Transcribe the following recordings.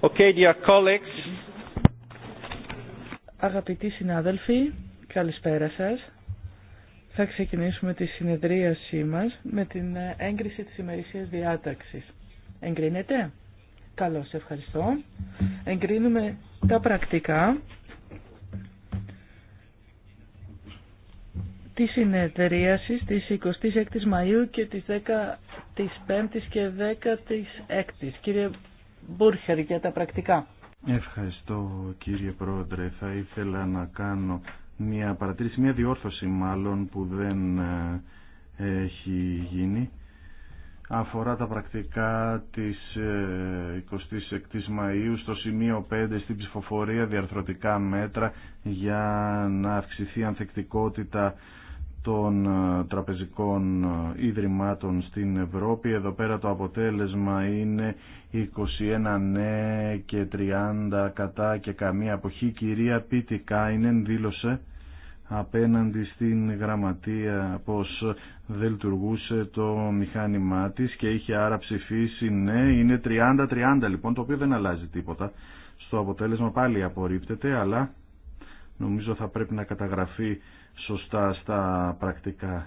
Okay, dear colleagues. Αγαπητοί συνάδελφοι, καλησπέρα σας. Θα ξεκινήσουμε τη συνεδρίασή μας με την έγκριση της ημερησίας διάταξης. Εγκρίνεται? Καλώς, ευχαριστώ. Εγκρίνουμε τα πρακτικά τη συνεδρίαση της 26 η Μαΐου και της 5 ης και 6 ης Κύριε Μπούρχερ για τα πρακτικά. Ευχαριστώ κύριε Πρόεδρε. Θα ήθελα να κάνω μια παρατήρηση, μια διόρθωση μάλλον που δεν ε, έχει γίνει. Αφορά τα πρακτικά της 26ης ε, Μαΐου στο σημείο 5 στην ψηφοφορία διαρθρωτικά μέτρα για να αυξηθεί η ανθεκτικότητα των ε, τραπεζικών ε, ιδρυμάτων στην Ευρώπη. Εδώ πέρα το αποτέλεσμα είναι 21 ναι και 30 κατά και καμία αποχή. κυρία Πίτη Κάινεν δήλωσε απέναντι στην γραμματεία πως δεν λειτουργούσε το μηχάνημά της και είχε άρα ψηφίσει ναι, είναι 30-30 λοιπόν το οποίο δεν αλλάζει τίποτα στο αποτέλεσμα πάλι απορρίπτεται αλλά νομίζω θα πρέπει να καταγραφεί σωστά στα πρακτικά.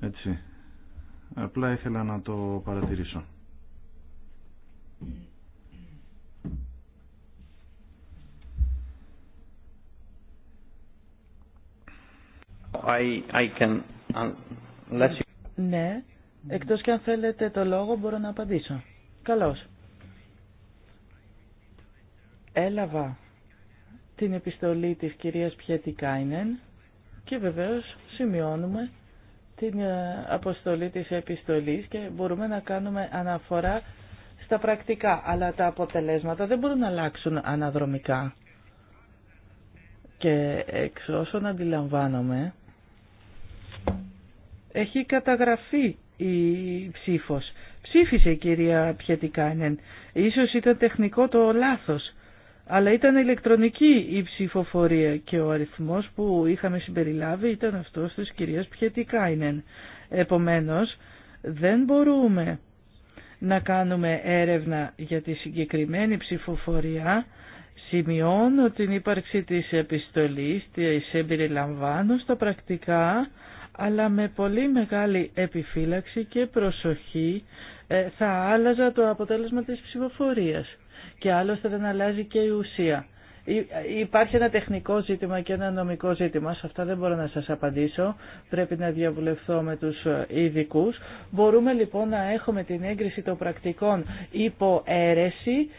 Έτσι. Απλά ήθελα να το παρατηρήσω. I, I can, uh, Ναι, εκτός και αν θέλετε το λόγο μπορώ να απαντήσω. Καλώς. Έλαβα την επιστολή της κυρίας Κάινεν και βεβαίως σημειώνουμε την ε, αποστολή της επιστολής και μπορούμε να κάνουμε αναφορά στα πρακτικά, αλλά τα αποτελέσματα δεν μπορούν να αλλάξουν αναδρομικά. Και εξ όσων αντιλαμβάνομαι, έχει καταγραφεί η ψήφος. Ψήφισε η κυρία Πιετικάνεν. Ίσως ήταν τεχνικό το λάθος αλλά ήταν ηλεκτρονική η ψηφοφορία και ο αριθμός που είχαμε συμπεριλάβει ήταν αυτός της κυρίας Πιετικάινεν. Επομένως, δεν μπορούμε να κάνουμε έρευνα για τη συγκεκριμένη ψηφοφορία. Σημειώνω την ύπαρξη της επιστολής, της εμπεριλαμβάνω στα πρακτικά, αλλά με πολύ μεγάλη επιφύλαξη και προσοχή ε, θα άλλαζα το αποτέλεσμα της ψηφοφορίας και άλλωστε δεν αλλάζει και η ουσία. Υπάρχει ένα τεχνικό ζήτημα και ένα νομικό ζήτημα. Σε αυτά δεν μπορώ να σας απαντήσω. Πρέπει να διαβουλευθώ με τους ειδικού. Μπορούμε λοιπόν να έχουμε την έγκριση των πρακτικών υπό αίρεση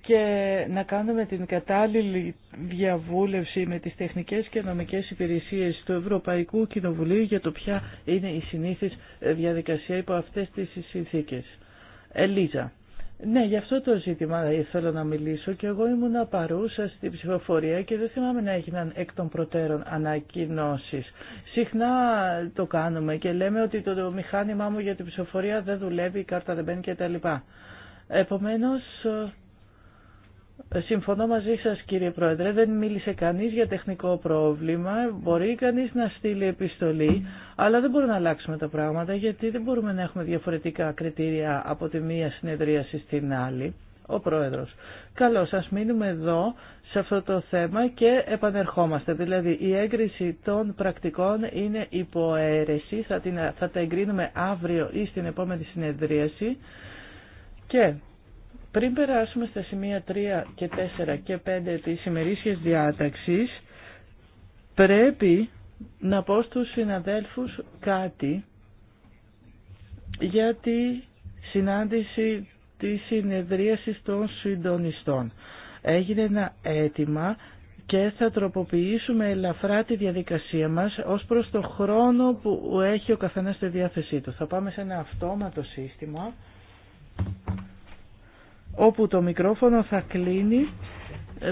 και να κάνουμε την κατάλληλη διαβούλευση με τις τεχνικές και νομικές υπηρεσίες του Ευρωπαϊκού Κοινοβουλίου για το ποια είναι η συνήθις διαδικασία υπό αυτές τις συνθήκες. Ελίζα. Ναι, γι' αυτό το ζήτημα ήθελα να μιλήσω και εγώ ήμουνα παρούσα στην ψηφοφορία και δεν θυμάμαι να έγιναν εκ των προτέρων ανακοινώσει. Συχνά το κάνουμε και λέμε ότι το μηχάνημά μου για την ψηφοφορία δεν δουλεύει, η κάρτα δεν μπαίνει κτλ. Επομένως, Συμφωνώ μαζί σας κύριε Πρόεδρε, δεν μίλησε κανείς για τεχνικό πρόβλημα, μπορεί κανείς να στείλει επιστολή, αλλά δεν μπορούμε να αλλάξουμε τα πράγματα γιατί δεν μπορούμε να έχουμε διαφορετικά κριτήρια από τη μία συνεδρίαση στην άλλη. Ο Πρόεδρος. Καλώς, σας μείνουμε εδώ σε αυτό το θέμα και επανερχόμαστε. Δηλαδή η έγκριση των πρακτικών είναι υποαίρεση, θα, θα τα εγκρίνουμε αύριο ή στην επόμενη συνεδρίαση και πριν περάσουμε στα σημεία 3 και 4 και 5 της ημερήσιας διάταξης, πρέπει να πω στους συναδέλφους κάτι για τη συνάντηση της συνεδρίασης των συντονιστών. Έγινε ένα αίτημα και θα τροποποιήσουμε ελαφρά τη διαδικασία μας ως προς το χρόνο που έχει ο καθένας στη διάθεσή του. Θα πάμε σε ένα αυτόματο σύστημα όπου το μικρόφωνο θα κλείνει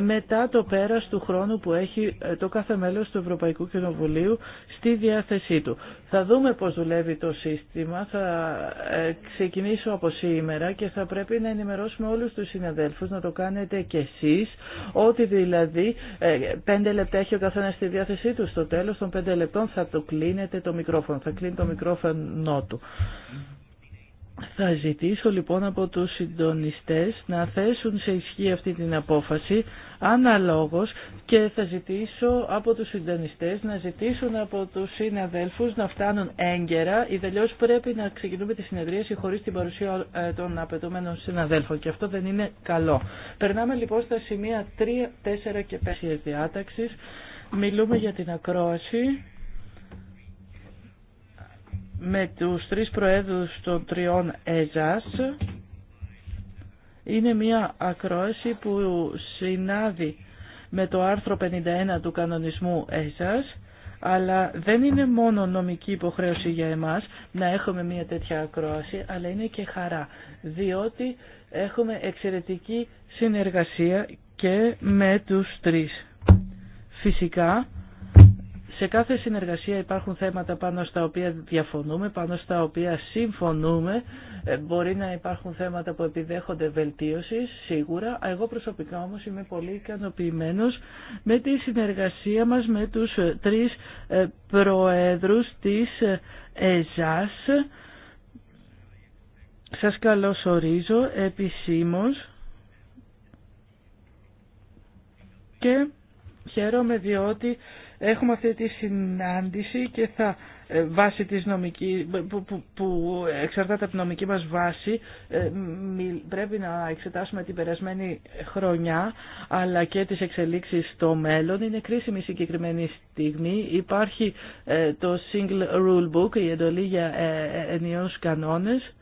μετά το πέρας του χρόνου που έχει ε, το κάθε μέλος του Ευρωπαϊκού Κοινοβουλίου στη διάθεσή του. Θα δούμε πώς δουλεύει το σύστημα, θα ε, ξεκινήσω από σήμερα και θα πρέπει να ενημερώσουμε όλους τους συναδέλφους, να το κάνετε και εσείς, ότι δηλαδή ε, πέντε λεπτά έχει ο καθένας στη διάθεσή του, στο τέλος των πέντε λεπτών θα το κλείνετε το μικρόφωνο, θα κλείνει το μικρόφωνο του. Θα ζητήσω λοιπόν από τους συντονιστές να θέσουν σε ισχύ αυτή την απόφαση αναλόγως και θα ζητήσω από τους συντονιστές να ζητήσουν από τους συναδέλφους να φτάνουν έγκαιρα ή πρέπει να ξεκινούμε τη συνεδρίαση χωρίς την παρουσία ε, των απαιτούμενων συναδέλφων και αυτό δεν είναι καλό. Περνάμε λοιπόν στα σημεία 3, 4 και 5 διάταξης. Μιλούμε για την ακρόαση με τους τρεις προέδρους των τριών ΕΖΑΣ είναι μια ακρόαση που συνάδει με το άρθρο 51 του κανονισμού ΕΖΑΣ αλλά δεν είναι μόνο νομική υποχρέωση για εμάς να έχουμε μια τέτοια ακρόαση, αλλά είναι και χαρά, διότι έχουμε εξαιρετική συνεργασία και με τους τρεις. Φυσικά, σε κάθε συνεργασία υπάρχουν θέματα πάνω στα οποία διαφωνούμε, πάνω στα οποία συμφωνούμε. Ε, μπορεί να υπάρχουν θέματα που επιδέχονται βελτίωση, σίγουρα. Εγώ προσωπικά όμως είμαι πολύ ικανοποιημένο με τη συνεργασία μας με τους ε, τρεις ε, προέδρους της ΕΖΑΣ. Σας καλωσορίζω επισήμως και χαίρομαι διότι έχουμε αυτή τη συνάντηση και θα ε, βάση της νομική που, που, που εξαρτάται από τη νομική μας βάση ε, πρέπει να εξετάσουμε την περασμένη χρονιά αλλά και τις εξελίξεις στο μέλλον είναι κρίσιμη συγκεκριμένη στιγμή υπάρχει ε, το Single Rule Book η εντολή για ενιαίους κανόνες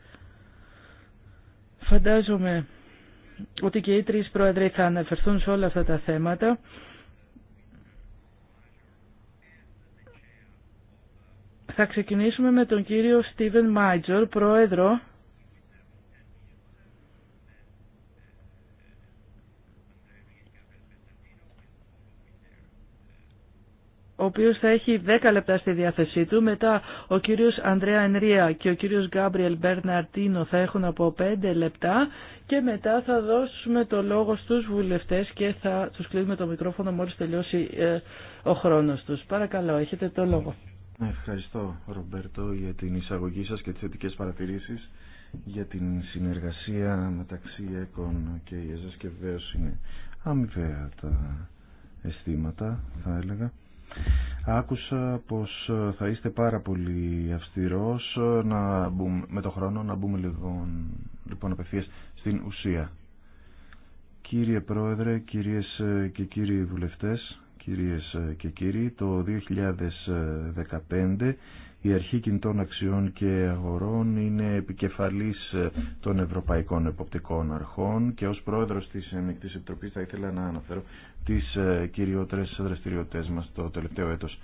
φαντάζομαι ότι και οι τρεις πρόεδροι θα αναφερθούν σε όλα αυτά τα θέματα Θα ξεκινήσουμε με τον κύριο Στίβεν Μάιτζορ, πρόεδρο ο οποίος θα έχει 10 λεπτά στη διάθεσή του. Μετά ο κύριος Ανδρέα Ενρία και ο κύριος Γκάμπριελ Μπερναρτίνο θα έχουν από 5 λεπτά και μετά θα δώσουμε το λόγο στους βουλευτές και θα τους κλείσουμε το μικρόφωνο μόλις τελειώσει ε, ο χρόνος τους. Παρακαλώ, έχετε το λόγο. Ευχαριστώ, Ρομπέρτο, για την εισαγωγή σας και τις θετικές παρατηρήσεις για την συνεργασία μεταξύ ΕΚΟΝ και ΙΕΖΑΣ και βεβαίω είναι αμοιβαία τα αισθήματα, θα έλεγα. Άκουσα πως θα είστε πάρα πολύ αυστηρός να με το χρόνο να μπούμε λοιπόν, λοιπόν απευθείας στην ουσία. Κύριε Πρόεδρε, κυρίες και κύριοι βουλευτές, Κυρίες ε, και κύριοι, το 2015 η Αρχή Κινητών Αξιών και Αγορών είναι επικεφαλής ε, των Ευρωπαϊκών Εποπτικών Αρχών και ως πρόεδρος της ενικτής Επιτροπής θα ήθελα να αναφέρω τις ε, κυριότερες δραστηριότητες μας το τελευταίο έτος.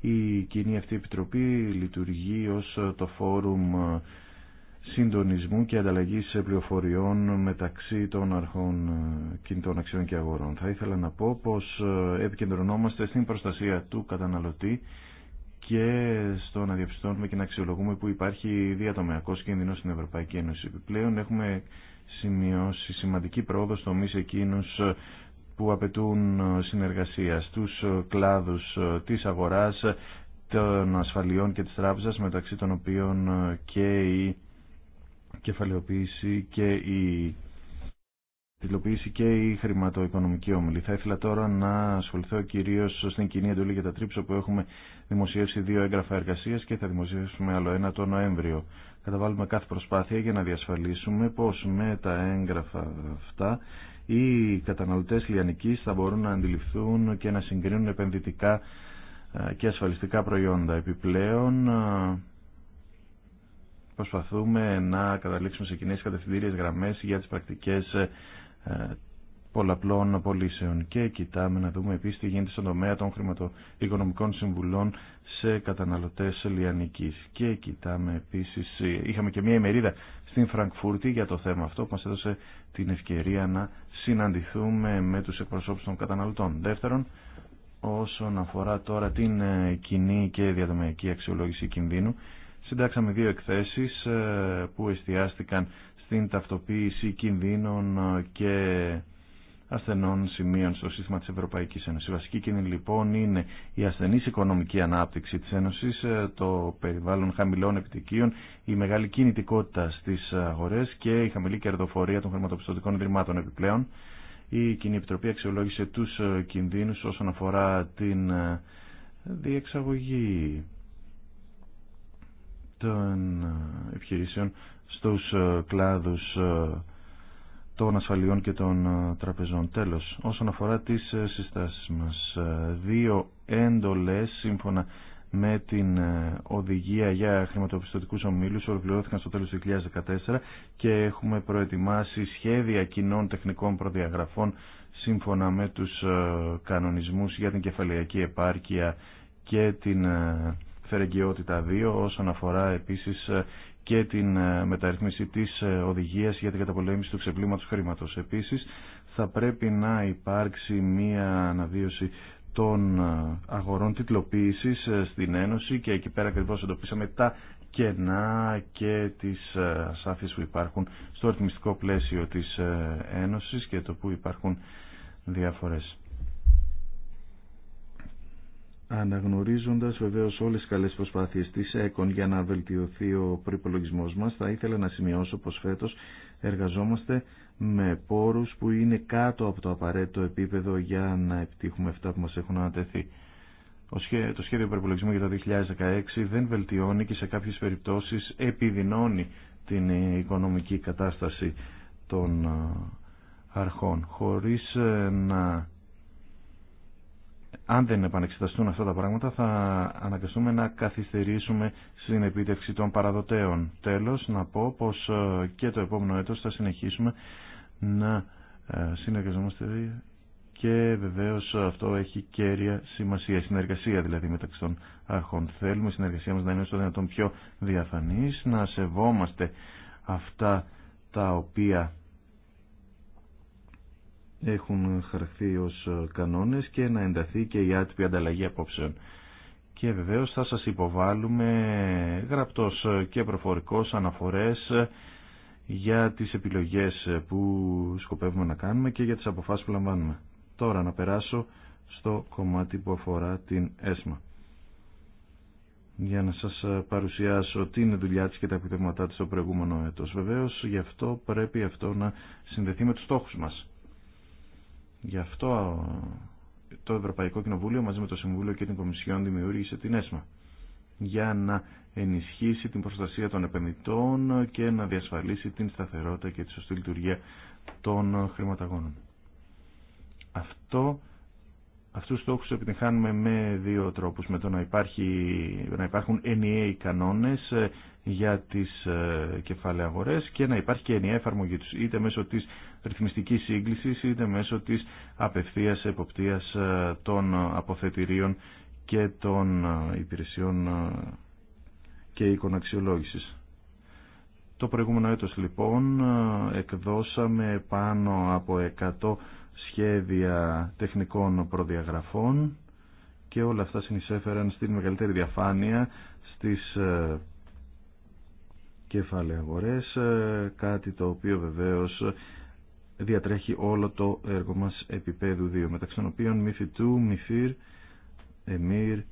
Η κοινή αυτή επιτροπή λειτουργεί ως το φόρουμ συντονισμού και ανταλλαγής πληροφοριών μεταξύ των αρχών ε, κινητών αξιών και αγορών. Θα ήθελα να πω πως ε, επικεντρωνόμαστε στην προστασία του καταναλωτή και στο να διαπιστώνουμε και να αξιολογούμε που υπάρχει διατομεακός κίνδυνος στην Ευρωπαϊκή Ένωση. Επιπλέον έχουμε σημειώσει σημαντική πρόοδο στο μη εκείνους ε, που απαιτούν συνεργασία στους κλάδους της αγοράς, των ασφαλιών και της τράπεζας μεταξύ των οποίων και η κεφαλαιοποίηση και η τηλεοποίηση και η χρηματοοικονομική όμιλη. Θα ήθελα τώρα να ασχοληθώ κυρίω στην κοινή εντολή για τα τρίψο που έχουμε δημοσιεύσει δύο έγγραφα εργασία και θα δημοσιεύσουμε άλλο ένα το Νοέμβριο. Καταβάλουμε κάθε προσπάθεια για να διασφαλίσουμε πω με τα έγγραφα αυτά οι καταναλωτέ λιανική θα μπορούν να αντιληφθούν και να συγκρίνουν επενδυτικά ε, και ασφαλιστικά προϊόντα. Επιπλέον, ε, προσπαθούμε να καταλήξουμε σε κοινέ κατευθυντήριε γραμμέ για τις πρακτικές ε, πολλαπλών απολύσεων και κοιτάμε να δούμε επίση τι γίνεται στον τομέα των χρηματοοικονομικών συμβουλών σε καταναλωτέ λιανικής και κοιτάμε επίση. Ε, είχαμε και μια ημερίδα στην Φραγκφούρτη για το θέμα αυτό που μα έδωσε την ευκαιρία να συναντηθούμε με του εκπροσώπου των καταναλωτών. Δεύτερον, όσον αφορά τώρα την ε, κοινή και διαδομαϊκή αξιολόγηση κινδύνου, συντάξαμε δύο εκθέσεις ε, που εστιάστηκαν στην ταυτοποίηση κινδύνων ε, και ασθενών σημείων στο σύστημα της Ευρωπαϊκής Ένωσης. Η βασική κίνδυνη λοιπόν είναι η ασθενής οικονομική ανάπτυξη της Ένωσης, ε, το περιβάλλον χαμηλών επιτοκίων, η μεγάλη κινητικότητα στις αγορές και η χαμηλή κερδοφορία των χρηματοπιστωτικών ιδρυμάτων επιπλέον. Η Κοινή Επιτροπή αξιολόγησε τους κινδύνους όσον αφορά την διεξαγωγή των ε, επιχειρήσεων στους ε, κλάδους ε, των ασφαλιών και των τραπεζών. Τέλος, όσον αφορά τις συστάσεις μας, δύο έντολες σύμφωνα με την οδηγία για χρηματοπιστωτικούς ομίλους ολοκληρώθηκαν στο τέλος του 2014 και έχουμε προετοιμάσει σχέδια κοινών τεχνικών προδιαγραφών σύμφωνα με τους κανονισμούς για την κεφαλαιακή επάρκεια και την τα 2 όσον αφορά επίσης ε, και την ε, μεταρρύθμιση της ε, οδηγίας για την καταπολέμηση του ξεπλήματος χρήματος. Επίσης θα πρέπει να υπάρξει μία αναβίωση των αγορών τιτλοποίησης στην Ένωση και εκεί πέρα ακριβώς εντοπίσαμε τα κενά και τις ασάφειες που υπάρχουν στο αριθμιστικό πλαίσιο της Ένωσης και το που υπάρχουν διάφορες Αναγνωρίζοντας βεβαίως όλες τις καλές προσπάθειες της ΕΚΟΝ για να βελτιωθεί ο προπολογισμό μας, θα ήθελα να σημειώσω πως φέτος εργαζόμαστε με πόρους που είναι κάτω από το απαραίτητο επίπεδο για να επιτύχουμε αυτά που μας έχουν ανατεθεί. Το σχέδιο προπολογισμού για το 2016 δεν βελτιώνει και σε κάποιες περιπτώσεις επιδεινώνει την οικονομική κατάσταση των αρχών χωρίς ε, να αν δεν επανεξεταστούν αυτά τα πράγματα θα αναγκαστούμε να καθυστερήσουμε στην επίτευξη των παραδοτέων. Τέλος, να πω πως ε, και το επόμενο έτος θα συνεχίσουμε να ε, συνεργαζόμαστε και βεβαίως αυτό έχει κέρια σημασία, συνεργασία δηλαδή μεταξύ των αρχών. Θέλουμε η συνεργασία μας να είναι στο δυνατόν πιο διαφανής, να σεβόμαστε αυτά τα οποία έχουν χαρακτήριος ω ε, κανόνες και να ενταθεί και η άτυπη ανταλλαγή απόψεων. Και βεβαίως θα σα υποβάλουμε γραπτός ε, και προφορικός αναφορές ε, για τις επιλογές που σκοπεύουμε να κάνουμε και για τις αποφάσεις που λαμβάνουμε. Τώρα να περάσω στο κομμάτι που αφορά την ΕΣΜΑ. Για να σας παρουσιάσω την δουλειά της και τα επιτεύγματά τη στο προηγούμενο έτος. Βεβαίως γι' αυτό πρέπει αυτό να συνδεθεί με τους στόχους μας. Γι' αυτό το Ευρωπαϊκό Κοινοβούλιο μαζί με το Συμβούλιο και την Κομισιόν δημιούργησε την ΕΣΜΑ για να ενισχύσει την προστασία των επενδυτών και να διασφαλίσει την σταθερότητα και τη σωστή λειτουργία των χρηματαγώνων. Αυτό Αυτούς τους στόχους επιτυχάνουμε με δύο τρόπους, με το να, υπάρχει, να υπάρχουν ενιαίοι κανόνες ε, για τις ε, κεφάλαια αγορές και να υπάρχει και ενιαία εφαρμογή τους, είτε μέσω της ρυθμιστικής σύγκλησης, είτε μέσω της απευθείας εποπτείας ε, των αποθετηρίων και των υπηρεσιών και οίκων Το προηγούμενο έτος λοιπόν εκδώσαμε πάνω από 100 σχέδια τεχνικών προδιαγραφών και όλα αυτά συνεισέφεραν στην μεγαλύτερη διαφάνεια στις ε, κεφάλαια αγορές, ε, κάτι το οποίο βεβαίως διατρέχει όλο το έργο μας επίπεδου 2, μεταξύ των οποίων MIFI2, MIFIR, EMIR,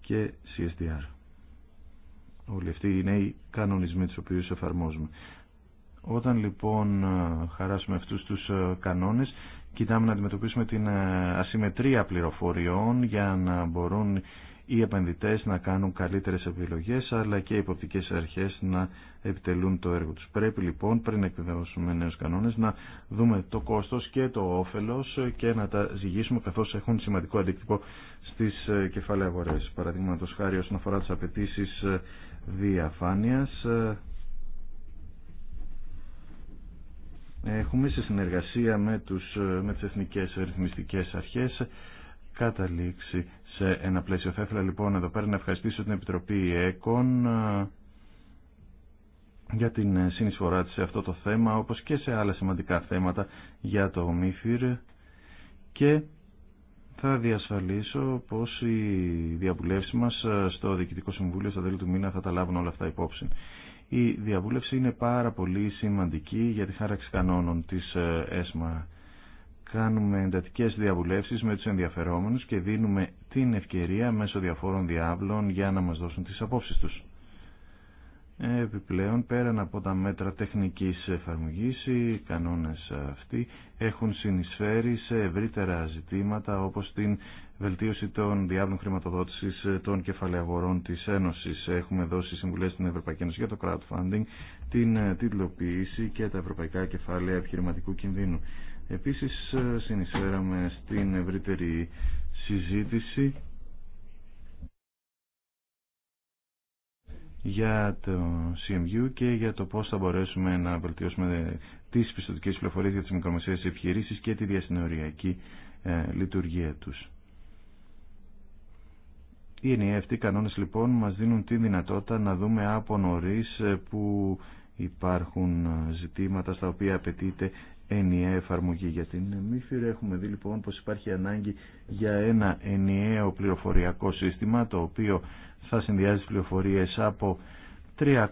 και CSDR. Όλοι αυτοί είναι οι κανονισμοί τους οποίους εφαρμόζουμε. Όταν λοιπόν χαράσουμε αυτούς τους ε, κανόνες, κοιτάμε να αντιμετωπίσουμε την ε, ασυμμετρία πληροφοριών για να μπορούν οι επενδυτές να κάνουν καλύτερες επιλογές αλλά και οι υποπτικές αρχές να επιτελούν το έργο τους. Πρέπει λοιπόν πριν εκπαιδεύσουμε νέους κανόνες να δούμε το κόστος και το όφελος και να τα ζυγίσουμε καθώς έχουν σημαντικό αντίκτυπο στις ε, κεφάλαια αγορές. Παραδείγματος χάρη όσον αφορά τις απαιτήσει διαφάνειας έχουμε σε συνεργασία με, τους, με τις εθνικές ρυθμιστικές αρχές καταλήξει σε ένα πλαίσιο. Θα ήθελα λοιπόν εδώ πέρα να ευχαριστήσω την Επιτροπή ΕΚΟΝ ε, για την συνεισφορά της σε αυτό το θέμα όπως και σε άλλα σημαντικά θέματα για το ΜΥΦΙΡ και θα διασφαλίσω πως οι διαβουλεύσεις μας στο Διοικητικό Συμβούλιο στα τέλη του μήνα θα τα λάβουν όλα αυτά υπόψη η διαβούλευση είναι πάρα πολύ σημαντική για τη χάραξη κανόνων της ε, ΕΣΜΑ. Κάνουμε εντατικές διαβουλεύσεις με τους ενδιαφερόμενους και δίνουμε την ευκαιρία μέσω διαφόρων διάβλων για να μας δώσουν τις απόψεις τους. Επιπλέον, πέραν από τα μέτρα τεχνικής εφαρμογής, οι κανόνες αυτοί έχουν συνεισφέρει σε ευρύτερα ζητήματα όπως την βελτίωση των διάβλων χρηματοδότηση ε, των κεφαλαίων τη Ένωση. Έχουμε δώσει συμβουλέ στην Ευρωπαϊκή Ένωση για το crowdfunding, την ε, τίτλοποίηση και τα ευρωπαϊκά κεφάλαια επιχειρηματικού κινδύνου. Επίση ε, συνεισφέραμε στην ευρύτερη συζήτηση για το CMU και για το πώς θα μπορέσουμε να βελτιώσουμε τι πιστοτικές πληροφορίε για τι μικρομεσαίες επιχειρήσει και τη διασυνοριακή λειτουργία του. Οι ενιαίοι αυτοί κανόνες λοιπόν μας δίνουν τη δυνατότητα να δούμε από νωρίς ε, που υπάρχουν ε, ζητήματα στα οποία απαιτείται ενιαία εφαρμογή για την ΜΥΦΙΡ. Έχουμε δει λοιπόν πως υπάρχει ανάγκη για ένα ενιαίο πληροφοριακό σύστημα το οποίο θα συνδυάζει πληροφορίες από 300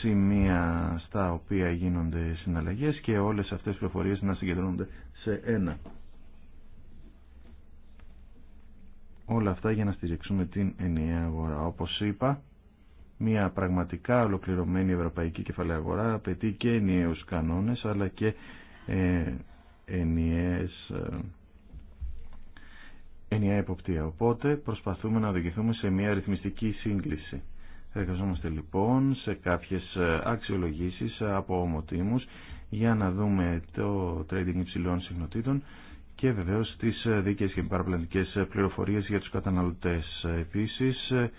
σημεία στα οποία γίνονται συναλλαγές και όλες αυτές τις πληροφορίες να συγκεντρώνονται σε ένα όλα αυτά για να στηριξούμε την ενιαία αγορά. Όπως είπα, μια πραγματικά ολοκληρωμένη ευρωπαϊκή κεφαλαία αγορά απαιτεί και ενιαίους κανόνες αλλά και ε, ενιαίες, ε, ενιαία εποπτεία. Οπότε προσπαθούμε να οδηγηθούμε σε μια ρυθμιστική σύγκληση. Εργαζόμαστε λοιπόν σε κάποιες ε, αξιολογήσεις από ομοτήμους για να δούμε το trading υψηλών συχνοτήτων και βεβαίως τις ε, δίκες και παραπλανητικές ε, πληροφορίες για τους καταναλωτές. Επίσης, ε,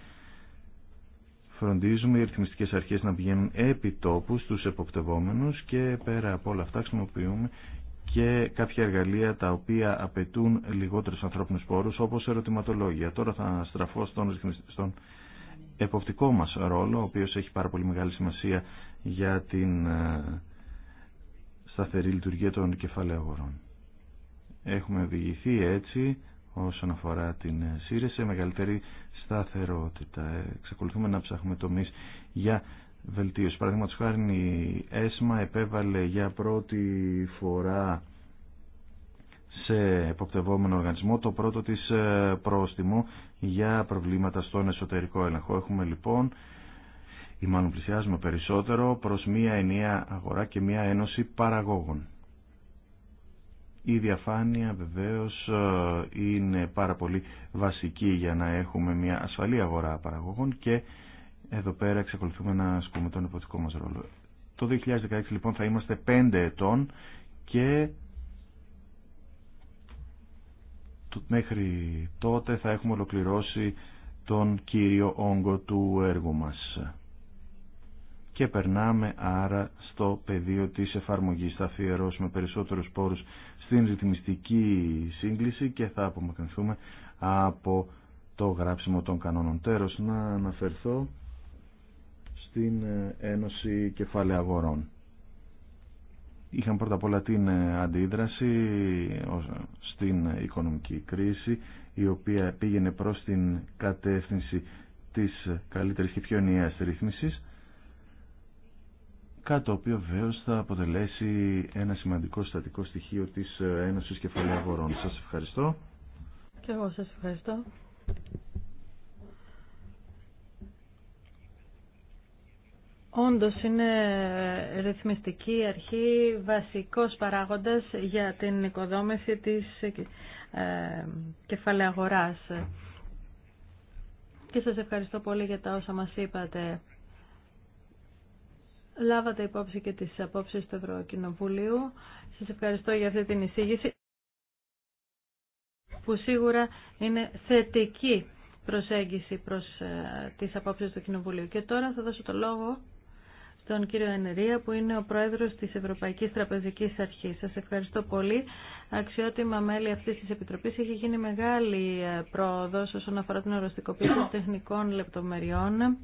φροντίζουμε οι ρυθμιστικέ αρχές να πηγαίνουν επί τόπου στους εποπτευόμενους και πέρα από όλα αυτά χρησιμοποιούμε και κάποια εργαλεία τα οποία απαιτούν λιγότερους ανθρώπινους πόρους όπως ερωτηματολόγια. Τώρα θα στραφώ στον, στον εποπτικό μας ρόλο, ο οποίος έχει πάρα πολύ μεγάλη σημασία για την σταθερή λειτουργία των κεφαλαίων αγορών έχουμε οδηγηθεί έτσι όσον αφορά την σύρεση σε μεγαλύτερη σταθερότητα. Εξακολουθούμε να ψάχνουμε τομεί για βελτίωση. Παραδείγματο χάρη η ΕΣΜΑ επέβαλε για πρώτη φορά σε εποπτευόμενο οργανισμό το πρώτο της ε, πρόστιμο για προβλήματα στον εσωτερικό έλεγχο. Έχουμε λοιπόν ή μάλλον πλησιάζουμε περισσότερο προς μία ενιαία αγορά και μία ένωση παραγόγων. Η διαφάνεια βεβαίως ε, είναι πάρα πολύ βασική για να έχουμε μια ασφαλή αγορά παραγωγών και εδώ πέρα εξακολουθούμε να ασκούμε τον υποτικό μας ρόλο. Το 2016 λοιπόν θα είμαστε 5 ετών και μέχρι τότε θα έχουμε ολοκληρώσει τον κύριο όγκο του έργου μας. Και περνάμε άρα στο πεδίο της εφαρμογής. Θα αφιερώσουμε περισσότερους πόρους στην ρυθμιστική σύγκληση και θα απομακρυνθούμε από το γράψιμο των κανόνων τέρος. Να αναφερθώ στην ε, Ένωση Κεφάλαια Αγορών. Είχαν πρώτα απ' όλα την ε, αντίδραση ε, στην οικονομική κρίση η οποία πήγαινε προς την κατεύθυνση της καλύτερης και πιο ενιαίας ρύθμισης κάτι το οποίο βεβαίω θα αποτελέσει ένα σημαντικό στατικό στοιχείο της ε, Ένωσης Κεφαλαίου Αγορών. Σας ευχαριστώ. Και εγώ σας ευχαριστώ. Όντως είναι ε, ρυθμιστική αρχή βασικός παράγοντας για την οικοδόμηση της ε, ε, κεφαλαίου αγοράς. Και σας ευχαριστώ πολύ για τα όσα μας είπατε λάβατε υπόψη και τις απόψεις του Ευρωκοινοβουλίου. Σας ευχαριστώ για αυτή την εισήγηση που σίγουρα είναι θετική προσέγγιση προς ε, τις απόψεις του Κοινοβουλίου. Και τώρα θα δώσω το λόγο στον κύριο Ενερία που είναι ο πρόεδρος της Ευρωπαϊκής Τραπεζικής Αρχής. Σας ευχαριστώ πολύ. Αξιότιμα μέλη αυτής της Επιτροπής έχει γίνει μεγάλη ε, πρόοδος όσον αφορά την οριστικοποίηση των τεχνικών λεπτομεριών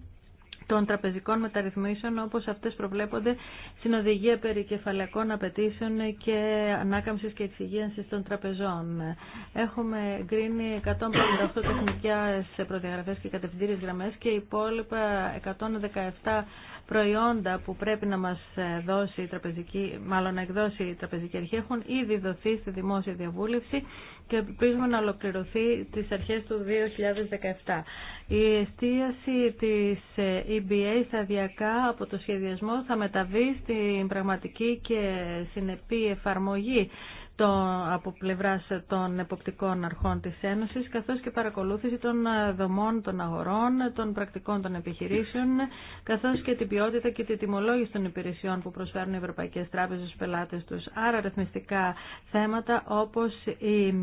των τραπεζικών μεταρρυθμίσεων όπως αυτές προβλέπονται στην οδηγία περί απαιτήσεων και ανάκαμψης και εξυγίανσης των τραπεζών. Έχουμε γκρίνει 158 σε προδιαγραφές και κατευθυντήριες γραμμές και υπόλοιπα 117 προϊόντα που πρέπει να μας δώσει τραπεζική, μάλλον να εκδώσει η τραπεζική αρχή έχουν ήδη δοθεί στη δημόσια διαβούλευση και ελπίζουμε να ολοκληρωθεί τις αρχές του 2017. Η εστίαση της EBA σταδιακά από το σχεδιασμό θα μεταβεί στην πραγματική και συνεπή εφαρμογή το, από πλευράς των εποπτικών αρχών της Ένωσης, καθώς και παρακολούθηση των δομών των αγορών, των πρακτικών των επιχειρήσεων, καθώς και την ποιότητα και την τιμολόγηση των υπηρεσιών που προσφέρουν οι Ευρωπαϊκές Τράπεζες στους πελάτες τους. Άρα ρυθμιστικά θέματα όπως οι,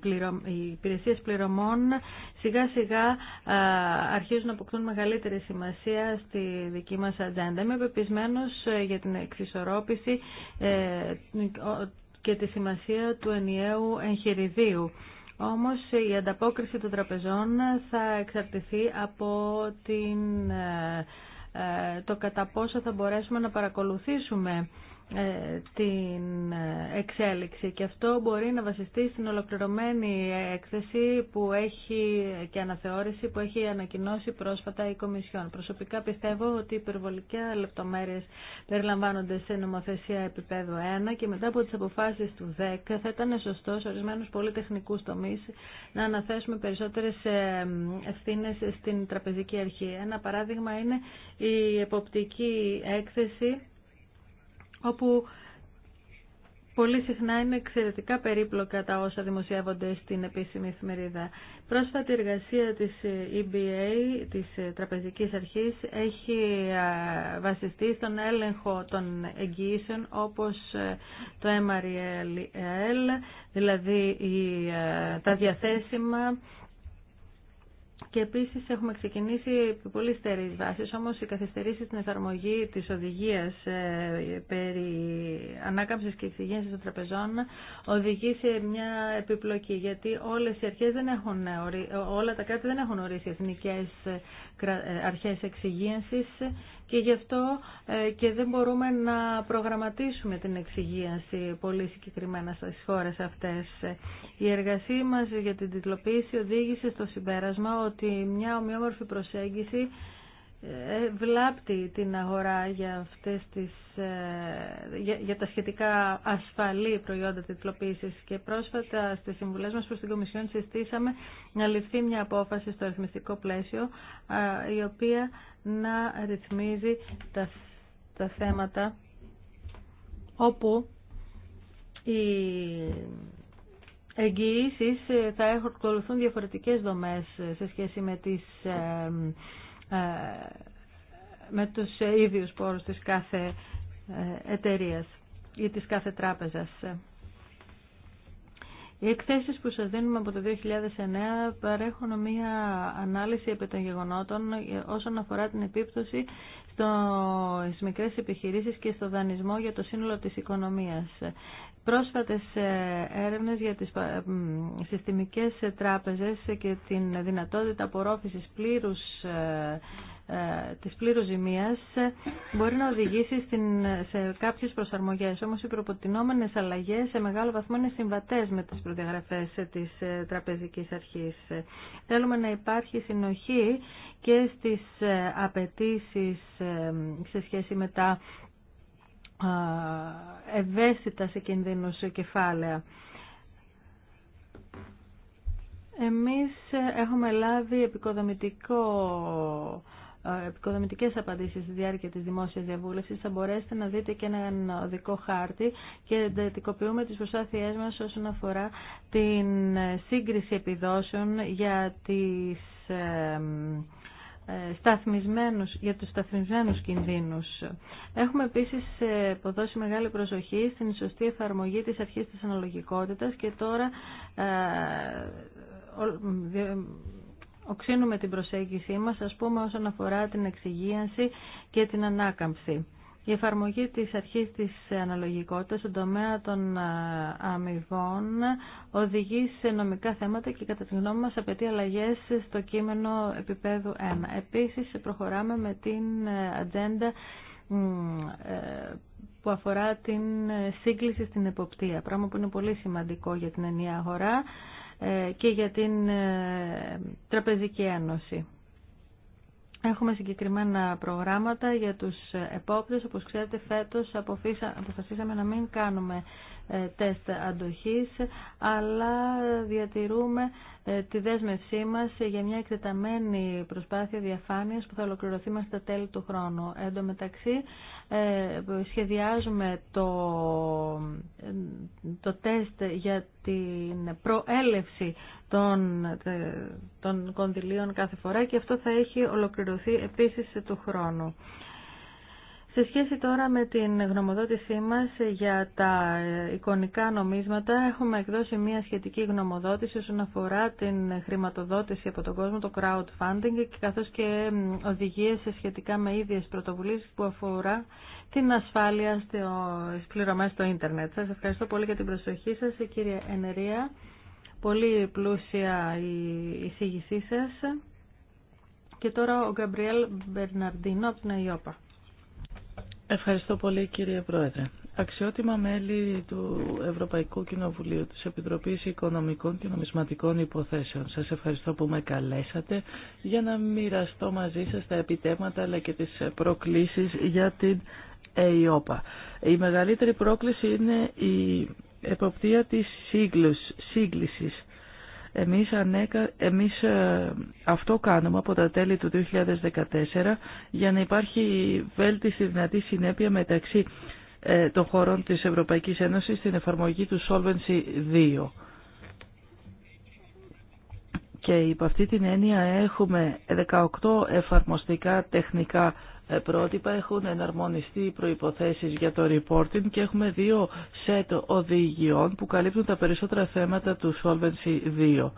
πληρω... υπηρεσίες πληρωμών σιγά σιγά αρχίζουν να αποκτούν μεγαλύτερη σημασία στη δική μας ατζέντα. Είμαι ε, για την εξισορρόπηση ε, και τη σημασία του ενιαίου εγχειριδίου. Όμως η ανταπόκριση των τραπεζών θα εξαρτηθεί από την, ε, ε, το κατά πόσο θα μπορέσουμε να παρακολουθήσουμε ε, την ε, εξέλιξη και αυτό μπορεί να βασιστεί στην ολοκληρωμένη έκθεση που έχει και αναθεώρηση που έχει ανακοινώσει πρόσφατα η Κομισιόν. Προσωπικά πιστεύω ότι υπερβολικά λεπτομέρειες περιλαμβάνονται σε νομοθεσία επίπεδο 1 και μετά από τις αποφάσεις του 10 θα ήταν σωστό σε ορισμένους πολυτεχνικούς τομείς να αναθέσουμε περισσότερες ε, ευθύνε στην τραπεζική αρχή. Ένα παράδειγμα είναι η εποπτική έκθεση όπου πολύ συχνά είναι εξαιρετικά περίπλοκα τα όσα δημοσιεύονται στην επίσημη εφημερίδα. Πρόσφατη εργασία της ε, EBA, της ε, Τραπεζικής Αρχής, έχει βασιστεί στον έλεγχο των εγγυήσεων όπως ε, το MRL, e δηλαδή τα διαθέσιμα και επίση έχουμε ξεκινήσει πολύ στερεί βάσει όμω οι καθυστερήσει στην εφαρμογή τη οδηγία ε, περί ανάκαμψη και εξυγένση των τραπεζών οδηγεί σε μια επιπλοκή. Γιατί όλε οι αρχέ δεν έχουν, όλα τα κράτη δεν έχουν ορίσει εθνικέ ε, ε, αρχέ εξυγίανση και γι' αυτό ε, και δεν μπορούμε να προγραμματίσουμε την εξυγίαση πολύ συγκεκριμένα στις χώρες αυτές. Η εργασία μας για την τυπλοποίηση οδήγησε στο συμπέρασμα ότι μια ομοιόμορφη προσέγγιση βλάπτει την αγορά για, αυτές τις, ε, για, τα σχετικά ασφαλή προϊόντα τυπλοποίησης και πρόσφατα στις συμβουλές μας προς την Κομισιόν συστήσαμε να ληφθεί μια απόφαση στο αριθμιστικό πλαίσιο η οποία να ρυθμίζει τα, τα θέματα όπου οι εγγυήσεις θα ακολουθούν διαφορετικές δομές σε σχέση με τις ε, ε, με τους ίδιους πόρους της κάθε ε, εταιρείας ή της κάθε τράπεζας. Οι εκθέσεις που σας δίνουμε από το 2009 παρέχουν μία ανάλυση επί των γεγονότων όσον αφορά την επίπτωση στις μικρές επιχειρήσεις και στο δανεισμό για το σύνολο της οικονομίας. Πρόσφατες ε, έρευνες για τις ε, συστημικές ε, τράπεζες και την δυνατότητα απορρόφησης πλήρους ε, της πλήρους ζημίας μπορεί να οδηγήσει στην, σε κάποιες προσαρμογές. Όμως οι προποτινόμενες αλλαγές σε μεγάλο βαθμό είναι συμβατές με τις προδιαγραφές της ε, τραπεζικής αρχής. Θέλουμε να υπάρχει συνοχή και στις ε, απαιτήσει σε σχέση με τα ευαίσθητα σε κινδύνους κεφάλαια. Εμείς έχουμε λάβει επικοδομητικό ε, Επικοδομητικέ απαντήσει στη διάρκεια τη δημόσιας διαβούλευση, θα μπορέσετε να δείτε και έναν δικό χάρτη και εντατικοποιούμε τις προσπάθειε μα όσον αφορά την ε, σύγκριση επιδόσεων για τις ε, σταθμισμένους, για τους σταθμισμένους κινδύνους. Έχουμε επίσης ποδώσει μεγάλη προσοχή στην σωστή εφαρμογή της αρχής της αναλογικότητας και τώρα οξύνουμε την προσέγγιση μας, ας πούμε, όσον αφορά την εξυγίανση και την ανάκαμψη. Η εφαρμογή της αρχής της αναλογικότητας στον τομέα των αμοιβών οδηγεί σε νομικά θέματα και κατά την γνώμη μας απαιτεί αλλαγές στο κείμενο επίπεδου 1. Επίσης προχωράμε με την ε, ατζέντα ε, που αφορά την ε, σύγκληση στην εποπτεία, πράγμα που είναι πολύ σημαντικό για την ενιαία αγορά ε, και για την ε, Τραπεζική Ένωση. Έχουμε συγκεκριμένα προγράμματα για τους επόπτες. Όπως ξέρετε, φέτος αποφασίσαμε να μην κάνουμε ε, τεστ αντοχής, αλλά διατηρούμε ε, τη δέσμευσή μας για μια εκτεταμένη προσπάθεια διαφάνειας που θα ολοκληρωθεί μας στα τέλη του χρόνου. Εν τω μεταξύ, ε, σχεδιάζουμε το, το τεστ για την προέλευση των, των κονδυλίων κάθε φορά και αυτό θα έχει ολοκληρωθεί επίσης του χρόνου. Σε σχέση τώρα με την γνωμοδότησή μας για τα εικονικά νομίσματα, έχουμε εκδώσει μια σχετική γνωμοδότηση όσον αφορά την χρηματοδότηση από τον κόσμο, το crowdfunding, καθώς και οδηγίες σχετικά με ίδιες πρωτοβουλίες που αφορά την ασφάλεια στις πληρωμές στο ίντερνετ. Σας ευχαριστώ πολύ για την προσοχή σας, κύριε Ενερία. Πολύ πλούσια η εισήγησή σας. Και τώρα ο Γκαμπριέλ Μπερναρντίνο από την ΑΙΟΠΑ. Ευχαριστώ πολύ κύριε Πρόεδρε. Αξιότιμα μέλη του Ευρωπαϊκού Κοινοβουλίου της Επιτροπής Οικονομικών και Νομισματικών Υποθέσεων. Σας ευχαριστώ που με καλέσατε για να μοιραστώ μαζί σας τα επιτέματα αλλά και τις προκλήσεις για την ΕΙΟΠΑ. Η μεγαλύτερη πρόκληση είναι η εποπτεία της σύγκλησης εμείς, ανέκα, εμείς ε, αυτό κάνουμε από τα τέλη του 2014 για να υπάρχει βέλτιστη δυνατή συνέπεια μεταξύ ε, των χωρών της Ευρωπαϊκής Ένωσης στην εφαρμογή του Solvency 2. Και υπ' αυτή την έννοια έχουμε 18 εφαρμοστικά τεχνικά ε, πρότυπα, έχουν εναρμονιστεί οι προϋποθέσεις για το reporting και έχουμε δύο σετ οδηγιών που καλύπτουν τα περισσότερα θέματα του Solvency 2.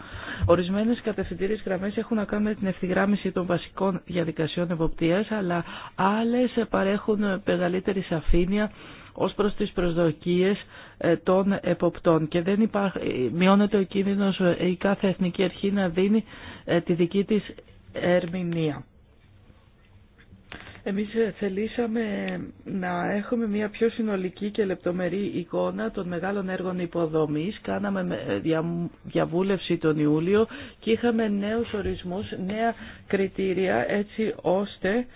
Ορισμένες κατευθυντήριες γραμμές έχουν να κάνουν με την ευθυγράμμιση των βασικών διαδικασιών εποπτείας, αλλά άλλες παρέχουν μεγαλύτερη σαφήνεια ως προς τις προσδοκίες ε, των εποπτών και μειώνεται ο κίνδυνος ε, η κάθε εθνική αρχή να δίνει τη δική της ερμηνεία. Εμείς ε, θελήσαμε να έχουμε μια πιο συνολική και λεπτομερή εικόνα των μεγάλων έργων υποδομής. Κάναμε ε, διαβούλευση τον Ιούλιο και είχαμε νέους ορισμούς, νέα κριτήρια έτσι ώστε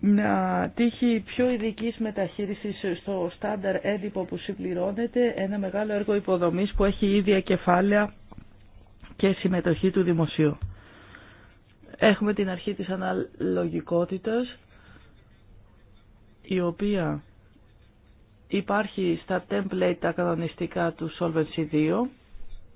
να τύχει πιο ειδική μεταχείριση στο στάνταρ έντυπο που συμπληρώνεται ένα μεγάλο έργο υποδομής που έχει ίδια κεφάλαια και συμμετοχή του δημοσίου. Έχουμε την αρχή της αναλογικότητας, η οποία υπάρχει στα template τα κανονιστικά του Solvency 2,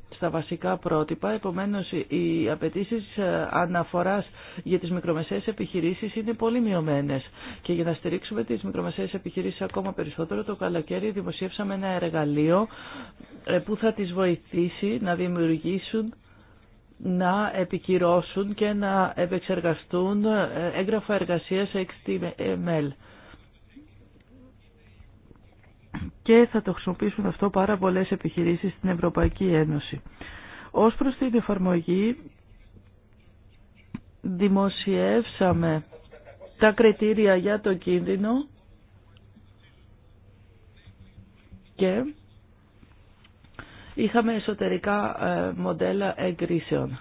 στα βασικά πρότυπα. Επομένως, οι απαιτήσει ε, αναφοράς για τις μικρομεσαίες επιχειρήσεις είναι πολύ μειωμένες. Και για να στηρίξουμε τις μικρομεσαίες επιχειρήσεις ακόμα περισσότερο, το καλοκαίρι δημοσίευσαμε ένα εργαλείο ε, που θα τις βοηθήσει να δημιουργήσουν να επικυρώσουν και να επεξεργαστούν ε, έγγραφα εργασίας XML. Και θα το χρησιμοποιήσουν αυτό πάρα πολλές επιχειρήσεις στην Ευρωπαϊκή Ένωση. Ως προς την εφαρμογή δημοσιεύσαμε τα κριτήρια για το κίνδυνο και είχαμε εσωτερικά ε, μοντέλα εγκρίσεων.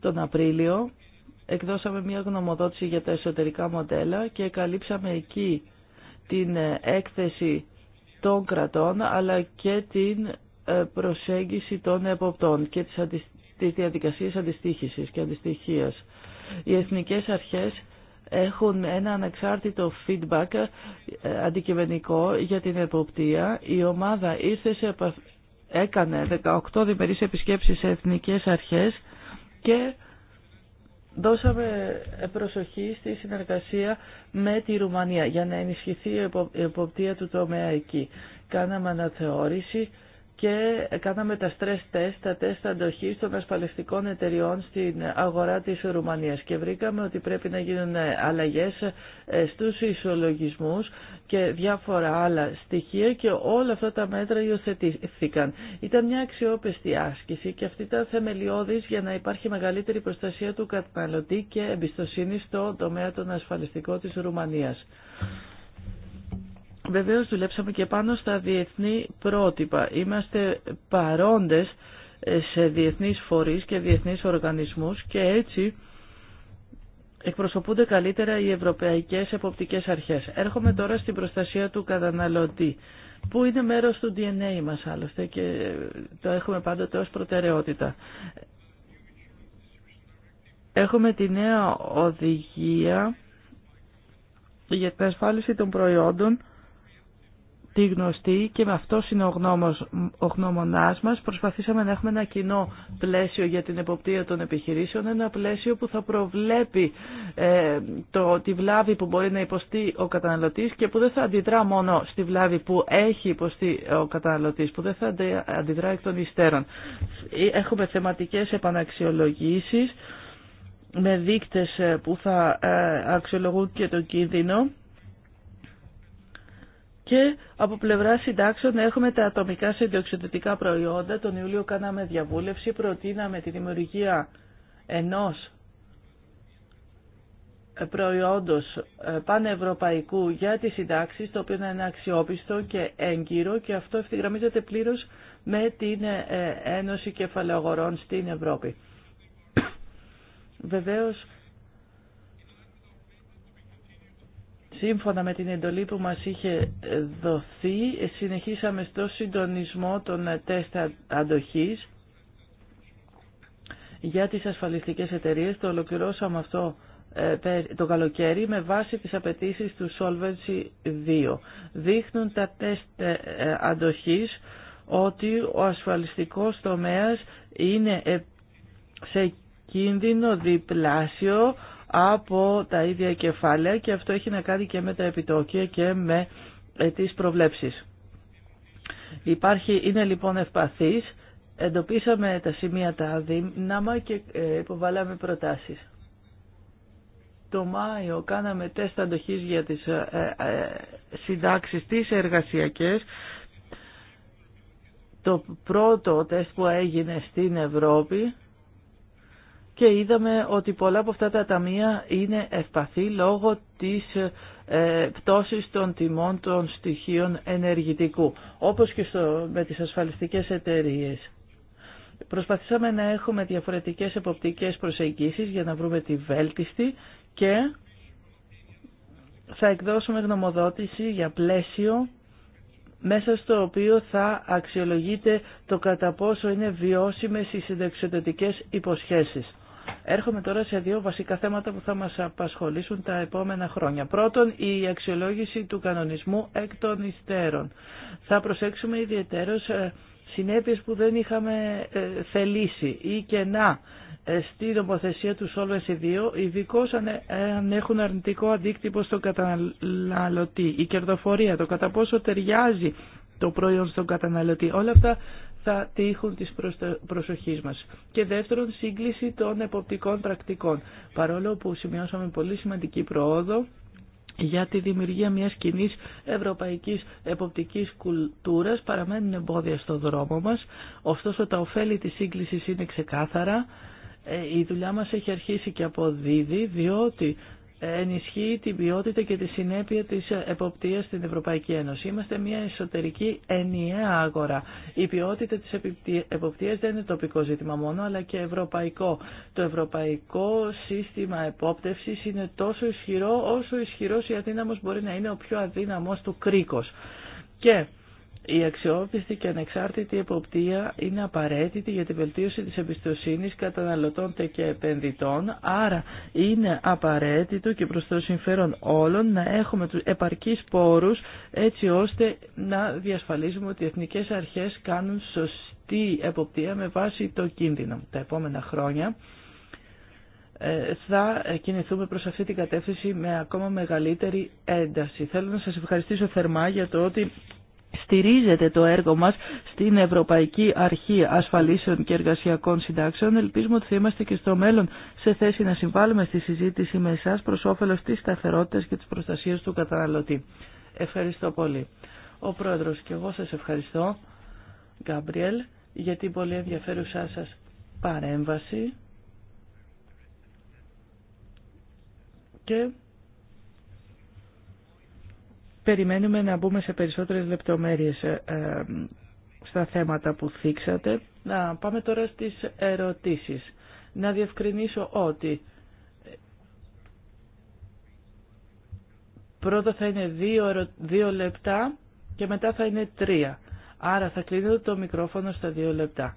Τον Απρίλιο εκδώσαμε μια γνωμοδότηση για τα εσωτερικά μοντέλα και καλύψαμε εκεί την ε, έκθεση των κρατών αλλά και την ε, προσέγγιση των εποπτών και τις, αντι... τις διαδικασίες και αντιστοιχίας. Οι εθνικές αρχές έχουν ένα ανεξάρτητο feedback αντικειμενικό για την εποπτεία. Η ομάδα ήρθε σε έκανε 18 διμερείς επισκέψεις σε εθνικές αρχές και δώσαμε προσοχή στη συνεργασία με τη Ρουμανία για να ενισχυθεί η εποπτεία του τομέα εκεί. Κάναμε αναθεώρηση και κάναμε τα stress test, τα τεστ αντοχής των ασφαλιστικών εταιριών στην αγορά της Ρουμανίας και βρήκαμε ότι πρέπει να γίνουν αλλαγές ε, στους ισολογισμούς και διάφορα άλλα στοιχεία και όλα αυτά τα μέτρα υιοθετήθηκαν. Ήταν μια αξιόπιστη άσκηση και αυτή ήταν θεμελιώδης για να υπάρχει μεγαλύτερη προστασία του καταναλωτή και εμπιστοσύνη στο τομέα των ασφαλιστικών της Ρουμανίας. Βεβαίως δουλέψαμε και πάνω στα διεθνή πρότυπα. Είμαστε παρόντες ε, σε διεθνείς φορείς και διεθνείς οργανισμούς και έτσι εκπροσωπούνται καλύτερα οι ευρωπαϊκές εποπτικές αρχές. Έρχομαι τώρα στην προστασία του καταναλωτή, που είναι μέρος του DNA μας άλλωστε και το έχουμε πάντοτε ως προτεραιότητα. Έχουμε τη νέα οδηγία για την ασφάλιση των προϊόντων τη γνωστή και με αυτό είναι ο, γνώμος, ο γνώμονάς μας. Προσπαθήσαμε να έχουμε ένα κοινό πλαίσιο για την εποπτεία των επιχειρήσεων, ένα πλαίσιο που θα προβλέπει ε, το, τη βλάβη που μπορεί να υποστεί ο καταναλωτής και που δεν θα αντιδρά μόνο στη βλάβη που έχει υποστεί ο καταναλωτής, που δεν θα αντιδρά εκ των υστέρων. Έχουμε θεματικές επαναξιολογήσεις με δείκτες που θα ε, αξιολογούν και τον κίνδυνο και από πλευρά συντάξεων έχουμε τα ατομικά συντοξιδωτικά προϊόντα. Τον Ιούλιο κάναμε διαβούλευση, προτείναμε τη δημιουργία ενός προϊόντος ε, πανευρωπαϊκού για τις συντάξεις, το οποίο είναι αξιόπιστο και έγκυρο και αυτό ευθυγραμμίζεται πλήρως με την ε, Ένωση Κεφαλαιογορών στην Ευρώπη. Βεβαίως Σύμφωνα με την εντολή που μας είχε δοθεί, συνεχίσαμε στο συντονισμό των τεστ αντοχής για τις ασφαλιστικές εταιρείες. Το ολοκληρώσαμε αυτό ε, το καλοκαίρι με βάση τις απαιτήσεις του Solvency 2. Δείχνουν τα τεστ ε, ε, αντοχής ότι ο ασφαλιστικός τομέας είναι σε κίνδυνο διπλάσιο από τα ίδια κεφάλαια και αυτό έχει να κάνει και με τα επιτόκια και με ε, τις προβλέψεις. Υπάρχει, είναι λοιπόν ευπαθής, εντοπίσαμε τα σημεία τα αδύναμα και ε, υποβάλαμε προτάσεις. Το Μάιο κάναμε τεστ αντοχής για τις ε, συντάξεις τις εργασιακές. Το πρώτο τεστ που έγινε στην Ευρώπη και είδαμε ότι πολλά από αυτά τα ταμεία είναι ευπαθή λόγω της ε, πτώσης των τιμών των στοιχείων ενεργητικού, όπως και στο, με τις ασφαλιστικές εταιρείες. Προσπαθήσαμε να έχουμε διαφορετικές εποπτικές προσεγγίσεις για να βρούμε τη βέλτιστη και θα εκδώσουμε γνωμοδότηση για πλαίσιο μέσα στο οποίο θα αξιολογείται το κατά πόσο είναι βιώσιμες οι συνταξιοδοτικές υποσχέσεις. Έρχομαι τώρα σε δύο βασικά θέματα που θα μας απασχολήσουν τα επόμενα χρόνια. Πρώτον, η αξιολόγηση του κανονισμού εκ των υστέρων. Θα προσέξουμε ιδιαίτερως ε, συνέπειες που δεν είχαμε ε, θελήσει ή κενά ε, στη νομοθεσία του Solvency 2, ειδικώ αν έχουν αρνητικό αντίκτυπο στον καταναλωτή, η κερδοφορία, το κατά πόσο ταιριάζει το προϊόν στον καταναλωτή. Όλα αυτά θα τύχουν της προσοχής μας. Και δεύτερον, σύγκληση των εποπτικών πρακτικών. Παρόλο που σημειώσαμε πολύ σημαντική προόδο, για τη δημιουργία μιας κοινή ευρωπαϊκής εποπτικής κουλτούρας παραμένουν εμπόδια στο δρόμο μας, ωστόσο τα ωφέλη της σύγκλησης είναι ξεκάθαρα. Ε, η δουλειά μας έχει αρχίσει και αποδίδει, διότι ενισχύει την ποιότητα και τη συνέπεια της εποπτείας στην Ευρωπαϊκή Ένωση. Είμαστε μια εσωτερική ενιαία αγορά. Η ποιότητα της εποπτείας δεν είναι τοπικό ζήτημα μόνο, αλλά και ευρωπαϊκό. Το ευρωπαϊκό σύστημα επόπτευσης είναι τόσο ισχυρό όσο ισχυρός ή αδύναμος μπορεί να είναι ο πιο αδύναμος του κρίκος. Και η αξιόπιστη και ανεξάρτητη εποπτεία είναι απαραίτητη για τη βελτίωση της εμπιστοσύνης καταναλωτών και επενδυτών, άρα είναι απαραίτητο και προς το συμφέρον όλων να έχουμε τους επαρκείς πόρους έτσι ώστε να διασφαλίζουμε ότι οι εθνικές αρχές κάνουν σωστή εποπτεία με βάση το κίνδυνο. Τα επόμενα χρόνια ε, θα κινηθούμε προς αυτή την κατεύθυνση με ακόμα μεγαλύτερη ένταση. Θέλω να σας ευχαριστήσω θερμά για το ότι στηρίζεται το έργο μας στην Ευρωπαϊκή Αρχή Ασφαλίσεων και Εργασιακών Συντάξεων. Ελπίζουμε ότι θα είμαστε και στο μέλλον σε θέση να συμβάλλουμε στη συζήτηση με εσά προς όφελος της σταθερότητα και της προστασίας του καταναλωτή. Ευχαριστώ πολύ. Ο Πρόεδρος και εγώ σας ευχαριστώ, Γκάμπριελ, για την πολύ ενδιαφέρουσά σα παρέμβαση. Και Περιμένουμε να μπούμε σε περισσότερες λεπτομέρειες ε, ε, στα θέματα που θίξατε. Να πάμε τώρα στις ερωτήσεις. Να διευκρινίσω ότι πρώτα θα είναι δύο, λεπτά και μετά θα είναι τρία. Άρα θα κλείνω το μικρόφωνο στα δύο λεπτά.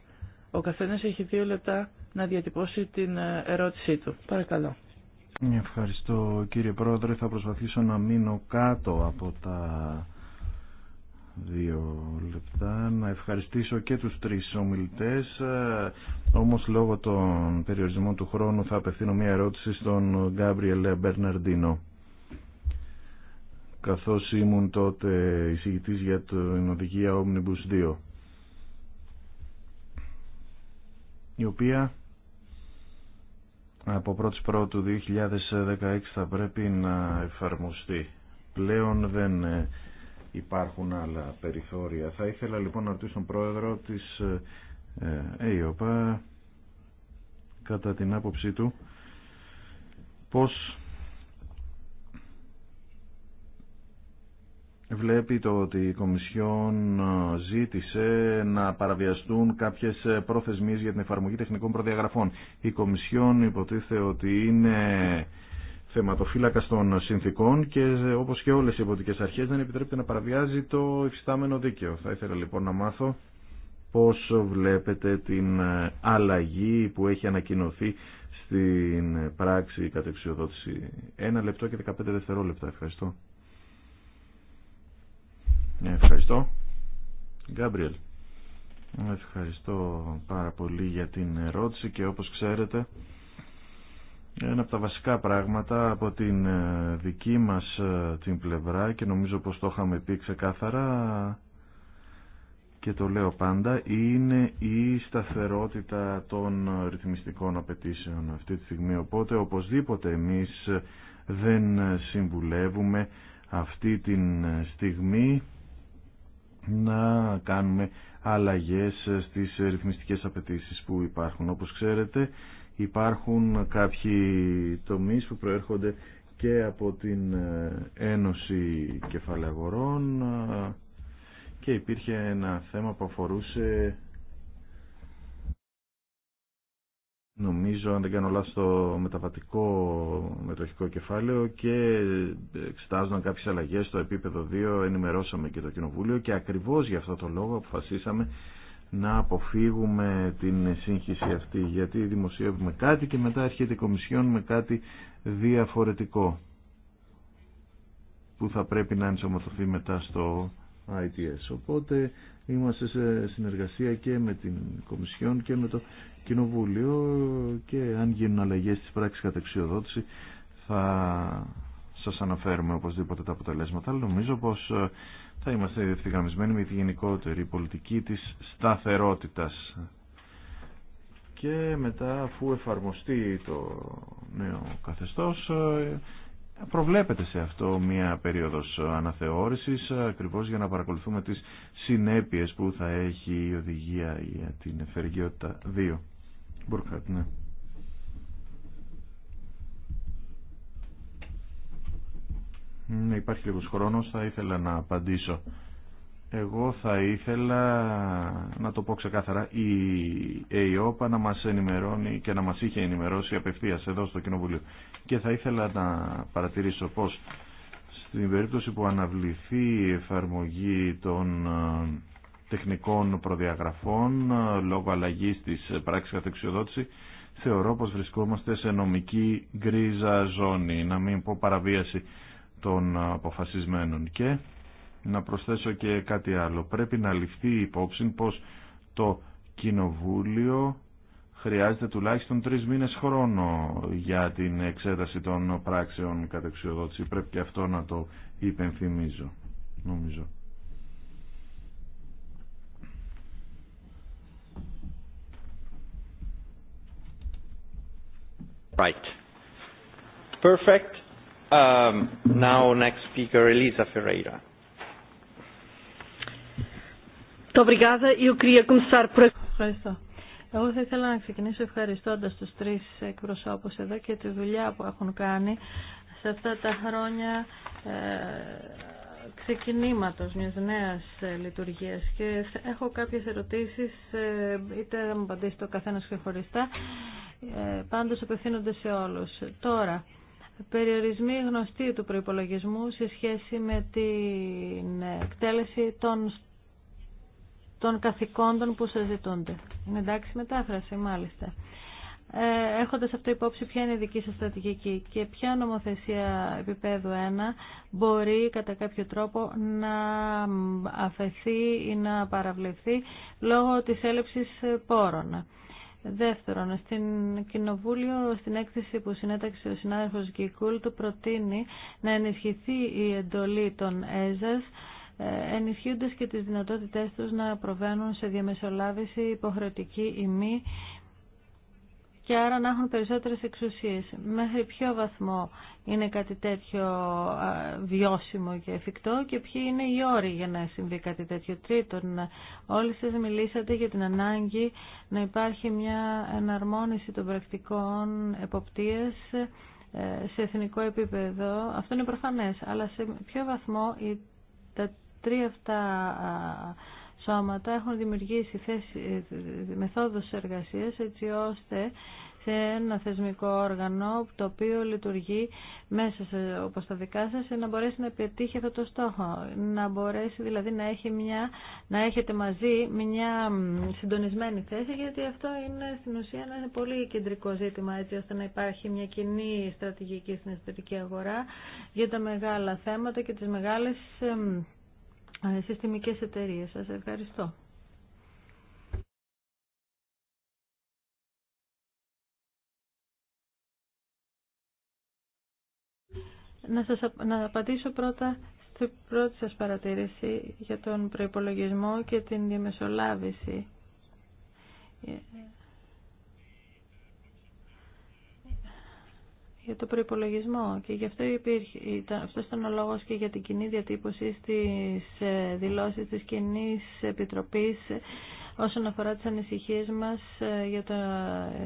Ο καθένας έχει δύο λεπτά να διατυπώσει την ε, ερώτησή του. Παρακαλώ. Ευχαριστώ κύριε Πρόεδρε. Θα προσπαθήσω να μείνω κάτω από τα δύο λεπτά. Να ευχαριστήσω και τους τρεις ομιλητές. Όμως λόγω των περιορισμών του χρόνου θα απευθύνω μια ερώτηση στον Γκάμπριελ Μπερναρντίνο. Καθώς ήμουν τότε εισηγητής για την οδηγία Omnibus 2. Η οποία από 1η Πρώτου 2016 θα πρέπει να εφαρμοστεί. Πλέον δεν ε, υπάρχουν άλλα περιθώρια. Θα ήθελα λοιπόν να ρωτήσω τον πρόεδρο της ε, ε, ΕΙΟΠΑ κατά την άποψή του πώς βλέπει το ότι η Κομισιόν ε, ζήτησε να παραβιαστούν κάποιες ε, προθεσμίες για την εφαρμογή τεχνικών προδιαγραφών. Η Κομισιόν υποτίθεται ότι είναι θεματοφύλακα των συνθήκων και ε, όπως και όλες οι υποτικές αρχές δεν επιτρέπεται να παραβιάζει το υφιστάμενο δίκαιο. Θα ήθελα λοιπόν να μάθω πώς βλέπετε την αλλαγή που έχει ανακοινωθεί στην πράξη κατεξιοδότηση. Ένα λεπτό και 15 δευτερόλεπτα. Ευχαριστώ. Ναι, ευχαριστώ. Γκάμπριελ. Ευχαριστώ πάρα πολύ για την ερώτηση και όπως ξέρετε ένα από τα βασικά πράγματα από την ε, δική μας ε, την πλευρά και νομίζω πως το είχαμε πει ξεκάθαρα και το λέω πάντα είναι η σταθερότητα των ρυθμιστικών απαιτήσεων αυτή τη στιγμή οπότε οπωσδήποτε εμείς δεν συμβουλεύουμε αυτή τη στιγμή να κάνουμε αλλαγές στις ρυθμιστικές απαιτήσεις που υπάρχουν. Όπως ξέρετε υπάρχουν κάποιοι τομείς που προέρχονται και από την ε, Ένωση Κεφαλαγορών ε, και υπήρχε ένα θέμα που αφορούσε νομίζω αν δεν κάνω λάθος το μεταβατικό μετοχικό κεφάλαιο και εξετάζονταν κάποιες αλλαγές στο επίπεδο 2 ενημερώσαμε και το Κοινοβούλιο και ακριβώς για αυτό το λόγο αποφασίσαμε να αποφύγουμε την σύγχυση αυτή γιατί δημοσιεύουμε κάτι και μετά έρχεται η Κομισιόν με κάτι διαφορετικό που θα πρέπει να ενσωματωθεί μετά στο ITS. Οπότε είμαστε σε συνεργασία και με την Κομισιόν και με το Κοινοβούλιο και αν γίνουν αλλαγές της κατά κατεξιοδότηση θα σας αναφέρουμε οπωσδήποτε τα αποτελέσματα. Αλλά νομίζω πως ε, θα είμαστε ευθυγραμμισμένοι με τη γενικότερη πολιτική της σταθερότητας. Και μετά αφού εφαρμοστεί το νέο καθεστώς ε, προβλέπεται σε αυτό μια περίοδος αναθεώρησης ακριβώς για να παρακολουθούμε τις συνέπειες που θα έχει η οδηγία για την εφεργειότητα 2. Μπορκάτ, ναι. ναι. Υπάρχει λίγος χρόνος, θα ήθελα να απαντήσω εγώ θα ήθελα να το πω ξεκάθαρα η ΕΙΟΠΑ να μας ενημερώνει και να μας είχε ενημερώσει απευθείας εδώ στο Κοινοβουλίο. Και θα ήθελα να παρατηρήσω πως στην περίπτωση που αναβληθεί η εφαρμογή των ε, τεχνικών προδιαγραφών ε, λόγω αλλαγής της πράξης καθεξιοδότηση θεωρώ πως βρισκόμαστε σε νομική γκρίζα ζώνη, να μην πω παραβίαση των ε, αποφασισμένων και να προσθέσω και κάτι άλλο. Πρέπει να ληφθεί υπόψη πως το Κοινοβούλιο χρειάζεται τουλάχιστον τρεις μήνες χρόνο για την εξέταση των πράξεων κατεξιοδότηση. Πρέπει και αυτό να το υπενθυμίζω, νομίζω. Right. Perfect. Um, now next speaker, Elisa Ferreira. Ευχαριστώ. Εγώ θα ήθελα να ξεκινήσω ευχαριστώντα του τρει εκπροσώπου εδώ και τη δουλειά που έχουν κάνει σε αυτά τα χρόνια ε, ξεκινήματος μιας νέας ε, λειτουργία. και έχω κάποιες ερωτήσεις, ε, είτε θα μου απαντήσει το καθένα ξεχωριστά, πάντως απευθύνονται σε όλους. Τώρα, περιορισμοί γνωστοί του προϋπολογισμού σε σχέση με την εκτέλεση των των καθηκόντων που σας ζητούνται. Είναι εντάξει μετάφραση, μάλιστα. Ε, έχοντας αυτό υπόψη ποια είναι η δική σας στρατηγική και ποια νομοθεσία επίπεδου 1 μπορεί κατά κάποιο τρόπο να αφαιθεί ή να παραβλεφθεί λόγω της έλλειψης πόρων. Δεύτερον, στην κοινοβούλιο, στην έκθεση που συνέταξε ο συνάδελφος Γκικούλ, του προτείνει να ενισχυθεί η εντολή των ΕΖΑΣ ε, ενισχύοντας και τις δυνατότητές τους να προβαίνουν σε διαμεσολάβηση υποχρεωτική ή μη και άρα να έχουν περισσότερες εξουσίες. Μέχρι ποιο βαθμό είναι κάτι τέτοιο βιώσιμο και εφικτό και ποιοι είναι οι όροι για να συμβεί κάτι τέτοιο. Τρίτον, όλοι σας μιλήσατε για την ανάγκη να υπάρχει μια εναρμόνιση των πρακτικών εποπτείας ε, σε εθνικό επίπεδο. Αυτό είναι προφανές, αλλά σε ποιο βαθμό τα τρία αυτά σώματα έχουν δημιουργήσει θέση, ε, μεθόδους εργασίας έτσι ώστε σε ένα θεσμικό όργανο το οποίο λειτουργεί μέσα σε, όπως τα δικά σας να μπορέσει να επιτύχει αυτό το στόχο. Να μπορέσει δηλαδή να, έχει μια, να έχετε μαζί μια συντονισμένη θέση γιατί αυτό είναι στην ουσία ένα πολύ κεντρικό ζήτημα έτσι ώστε να υπάρχει μια κοινή στρατηγική στην εσωτερική αγορά για τα μεγάλα θέματα και τις μεγάλες ε, συστημικές εταιρείες. Σας ευχαριστώ. Να σας να απαντήσω πρώτα στην πρώτη σας παρατήρηση για τον προϋπολογισμό και την διαμεσολάβηση. Ε, για το προϋπολογισμό και γι' αυτό υπήρχε, ήταν, αυτός ήταν ο λόγος και για την κοινή διατύπωση στις ε, δηλώσεις της κοινή Επιτροπής όσον αφορά τις ανησυχίες μας ε, για τα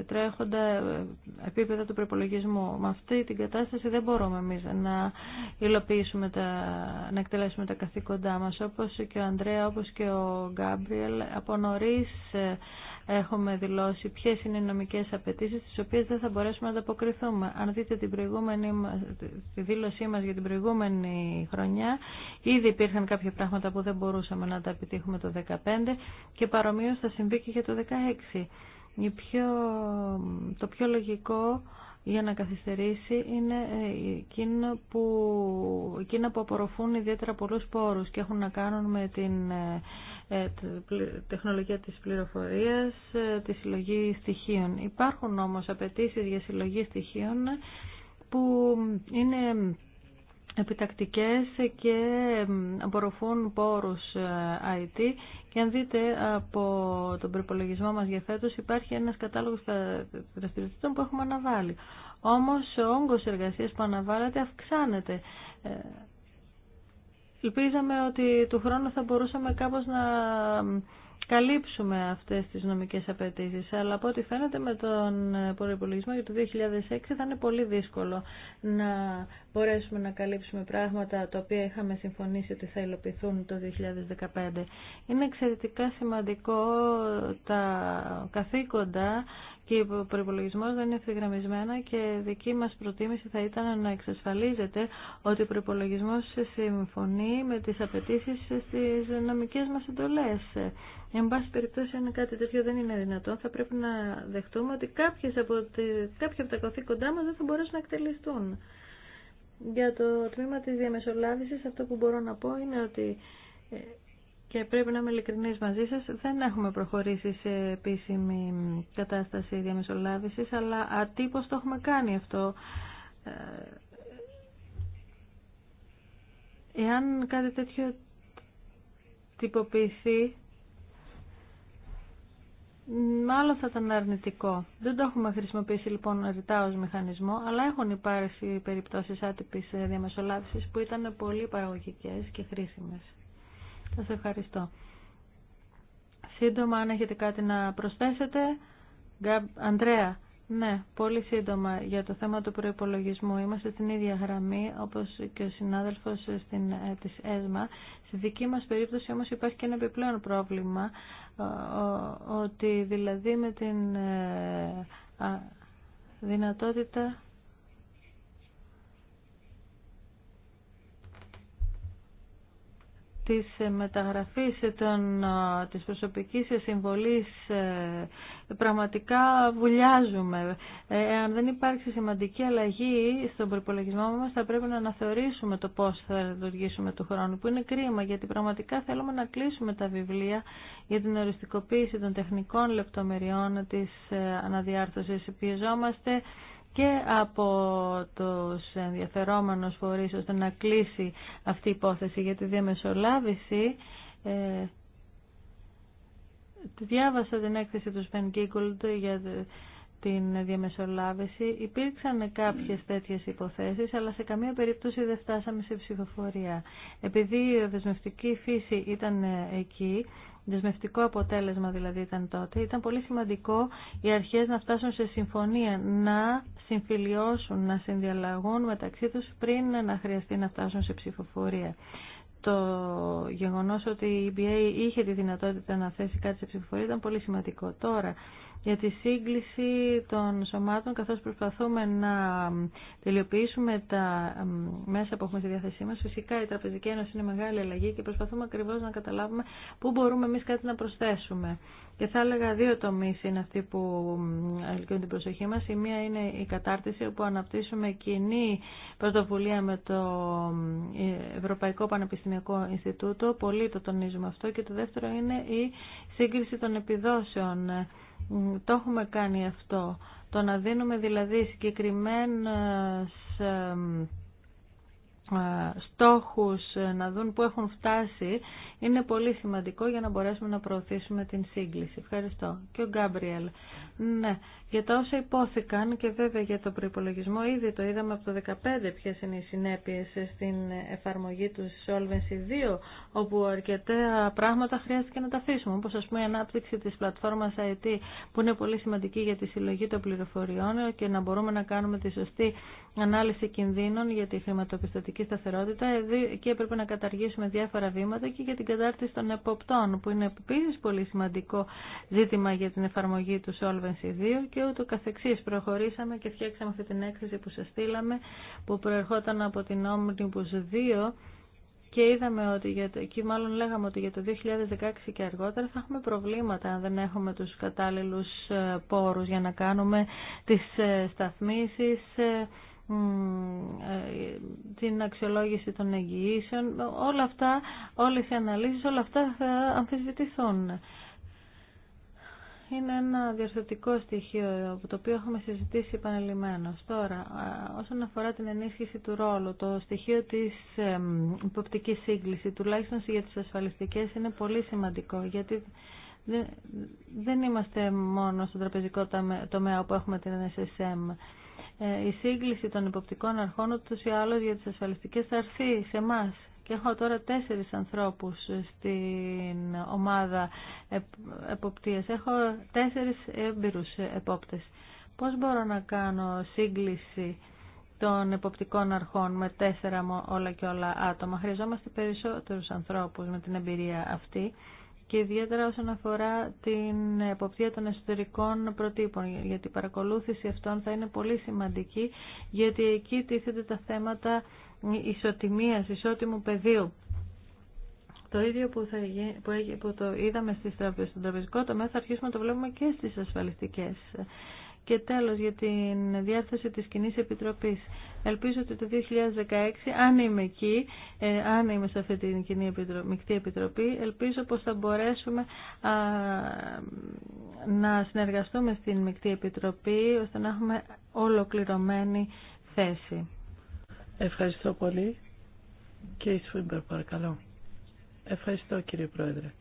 τρέχοντα ε, επίπεδα του προπολογισμού. Με αυτή την κατάσταση δεν μπορούμε εμείς να υλοποιήσουμε, τα, να εκτελέσουμε τα καθήκοντά μας. Όπως και ο Ανδρέα, όπως και ο Γκάμπριελ, από νωρίς έχουμε δηλώσει ποιε είναι οι νομικέ απαιτήσει, τι οποίε δεν θα μπορέσουμε να ανταποκριθούμε. Αν δείτε την προηγούμενη, τη δήλωσή μα για την προηγούμενη χρονιά, ήδη υπήρχαν κάποια πράγματα που δεν μπορούσαμε να τα επιτύχουμε το 2015 και παρομοίω θα συμβεί και για το 2016. πιο, το πιο λογικό για να καθυστερήσει είναι ε, εκείνα που, εκείνα που απορροφούν ιδιαίτερα πολλούς πόρους και έχουν να κάνουν με την ε, ε, τεχνολογία της πληροφορίας, τη συλλογή στοιχείων. Υπάρχουν όμως απαιτήσει για συλλογή στοιχείων που είναι επιτακτικές και απορροφούν πόρους IT ε, και αν δείτε από τον προπολογισμό μας για φέτος υπάρχει ένας κατάλογος δραστηριοτήτων που έχουμε αναβάλει. Όμως ο όγκος εργασίας που αναβάλλεται αυξάνεται. Ε, ελπίζαμε ότι του χρόνου θα μπορούσαμε κάπως να καλύψουμε αυτές τις νομικές απαιτήσεις. Αλλά από ό,τι φαίνεται με τον προϋπολογισμό για το 2006 θα είναι πολύ δύσκολο να μπορέσουμε να καλύψουμε πράγματα τα οποία είχαμε συμφωνήσει ότι θα υλοποιηθούν το 2015. Είναι εξαιρετικά σημαντικό τα καθήκοντα και ο προπολογισμό δεν είναι ευθυγραμμισμένα και δική μα προτίμηση θα ήταν να εξασφαλίζεται ότι ο προπολογισμό συμφωνεί με τι απαιτήσει στι νομικέ μα εντολέ. Εν πάση περιπτώσει, αν κάτι τέτοιο δεν είναι δυνατόν, θα πρέπει να δεχτούμε ότι κάποιες από τη... κάποια από τα καθήκοντά μα δεν θα μπορέσουν να εκτελεστούν. Για το τμήμα της διαμεσολάβησης αυτό που μπορώ να πω είναι ότι ε, και πρέπει να είμαι ειλικρινή μαζί σας, δεν έχουμε προχωρήσει σε επίσημη κατάσταση διαμεσολάβησης, αλλά ατύπω το έχουμε κάνει αυτό. Ε, εάν κάτι τέτοιο τυποποιηθεί, μάλλον θα ήταν αρνητικό. Δεν το έχουμε χρησιμοποιήσει λοιπόν ρητά ως μηχανισμό, αλλά έχουν υπάρξει περιπτώσεις άτυπης διαμεσολάβησης που ήταν πολύ παραγωγικές και χρήσιμες. Σας ευχαριστώ. Σύντομα, αν έχετε κάτι να προσθέσετε. Αντρέα, ναι, πολύ σύντομα για το θέμα του προϋπολογισμού. Είμαστε στην ίδια γραμμή, όπως και ο συνάδελφος στην, ε, της ΕΣΜΑ. Στη δική μας περίπτωση όμως υπάρχει και ένα επιπλέον πρόβλημα, ότι δηλαδή με την ε, δυνατότητα της μεταγραφής των, της προσωπικής συμβολής ε, πραγματικά βουλιάζουμε. αν ε, δεν υπάρξει σημαντική αλλαγή στον προπολογισμό μας θα πρέπει να αναθεωρήσουμε το πώς θα λειτουργήσουμε του χρόνου που είναι κρίμα γιατί πραγματικά θέλουμε να κλείσουμε τα βιβλία για την οριστικοποίηση των τεχνικών λεπτομεριών της ε, αναδιάρθρωσης. Πιεζόμαστε και από τους ενδιαφερόμενους φορείς ώστε να κλείσει αυτή η υπόθεση για τη διαμεσολάβηση ε, διάβασα την έκθεση του Σπεν του για την διαμεσολάβηση υπήρξαν κάποιες τέτοιες υποθέσεις αλλά σε καμία περίπτωση δεν φτάσαμε σε ψηφοφορία επειδή η δεσμευτική φύση ήταν εκεί δεσμευτικό αποτέλεσμα δηλαδή ήταν τότε, ήταν πολύ σημαντικό οι αρχές να φτάσουν σε συμφωνία, να συμφιλιώσουν, να συνδιαλλαγούν μεταξύ τους πριν να χρειαστεί να φτάσουν σε ψηφοφορία. Το γεγονός ότι η EBA είχε τη δυνατότητα να θέσει κάτι σε ψηφοφορία ήταν πολύ σημαντικό. Τώρα, για τη σύγκληση των σωμάτων καθώς προσπαθούμε να τελειοποιήσουμε τα μέσα που έχουμε στη διάθεσή μας. Φυσικά η Τραπεζική Ένωση είναι μεγάλη αλλαγή και προσπαθούμε ακριβώς να καταλάβουμε πού μπορούμε εμείς κάτι να προσθέσουμε. Και θα έλεγα δύο τομείς είναι αυτοί που ελκύουν την προσοχή μας. Η μία είναι η κατάρτιση όπου αναπτύσσουμε κοινή πρωτοβουλία με το ε, Ευρωπαϊκό Πανεπιστημιακό Ινστιτούτο. Πολύ το τονίζουμε αυτό. Και το δεύτερο είναι η σύγκριση των επιδόσεων το έχουμε κάνει αυτό. Το να δίνουμε δηλαδή συγκεκριμένες ε, στόχους ε, να δουν που έχουν φτάσει είναι πολύ σημαντικό για να μπορέσουμε να προωθήσουμε την σύγκληση. Ευχαριστώ. Και ο Γκάμπριελ. Ναι, για τα όσα υπόθηκαν και βέβαια για το προπολογισμό, ήδη το είδαμε από το 2015 ποιε είναι οι συνέπειε στην εφαρμογή του Solvency 2, όπου αρκετά πράγματα χρειάστηκε να τα αφήσουμε. Όπω α πούμε η ανάπτυξη τη πλατφόρμα IT, που είναι πολύ σημαντική για τη συλλογή των πληροφοριών και να μπορούμε να κάνουμε τη σωστή ανάλυση κινδύνων για τη χρηματοπιστωτική σταθερότητα. Εκεί έπρεπε να καταργήσουμε διάφορα βήματα και για την κατάρτιση των εποπτών, που είναι επίση πολύ σημαντικό ζήτημα για την εφαρμογή του Solvency 2 και ούτω καθεξής. Προχωρήσαμε και φτιάξαμε αυτή την έκθεση που σα στείλαμε, που προερχόταν από την Omnibus 2, και είδαμε ότι, για το, εκεί μάλλον λέγαμε ότι για το 2016 και αργότερα θα έχουμε προβλήματα αν δεν έχουμε τους κατάλληλους ε, πόρους για να κάνουμε τις ε, σταθμίσεις, ε, ε, την αξιολόγηση των εγγυήσεων, όλα αυτά, όλες οι αναλύσεις, όλα αυτά θα αμφισβητηθούν. Είναι ένα διορθωτικό στοιχείο το οποίο έχουμε συζητήσει επανελειμμένως. Τώρα, όσον αφορά την ενίσχυση του ρόλου, το στοιχείο της υποπτικής σύγκληση, τουλάχιστον για τις ασφαλιστικές, είναι πολύ σημαντικό, γιατί δεν είμαστε μόνο στον τραπεζικό τομέα που έχουμε την SSM. Ε, η σύγκληση των υποπτικών αρχών ούτως ή άλλως για τις ασφαλιστικές θα έρθει σε εμά. Και έχω τώρα τέσσερις ανθρώπους στην ομάδα εποπτείας. Έχω τέσσερις έμπειρους επόπτες. Πώς μπορώ να κάνω σύγκληση των εποπτικών αρχών με τέσσερα όλα και όλα άτομα. Χρειαζόμαστε περισσότερους ανθρώπους με την εμπειρία αυτή και ιδιαίτερα όσον αφορά την εποπτεία των εσωτερικών προτύπων, γιατί η παρακολούθηση αυτών θα είναι πολύ σημαντική, γιατί εκεί τίθεται τα θέματα ισοτιμίας, ισότιμου πεδίου. Το ίδιο που, θα, που, το είδαμε στις στον τραπεζικό τομέα θα αρχίσουμε να το βλέπουμε και στις ασφαλιστικές και τέλος για την διάθεση της κοινή επιτροπής. Ελπίζω ότι το 2016, αν είμαι εκεί, ε, αν είμαι σε αυτή την κοινή επιτροπή, επιτροπή, ελπίζω πως θα μπορέσουμε α, να συνεργαστούμε στην μεικτή επιτροπή, ώστε να έχουμε ολοκληρωμένη θέση. Ευχαριστώ πολύ. Κύριε Σφίμπερ, παρακαλώ. Ευχαριστώ κύριε Πρόεδρε.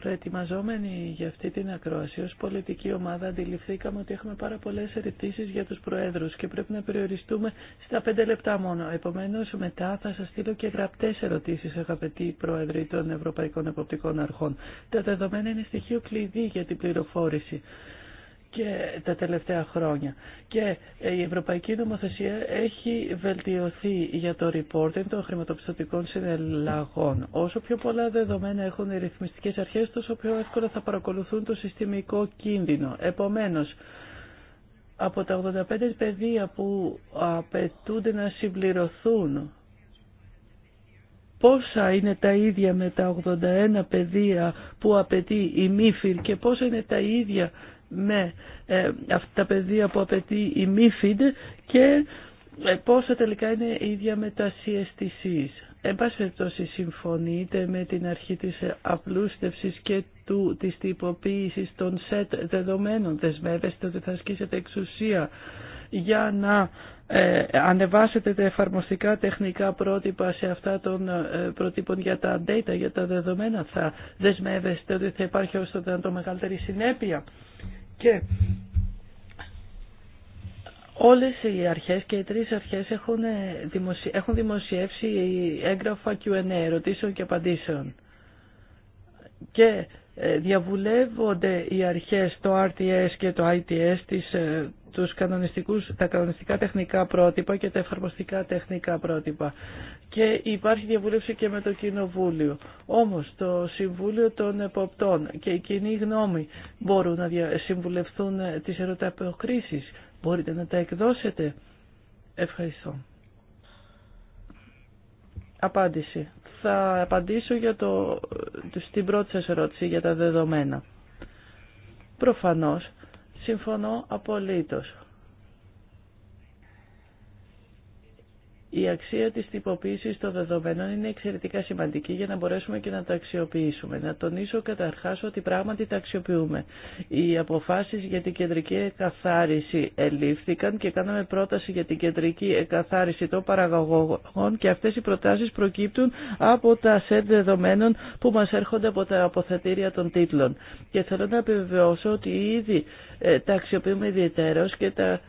Προετοιμαζόμενοι για αυτή την ακρόαση ως πολιτική ομάδα αντιληφθήκαμε ότι έχουμε πάρα πολλές ερωτήσεις για τους προέδρους και πρέπει να περιοριστούμε στα πέντε λεπτά μόνο. Επομένως μετά θα σας στείλω και γραπτές ερωτήσεις αγαπητοί πρόεδροι των Ευρωπαϊκών Εποπτικών Αρχών. Τα δεδομένα είναι στοιχείο κλειδί για την πληροφόρηση και τα τελευταία χρόνια. Και ε, η ευρωπαϊκή νομοθεσία έχει βελτιωθεί για το reporting των χρηματοπιστωτικών συνελλαγών. Όσο πιο πολλά δεδομένα έχουν οι ρυθμιστικές αρχές, τόσο πιο εύκολα θα παρακολουθούν το συστημικό κίνδυνο. Επομένως, από τα 85 παιδεία που απαιτούνται να συμπληρωθούν πόσα είναι τα ίδια με τα 81 παιδεία που απαιτεί η ΜΥΦΙΡ και πόσα είναι τα ίδια με ναι, αυτά τα πεδία που απαιτεί η MIFID και ε, πόσα τελικά είναι ίδια με τα CSTCs. Εν πάση συμφωνείτε με την αρχή της απλούστευσης και του, της τυποποίησης των σετ δεδομένων. Δεσμεύεστε ότι θα ασκήσετε εξουσία για να ε, ανεβάσετε τα εφαρμοστικά τεχνικά πρότυπα σε αυτά των ε, προτύπων για τα data, για τα δεδομένα. Θα δεσμεύεστε ότι θα υπάρχει όσο το μεγαλύτερη συνέπεια και όλες οι αρχές και οι τρεις αρχές έχουν, ε, δημοσιεύσει, έχουν δημοσιεύσει έγγραφα Q&A, ερωτήσεων και απαντήσεων. Και ε, διαβουλεύονται οι αρχές το RTS και το ITS τις, ε, τους κανονιστικούς, τα κανονιστικά τεχνικά πρότυπα και τα εφαρμοστικά τεχνικά πρότυπα και υπάρχει διαβούλευση και με το Κοινοβούλιο. Όμως το Συμβούλιο των Εποπτών και η κοινή γνώμη μπορούν να συμβουλευθούν ε, τις ερωταποκρίσεις. Μπορείτε να τα εκδώσετε. Ευχαριστώ. Απάντηση θα απαντήσω για το, στην πρώτη σας ερώτηση για τα δεδομένα. Προφανώς, συμφωνώ απολύτως Η αξία της τυποποίησης των δεδομένων είναι εξαιρετικά σημαντική για να μπορέσουμε και να τα αξιοποιήσουμε. Να τονίσω καταρχάς ότι πράγματι τα αξιοποιούμε. Οι αποφάσεις για την κεντρική εκαθάριση ελήφθηκαν και κάναμε πρόταση για την κεντρική εκαθάριση των παραγωγών και αυτές οι προτάσεις προκύπτουν από τα σετ δεδομένων που μας έρχονται από τα αποθετήρια των τίτλων. Και θέλω να επιβεβαιώσω ότι ήδη ε, τα αξιοποιούμε ιδιαίτερως και τα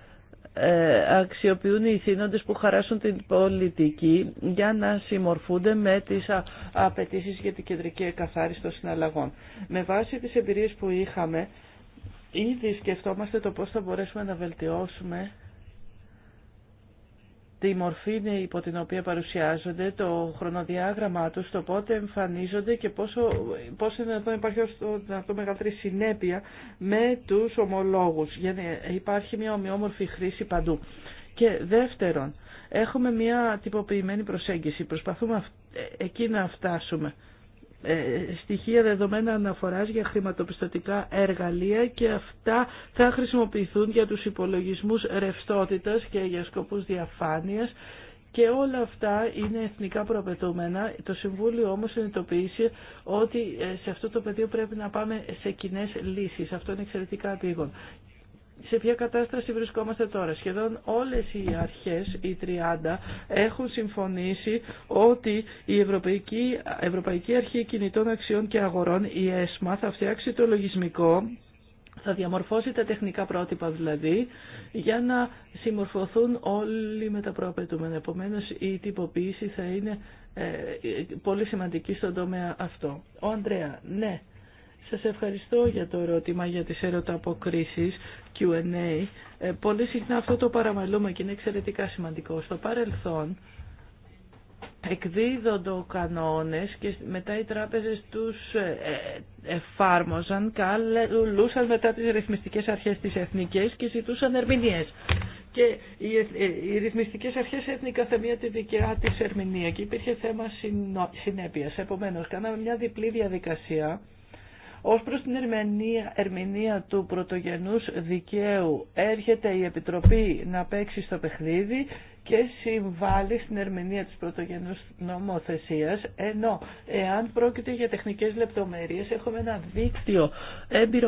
ε, αξιοποιούν οι θύνοντες που χαράσουν την πολιτική για να συμμορφούνται με τις απαιτήσει για την κεντρική εκαθάριση των συναλλαγών. Με βάση τις εμπειρίες που είχαμε, ήδη σκεφτόμαστε το πώς θα μπορέσουμε να βελτιώσουμε τη μορφή υπό την οποία παρουσιάζονται, το χρονοδιάγραμμά τους, το πότε εμφανίζονται και πόσο, πόσο είναι να υπάρχει ω δυνατόν μεγαλύτερη συνέπεια με τους ομολόγους. Γιατί υπάρχει μια ομοιόμορφη χρήση παντού. Και δεύτερον, έχουμε μια τυποποιημένη προσέγγιση. Προσπαθούμε ε, εκεί να φτάσουμε. Ε, στοιχεία δεδομένα αναφοράς για χρηματοπιστωτικά εργαλεία και αυτά θα χρησιμοποιηθούν για τους υπολογισμούς ρευστότητας και για σκοπούς διαφάνειας και όλα αυτά είναι εθνικά προπετούμενα. Το Συμβούλιο όμως συνειδητοποιήσει ότι ε, σε αυτό το πεδίο πρέπει να πάμε σε κοινέ λύσεις. Αυτό είναι εξαιρετικά επίγον σε ποια κατάσταση βρισκόμαστε τώρα. Σχεδόν όλες οι αρχές, οι 30, έχουν συμφωνήσει ότι η Ευρωπαϊκή, Ευρωπαϊκή Αρχή Κινητών Αξιών και Αγορών, η ΕΣΜΑ, θα φτιάξει το λογισμικό θα διαμορφώσει τα τεχνικά πρότυπα δηλαδή για να συμμορφωθούν όλοι με τα προαπαιτούμενα. Επομένω, η τυποποίηση θα είναι ε, ε, πολύ σημαντική στον τομέα αυτό. Ο Ανδρέα, ναι, σας ευχαριστώ για το ερώτημα, για τις ερωταποκρίσεις Q&A. Ε, πολύ συχνά αυτό το παραμελούμε και είναι εξαιρετικά σημαντικό. Στο παρελθόν εκδίδοντο κανόνες και μετά οι τράπεζες τους ε, ε, εφάρμοζαν, καλούσαν μετά τις ρυθμιστικές αρχές της εθνικές και ζητούσαν ερμηνείες. Και οι, ε, ε οι ρυθμιστικές αρχές έθνη καθεμία τη δικιά της ερμηνεία και υπήρχε θέμα συνέπειας. Επομένως, κάναμε μια διπλή διαδικασία ως προς την ερμηνεία, ερμηνεία του πρωτογενούς δικαίου έρχεται η Επιτροπή να παίξει στο παιχνίδι και συμβάλλει στην ερμηνεία της πρωτογενούς νομοθεσίας, ενώ εάν πρόκειται για τεχνικές λεπτομέρειες έχουμε ένα δίκτυο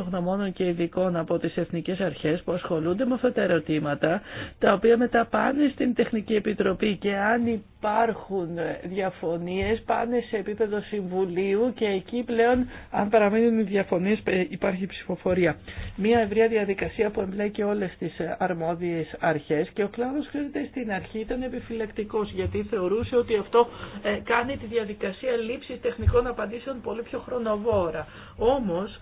γνωμόνων και ειδικών από τις εθνικές αρχές που ασχολούνται με αυτά τα ερωτήματα, τα οποία μετά πάνε στην Τεχνική Επιτροπή και αν υπάρχουν διαφωνίες πάνε σε επίπεδο συμβουλίου και εκεί πλέον αν παραμένουν οι διαφωνίες υπάρχει ψηφοφορία. Μία ευρεία διαδικασία που εμπλέκει όλες τις αρμόδιες αρχές και ο κλάδος ξέρετε στην αρχή ήταν επιφυλακτικός γιατί θεωρούσε ότι αυτό ε, κάνει τη διαδικασία λήψης τεχνικών απαντήσεων πολύ πιο χρονοβόρα. Όμως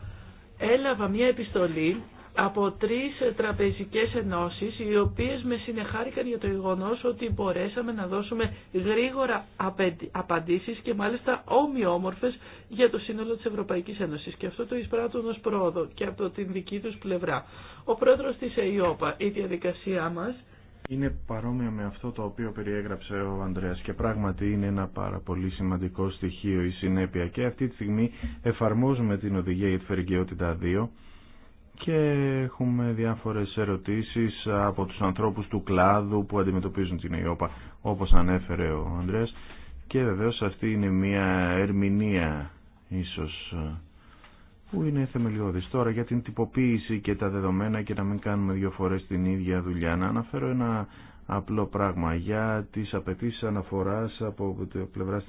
έλαβα μία επιστολή από τρεις τραπεζικές ενώσεις οι οποίες με συνεχάρηκαν για το γεγονό ότι μπορέσαμε να δώσουμε γρήγορα απαντήσεις και μάλιστα ομοιόμορφες για το σύνολο της Ευρωπαϊκής Ένωσης και αυτό το εισπράττουν ως πρόοδο και από την δική τους πλευρά. Ο πρόεδρος της ΕΙΟΠΑ, η διαδικασία μας είναι παρόμοια με αυτό το οποίο περιέγραψε ο Ανδρέας και πράγματι είναι ένα πάρα πολύ σημαντικό στοιχείο η συνέπεια και αυτή τη στιγμή εφαρμόζουμε την οδηγία για 2 και έχουμε διάφορες ερωτήσεις από τους ανθρώπους του κλάδου που αντιμετωπίζουν την ΕΙΟΠΑ όπως ανέφερε ο Ανδρέας και βεβαίως αυτή είναι μια ερμηνεία ίσως που είναι θεμελιώδης. Τώρα για την τυποποίηση και τα δεδομένα και να μην κάνουμε δύο φορές την ίδια δουλειά να αναφέρω ένα απλό πράγμα για τις απαιτήσει αναφοράς από πλευρά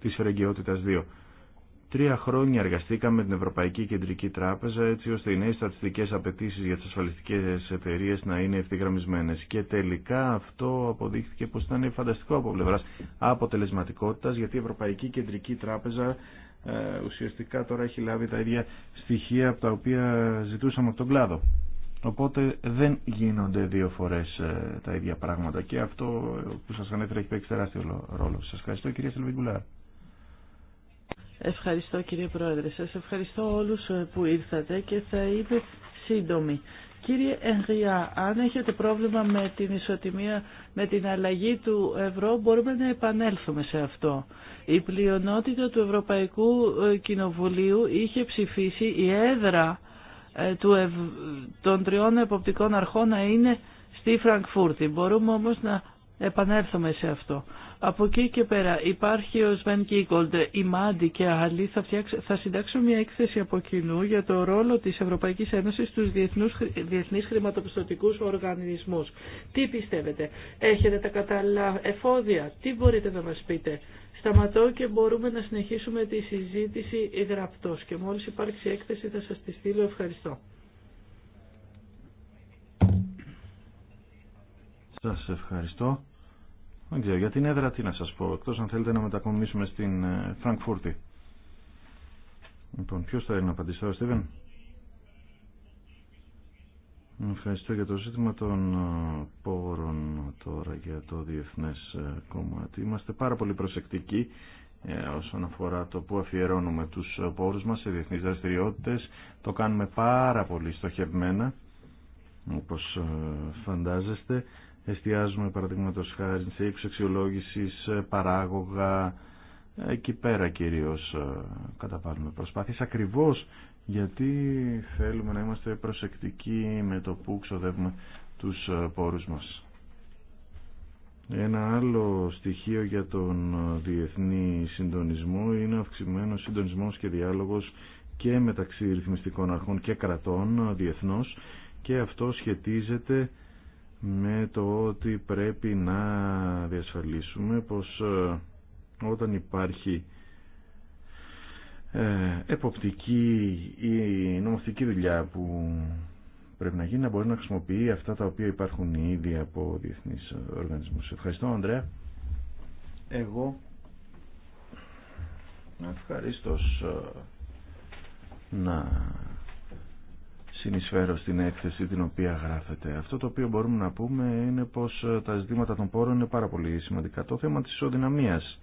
της φερεγγιότητας 2. Τρία χρόνια εργαστήκαμε με την Ευρωπαϊκή Κεντρική Τράπεζα έτσι ώστε οι νέε στατιστικέ απαιτήσει για τι ασφαλιστικέ εταιρείε να είναι ευθυγραμμισμένε. Και τελικά αυτό αποδείχθηκε πω ήταν φανταστικό από πλευρά αποτελεσματικότητα γιατί η Ευρωπαϊκή Κεντρική Τράπεζα ε, ουσιαστικά τώρα έχει λάβει τα ίδια στοιχεία από τα οποία ζητούσαμε από τον κλάδο. Οπότε δεν γίνονται δύο φορέ ε, τα ίδια πράγματα και αυτό που σα ανέφερα έχει παίξει τεράστιο ρόλο. Σα ευχαριστώ κυρία Σελβιγκουλάρ. Ευχαριστώ κύριε Πρόεδρε. Σας ευχαριστώ όλους ε, που ήρθατε και θα είμαι σύντομη. Κύριε Ενγριά, αν έχετε πρόβλημα με την ισοτιμία, με την αλλαγή του ευρώ, μπορούμε να επανέλθουμε σε αυτό. Η πλειονότητα του Ευρωπαϊκού ε, Κοινοβουλίου είχε ψηφίσει η έδρα ε, των τριών εποπτικών αρχών να είναι στη Φραγκφούρτη. Μπορούμε όμως να επανέλθουμε σε αυτό. Από εκεί και πέρα υπάρχει ο Σβέν Κίγκολντ, η Μάντι και άλλοι θα, θα συντάξουν μια έκθεση από κοινού για το ρόλο της Ευρωπαϊκής Ένωσης στους διεθνούς, διεθνείς χρηματοπιστωτικούς οργανισμούς. Τι πιστεύετε, έχετε τα κατάλληλα εφόδια, τι μπορείτε να μας πείτε. Σταματώ και μπορούμε να συνεχίσουμε τη συζήτηση γραπτός και μόλις υπάρξει έκθεση θα σας τη στείλω. Ευχαριστώ. Σας ευχαριστώ. Δεν ξέρω για την έδρα τι να σας πω, εκτός αν θέλετε να μετακομίσουμε στην ε, Φραγκφούρτη. Λοιπόν, ποιος θα είναι να απαντήσει τώρα, Στίβεν. Ευχαριστώ για το ζήτημα των ε, πόρων τώρα για το διεθνές ε, κομμάτι. Είμαστε πάρα πολύ προσεκτικοί όσον αφορά το που αφιερώνουμε τους πόρους μας σε διεθνείς δραστηριότητες. Το κάνουμε πάρα πολύ στοχευμένα, όπως φαντάζεστε εστιάζουμε παραδείγματο χάρη σε ύψο αξιολόγηση, ε, παράγωγα, ε, εκεί πέρα κυρίω ε, καταβάλουμε προσπάθειες ακριβώς γιατί θέλουμε να είμαστε προσεκτικοί με το που ξοδεύουμε τους πόρους μας. Ένα άλλο στοιχείο για τον διεθνή συντονισμό είναι ο συντονισμό και διάλογος και μεταξύ ρυθμιστικών αρχών και κρατών διεθνώς και αυτό σχετίζεται με το ότι πρέπει να διασφαλίσουμε πως ε, όταν υπάρχει ε, εποπτική ή νομοθετική δουλειά που πρέπει να γίνει να μπορεί να χρησιμοποιεί αυτά τα οποία υπάρχουν ήδη από διεθνείς οργανισμούς. Ευχαριστώ Ανδρέα. Εγώ ευχαριστώ ε, να συνεισφέρω στην έκθεση την οποία γράφεται. Αυτό το οποίο μπορούμε να πούμε είναι πως ε, τα ζητήματα των πόρων είναι πάρα πολύ σημαντικά. Το θέμα της ισοδυναμίας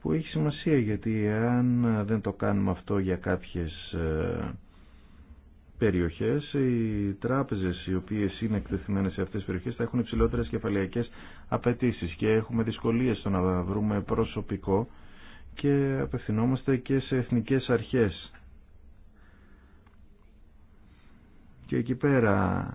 που έχει σημασία γιατί αν ε, δεν το κάνουμε αυτό για κάποιες ε, περιοχές οι τράπεζες οι οποίες είναι εκτεθειμένες σε αυτές τις περιοχές θα έχουν υψηλότερες κεφαλαιακές απαιτήσεις και έχουμε δυσκολίες στο να βρούμε προσωπικό και απευθυνόμαστε και σε εθνικές αρχές Και εκεί πέρα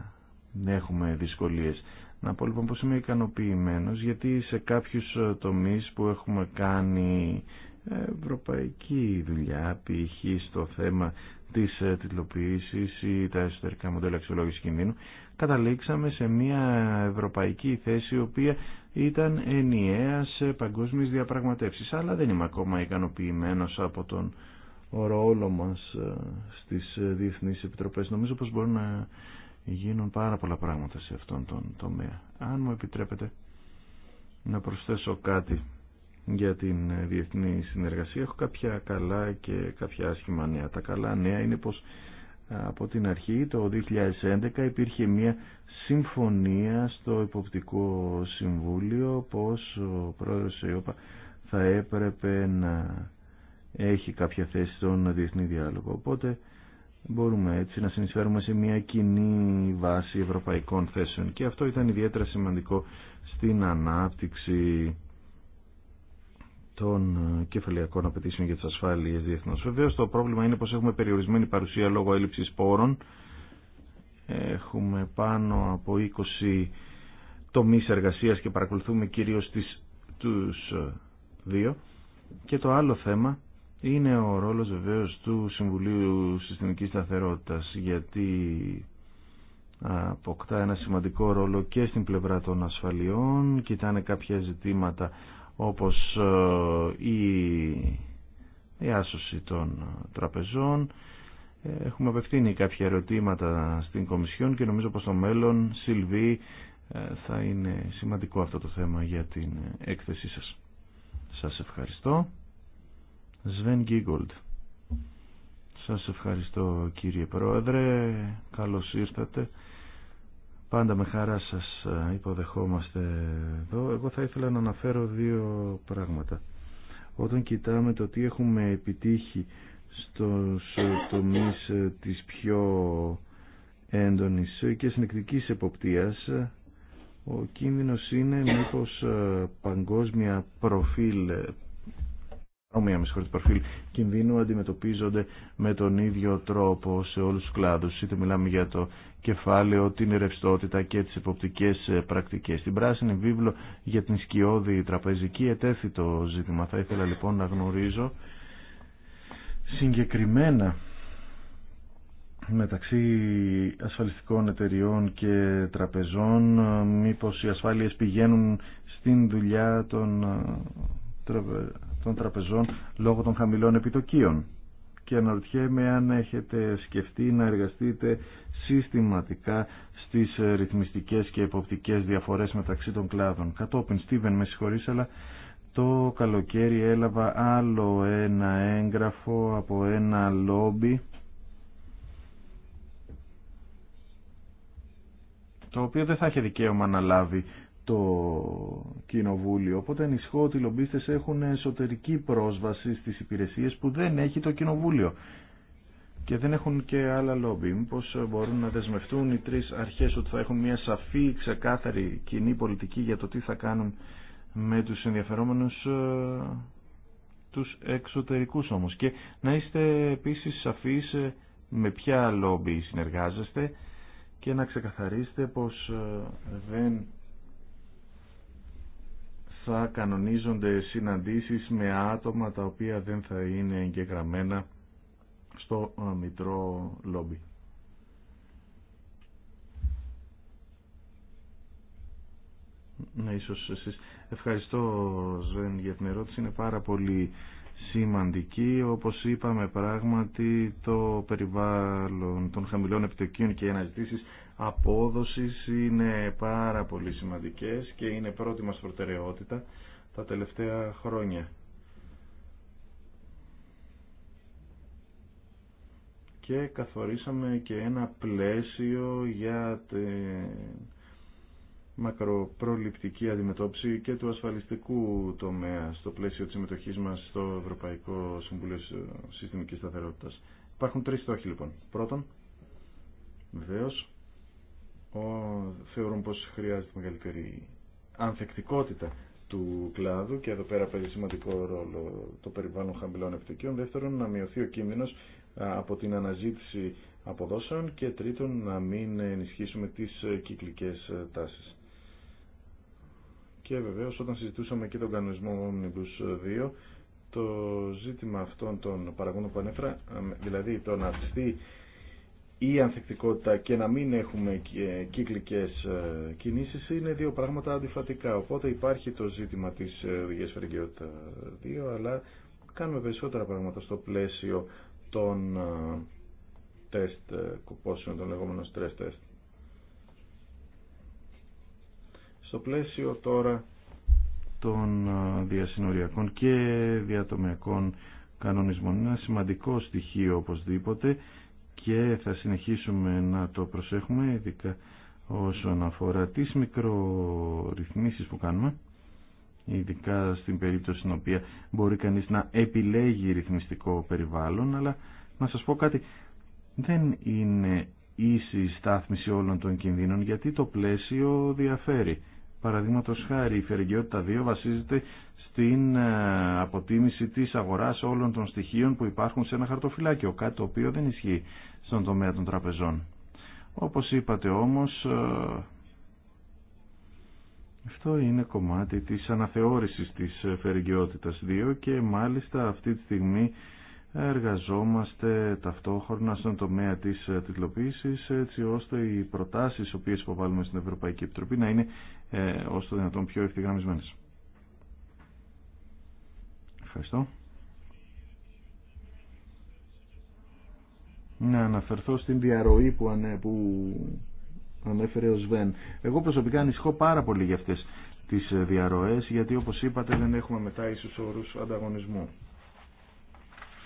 ναι, έχουμε δυσκολίες. Να πω λοιπόν πως είμαι ικανοποιημένος γιατί σε κάποιους ε, τομείς που έχουμε κάνει ε, ευρωπαϊκή δουλειά, π.χ. στο θέμα της ε, τιτλοποίησης ή τα εσωτερικά μοντέλα αξιολόγηση κινδύνου, καταλήξαμε σε μια ευρωπαϊκή θέση η οποία ήταν ενιαία σε παγκόσμιες διαπραγματεύσεις. Αλλά δεν είμαι ακόμα ικανοποιημένος από τον ρόλο μας ε, στις ε, διεθνείς επιτροπές. Νομίζω πως μπορεί να γίνουν πάρα πολλά πράγματα σε αυτόν τον τομέα. Αν μου επιτρέπετε να προσθέσω κάτι για την ε, διεθνή συνεργασία. Έχω κάποια καλά και κάποια άσχημα νέα. Τα καλά νέα είναι πως από την αρχή το 2011 υπήρχε μια συμφωνία στο Υποπτικό Συμβούλιο πως ο πρόεδρος θα έπρεπε να έχει κάποια θέση στον διεθνή διάλογο. Οπότε μπορούμε έτσι να συνεισφέρουμε σε μια κοινή βάση ευρωπαϊκών θέσεων και αυτό ήταν ιδιαίτερα σημαντικό στην ανάπτυξη των κεφαλαιακών απαιτήσεων για τις ασφάλειες διεθνώς. Βεβαίω το πρόβλημα είναι πως έχουμε περιορισμένη παρουσία λόγω έλλειψης πόρων. Έχουμε πάνω από 20 τομείς εργασίας και παρακολουθούμε κυρίως τις, τους δύο. Και το άλλο θέμα είναι ο ρόλος βεβαίως του Συμβουλίου Συστημικής Σταθερότητας γιατί αποκτά ένα σημαντικό ρόλο και στην πλευρά των ασφαλιών κοιτάνε κάποια ζητήματα όπως ε, η άσωση των τραπεζών έχουμε απευθύνει κάποια ερωτήματα στην Κομισιόν και νομίζω πως στο μέλλον Σιλβί ε, θα είναι σημαντικό αυτό το θέμα για την έκθεσή σας. Σας ευχαριστώ. Σβέν Γκίγκολτ. Σας ευχαριστώ κύριε Πρόεδρε, καλώς ήρθατε. Πάντα με χαρά σας ε, υποδεχόμαστε εδώ. Εγώ θα ήθελα να αναφέρω δύο πράγματα. Όταν κοιτάμε το τι έχουμε επιτύχει στους ε, τομείς ε, της πιο έντονης και συνεκτικής εποπτείας, ο κίνδυνος είναι μήπως παγκόσμια προφίλ παρόμοια με συγχωρείτε προφίλ κινδύνου αντιμετωπίζονται με τον ίδιο τρόπο σε όλους τους κλάδους. Είτε μιλάμε για το κεφάλαιο, την ρευστότητα και τις εποπτικές ε, πρακτικές. Στην πράσινη βίβλο για την σκιώδη τραπεζική ετέθη το ζήτημα. Θα ήθελα λοιπόν να γνωρίζω συγκεκριμένα μεταξύ ασφαλιστικών εταιριών και τραπεζών ε, μήπως οι ασφάλειες πηγαίνουν στην δουλειά των ε, των τραπεζών λόγω των χαμηλών επιτοκίων. Και αναρωτιέμαι αν έχετε σκεφτεί να εργαστείτε συστηματικά στις ε, ρυθμιστικές και εποπτικές διαφορές μεταξύ των κλάδων. Κατόπιν, Στίβεν, με συγχωρείς, αλλά το καλοκαίρι έλαβα άλλο ένα έγγραφο από ένα λόμπι το οποίο δεν θα είχε δικαίωμα να λάβει το Κοινοβούλιο. Οπότε ενισχώ ότι οι λομπίστες έχουν εσωτερική πρόσβαση στις υπηρεσίες που δεν έχει το Κοινοβούλιο. Και δεν έχουν και άλλα λόμπι. Μήπω μπορούν να δεσμευτούν οι τρεις αρχές ότι θα έχουν μια σαφή, ξεκάθαρη κοινή πολιτική για το τι θα κάνουν με τους ενδιαφερόμενους ε, τους εξωτερικούς όμως. Και να είστε επίσης σαφείς ε, με ποια λόμπι συνεργάζεστε και να ξεκαθαρίσετε πως ε, δεν θα κανονίζονται συναντήσεις με άτομα τα οποία δεν θα είναι εγγεγραμμένα στο ε, μητρό λόμπι. Ναι, ίσως Ευχαριστώ Ζέν, για την ερώτηση. Είναι πάρα πολύ σημαντική. Όπως είπαμε πράγματι το περιβάλλον των χαμηλών επιτοκίων και αναζητήσεις απόδοσης είναι πάρα πολύ σημαντικές και είναι πρώτη μας προτεραιότητα τα τελευταία χρόνια. Και καθορίσαμε και ένα πλαίσιο για τη μακροπροληπτική αντιμετώπιση και του ασφαλιστικού τομέα στο πλαίσιο της συμμετοχής μας στο Ευρωπαϊκό Συμβουλίο Συστημικής Σταθερότητας. Υπάρχουν τρεις στόχοι λοιπόν. Πρώτον, βεβαίως, θεωρούν πως χρειάζεται μεγαλύτερη ανθεκτικότητα του κλάδου και εδώ πέρα παίζει σημαντικό ρόλο το περιβάλλον χαμηλών επιτοκίων. Δεύτερον, να μειωθεί ο κίνδυνος από την αναζήτηση αποδόσεων και τρίτον, να μην ενισχύσουμε τις κυκλικές τάσεις. Και βεβαίως όταν συζητούσαμε και τον κανονισμό Omnibus 2, το ζήτημα αυτών των παραγόντων που ανέφερα, δηλαδή το να η ανθεκτικότητα και να μην έχουμε κύκλικες ε, ε, κινήσεις είναι δύο πράγματα αντιφατικά. Οπότε υπάρχει το ζήτημα της ε, οδηγίας 2, αλλά κάνουμε περισσότερα πράγματα στο πλαίσιο των τεστ κουπόσεων, των λεγόμενων stress test. Στο πλαίσιο τώρα των διασυνοριακών και διατομιακών κανονισμών. Είναι ένα σημαντικό στοιχείο οπωσδήποτε και θα συνεχίσουμε να το προσέχουμε ειδικά όσον αφορά τις μικρορυθμίσεις που κάνουμε ειδικά στην περίπτωση στην οποία μπορεί κανείς να επιλέγει ρυθμιστικό περιβάλλον αλλά να σας πω κάτι δεν είναι ίση στάθμιση όλων των κινδύνων γιατί το πλαίσιο διαφέρει Παραδείγματο χάρη, η φερεγγιότητα 2 βασίζεται στην ε, αποτίμηση της αγοράς όλων των στοιχείων που υπάρχουν σε ένα χαρτοφυλάκιο, κάτι το οποίο δεν ισχύει στον τομέα των τραπεζών. Όπως είπατε όμως, ε, αυτό είναι κομμάτι της αναθεώρησης της φερεγγιότητας 2 και μάλιστα αυτή τη στιγμή εργαζόμαστε ταυτόχρονα στον τομέα της ε, τιτλοποίησης έτσι ώστε οι προτάσεις οι οποίες υποβάλλουμε στην Ευρωπαϊκή Επιτροπή να είναι ε, το δυνατόν πιο ευθυγραμμισμένες. Ευχαριστώ. Να αναφερθώ στην διαρροή που, ανε, που ανέφερε ο Σβέν. Εγώ προσωπικά ανησυχώ πάρα πολύ για αυτές τις ε, διαρροές γιατί όπως είπατε δεν έχουμε μετά ίσως όρους ανταγωνισμού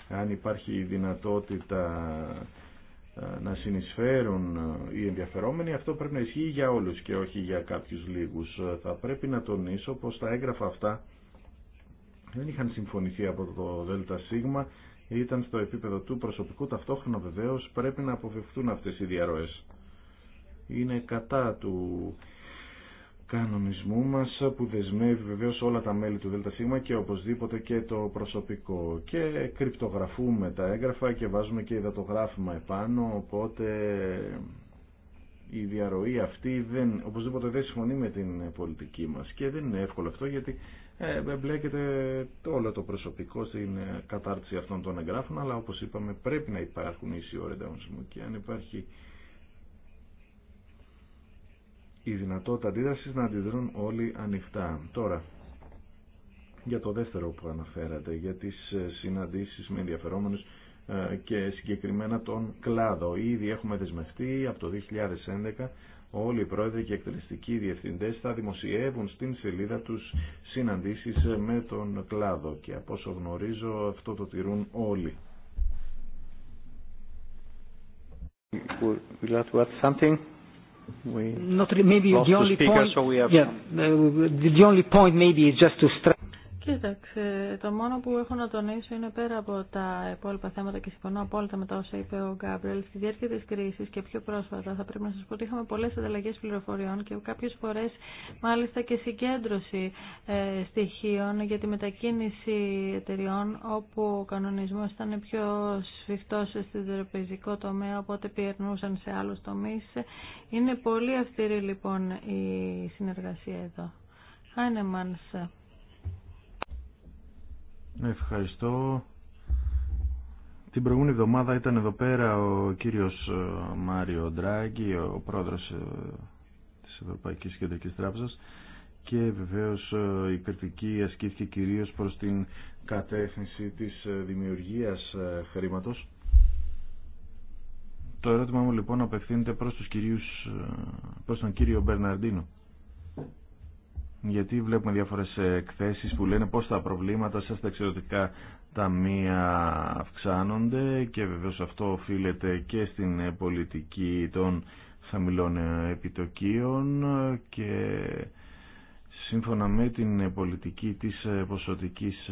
αν υπάρχει η δυνατότητα ε, να συνεισφέρουν ε, οι ενδιαφερόμενοι, αυτό πρέπει να ισχύει για όλους και όχι για κάποιους λίγους. Ε, θα πρέπει να τονίσω πως τα έγγραφα αυτά δεν είχαν συμφωνηθεί από το ΔΣ, ήταν στο επίπεδο του προσωπικού, ταυτόχρονα βεβαίως πρέπει να αποφευθούν αυτές οι διαρροές. Είναι κατά του κανονισμού μας που δεσμεύει βεβαίως όλα τα μέλη του ΔΣ και οπωσδήποτε και το προσωπικό και κρυπτογραφούμε τα έγγραφα και βάζουμε και υδατογράφημα επάνω οπότε η διαρροή αυτή δεν, οπωσδήποτε δεν συμφωνεί με την πολιτική μας και δεν είναι εύκολο αυτό γιατί ε, μπλέκεται το όλο το προσωπικό στην ε, κατάρτιση αυτών των εγγράφων αλλά όπως είπαμε πρέπει να υπάρχουν ίσοι και αν υπάρχει η δυνατότητα αντίδρασης να αντιδρούν όλοι ανοιχτά. Τώρα, για το δεύτερο που αναφέρατε, για τις ε, συναντήσεις με ενδιαφερόμενους ε, και συγκεκριμένα τον κλάδο. Ήδη έχουμε δεσμευτεί από το 2011 όλοι οι πρόεδροι και εκτελεστικοί διευθυντές θα δημοσιεύουν στην σελίδα τους συναντήσεις με τον κλάδο και από όσο γνωρίζω αυτό το τηρούν όλοι. something? we not maybe the only point yeah the only point maybe is just to stress Κοίταξε, το μόνο που έχω να τονίσω είναι πέρα από τα υπόλοιπα θέματα και συμφωνώ απόλυτα με τα όσα είπε ο Γκάμπρελ. Στη διάρκεια τη κρίση και πιο πρόσφατα, θα πρέπει να σα πω ότι είχαμε πολλέ ανταλλαγέ πληροφοριών και κάποιε φορέ μάλιστα και συγκέντρωση ε, στοιχείων για τη μετακίνηση εταιριών, όπου ο κανονισμό ήταν πιο σφιχτό στην τραπεζικό τομέα, οπότε πιερνούσαν σε άλλου τομεί. Είναι πολύ αυστηρή λοιπόν η συνεργασία εδώ. Ευχαριστώ. Την προηγούμενη εβδομάδα ήταν εδώ πέρα ο κύριος ε, Μάριο Ντράγκη, ο πρόεδρος ε, της Ευρωπαϊκής Κεντρικής Τράπεζας και βεβαίως ε, η κριτική ασκήθηκε κυρίως προς την κατεύθυνση της δημιουργίας χρήματος. Το ερώτημα μου λοιπόν απευθύνεται προς, τους κυρίους, προς τον κύριο Μπερναρντίνο γιατί βλέπουμε διάφορες εκθέσεις που λένε πώς τα προβλήματα σας τα εξαιρετικά ταμεία αυξάνονται και βεβαίως αυτό οφείλεται και στην πολιτική των χαμηλών επιτοκίων και σύμφωνα με την πολιτική της ποσοτικής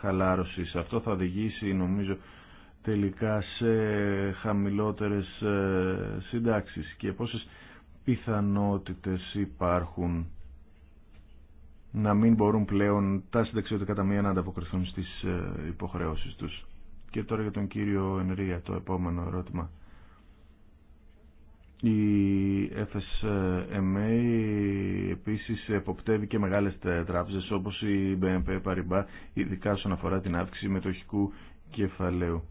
χαλάρωσης. Αυτό θα οδηγήσει νομίζω τελικά σε χαμηλότερες συντάξεις και πόσες πιθανότητες υπάρχουν να μην μπορούν πλέον τα συνταξιωτικά ταμεία να ανταποκριθούν στις ε, υποχρεώσεις τους. Και τώρα για τον κύριο Ενρία το επόμενο ερώτημα. Η FSMA επίσης εποπτεύει και μεγάλες τράπεζες όπως η BNP Paribas ειδικά όσον αφορά την αύξηση μετοχικού κεφαλαίου.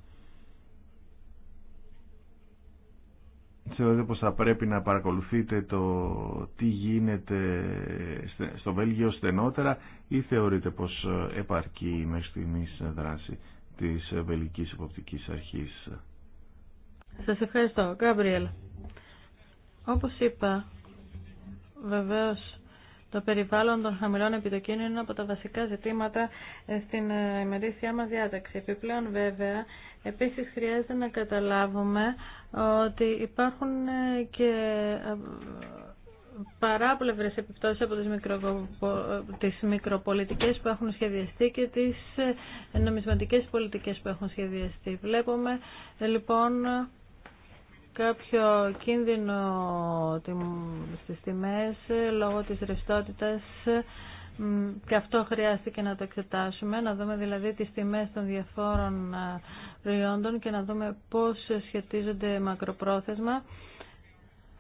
Θεωρείτε πως θα πρέπει να παρακολουθείτε το τι γίνεται στο Βέλγιο στενότερα ή θεωρείτε πως επαρκεί μέχρι στιγμής δράση της Βελικής Υποπτικής Αρχής. Σας ευχαριστώ. Γκάμπριελ, όπως είπα, βεβαίως το περιβάλλον των χαμηλών επιτοκίων είναι από τα βασικά ζητήματα ε, στην ε, ημερήσια μας διάταξη. Επιπλέον βέβαια, επίσης χρειάζεται να καταλάβουμε ότι υπάρχουν ε, και παράπλευρες επιπτώσεις από τις, μικρο, τις μικροπολιτικές που έχουν σχεδιαστεί και τις νομισματικές πολιτικές που έχουν σχεδιαστεί. Βλέπουμε λοιπόν κάποιο κίνδυνο στις τιμές ε, λόγω της ρευστότητας και αυτό χρειάστηκε να το εξετάσουμε, να δούμε δηλαδή τις τιμές των διαφόρων προϊόντων και να δούμε πώς σχετίζονται μακροπρόθεσμα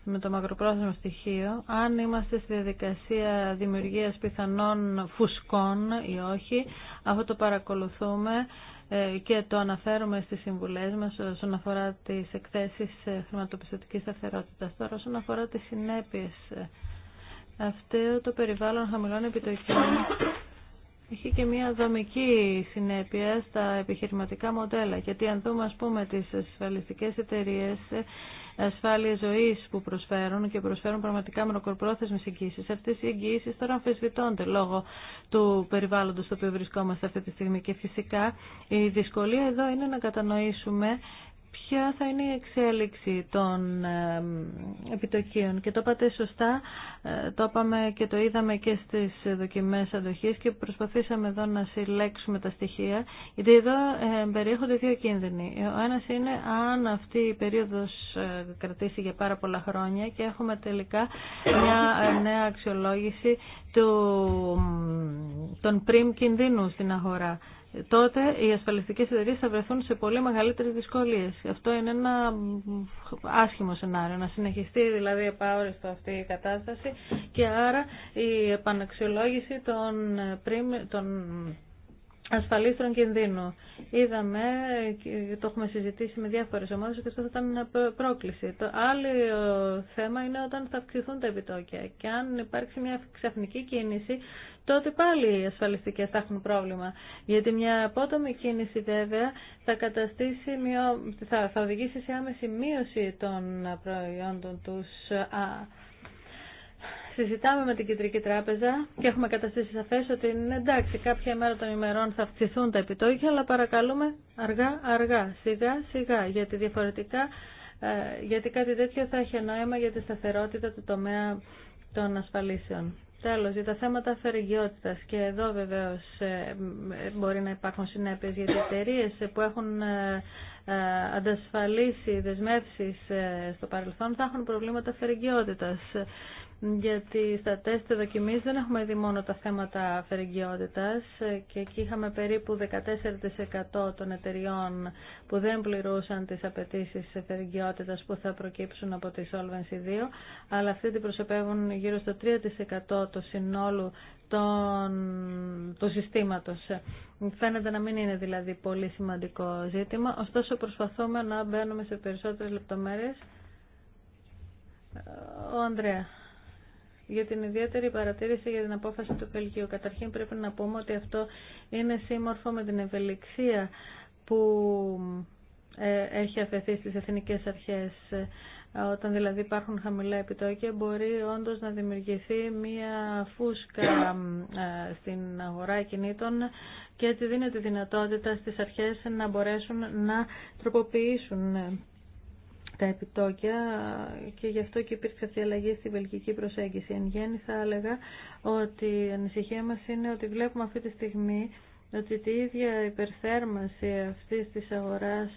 με το μακροπρόθεσμο στοιχείο, αν είμαστε στη διαδικασία δημιουργίας πιθανών φουσκών ή όχι, αυτό το παρακολουθούμε ε, και το αναφέρουμε στις συμβουλές μας όσον αφορά τις εκθέσεις ε, χρηματοπιστωτικής σταθερότητας. Τώρα όσον αφορά τις συνέπειες ε, αυτό το περιβάλλον χαμηλών επιτοκίων έχει και μια δομική συνέπεια στα επιχειρηματικά μοντέλα. Γιατί αν δούμε ας πούμε τις ασφαλιστικές εταιρείες ασφάλεια ζωής που προσφέρουν και προσφέρουν πραγματικά μονοκορπρόθεσμες εγγύσεις, αυτές οι εγγύσεις τώρα αμφισβητώνται λόγω του περιβάλλοντος στο οποίο βρισκόμαστε αυτή τη στιγμή. Και φυσικά η δυσκολία εδώ είναι να κατανοήσουμε ποια θα είναι η εξέλιξη των ε, επιτοκίων. Και το είπατε σωστά, ε, το είπαμε και το είδαμε και στις δοκιμές αντοχής και προσπαθήσαμε εδώ να συλλέξουμε τα στοιχεία, γιατί εδώ ε, περιέχονται δύο κίνδυνοι. Ο ένας είναι αν αυτή η περίοδος κρατήσει για πάρα πολλά χρόνια και έχουμε τελικά μια νέα αξιολόγηση του, των πριμ κινδύνου στην αγορά τότε οι ασφαλιστικέ εταιρείε θα βρεθούν σε πολύ μεγαλύτερες δυσκολίες. Αυτό είναι ένα άσχημο σενάριο, να συνεχιστεί δηλαδή επαόριστο αυτή η κατάσταση και άρα η επαναξιολόγηση των, των ασφαλίστρων κινδύνου. Είδαμε, το έχουμε συζητήσει με διάφορες ομάδες, ότι αυτό θα ήταν μια πρόκληση. Το άλλο θέμα είναι όταν θα αυξηθούν τα επιτόκια. Και αν υπάρξει μια ξαφνική κίνηση, τότε πάλι οι ασφαλιστικέ θα έχουν πρόβλημα. Γιατί μια απότομη κίνηση βέβαια θα, καταστήσει, θα, θα οδηγήσει σε άμεση μείωση των προϊόντων του συζητάμε με την Κεντρική Τράπεζα και έχουμε καταστήσει σαφέ ότι εντάξει κάποια μέρα των ημερών θα αυξηθούν τα επιτόκια αλλά παρακαλούμε αργά αργά, σιγά σιγά γιατί διαφορετικά ε, γιατί κάτι τέτοιο θα έχει νόημα για τη σταθερότητα του τομέα των ασφαλίσεων. Τέλος, για τα θέματα αφαιρεγιότητας και εδώ βεβαίως ε, ε, μπορεί να υπάρχουν συνέπειες για τις εταιρείε που έχουν αντασφαλίσει δεσμεύσεις στο παρελθόν θα έχουν προβλήματα αφαιρεγιότητας γιατί στα τεστ δοκιμή δεν έχουμε δει μόνο τα θέματα αφαιρεγγιότητας και εκεί είχαμε περίπου 14% των εταιριών που δεν πληρούσαν τις απαιτήσεις αφαιρεγγιότητας που θα προκύψουν από τη Solvency 2, αλλά αυτοί προσωπεύουν γύρω στο 3% του συνόλου των, του συστήματος. Φαίνεται να μην είναι δηλαδή πολύ σημαντικό ζήτημα, ωστόσο προσπαθούμε να μπαίνουμε σε περισσότερες λεπτομέρειες. Ο Ανδρέα για την ιδιαίτερη παρατήρηση για την απόφαση του Βελγίου. Καταρχήν πρέπει να πούμε ότι αυτό είναι σύμμορφο με την ευελιξία που ε, έχει αφαιθεί στις εθνικές αρχές. Ε, όταν δηλαδή υπάρχουν χαμηλά επιτόκια μπορεί όντως να δημιουργηθεί μία φούσκα ε, στην αγορά κινήτων και έτσι δίνεται δυνατότητα στις αρχές να μπορέσουν να τροποποιήσουν τα επιτόκια και γι' αυτό και υπήρξε αυτή η αλλαγή στη βελγική προσέγγιση. Εν γέννη θα έλεγα ότι η ανησυχία μας είναι ότι βλέπουμε αυτή τη στιγμή ότι τη ίδια υπερθέρμανση αυτή της αγοράς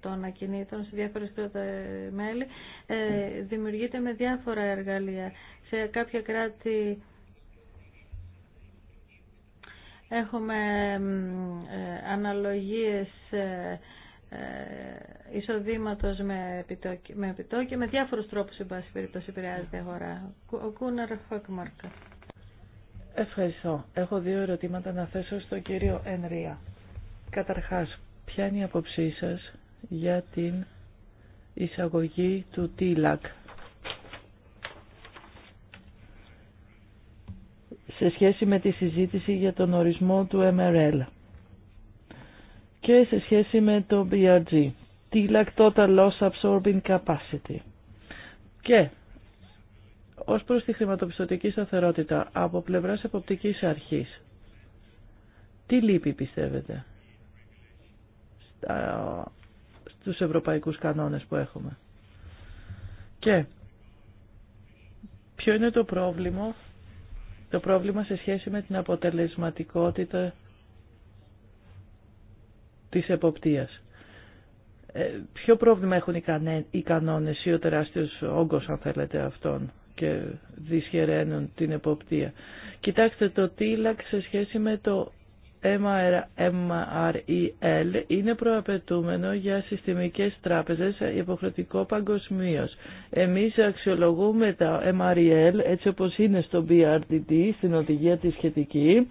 των ακινήτων σε διάφορες κράτη-μέλη ε, δημιουργείται με διάφορα εργαλεία. Σε κάποια κράτη έχουμε ε, αναλογίες ε, ε, Εισοδήματο με με, επιτόκια, με διάφορους τρόπους εν πάση περιπτώσει επηρεάζεται η αγορά. Ο Κούναρ Ευχαριστώ. Έχω δύο ερωτήματα να θέσω στον κύριο Ενρία. Καταρχάς, ποια είναι η απόψή σα για την εισαγωγή του ΤΙΛΑΚ σε σχέση με τη συζήτηση για τον ορισμό του MRL και σε σχέση με το BRG, τη Total Loss Absorbing Capacity. Και ως προς τη χρηματοπιστωτική σταθερότητα από πλευράς εποπτικής αρχής, τι λύπη πιστεύετε στα, στους ευρωπαϊκούς κανόνες που έχουμε. Και ποιο είναι το πρόβλημα, το πρόβλημα σε σχέση με την αποτελεσματικότητα της εποπτείας. Ε, ποιο πρόβλημα έχουν οι κανόνες ή ο τεράστιος όγκος αν θέλετε αυτών και δυσχεραίνουν την εποπτεία. Κοιτάξτε το TILAC σε σχέση με το MREL είναι προαπαιτούμενο για συστημικές τράπεζες υποχρεωτικό παγκοσμίω. Εμείς αξιολογούμε τα MREL έτσι όπως είναι στο BRDD, στην οδηγία της σχετική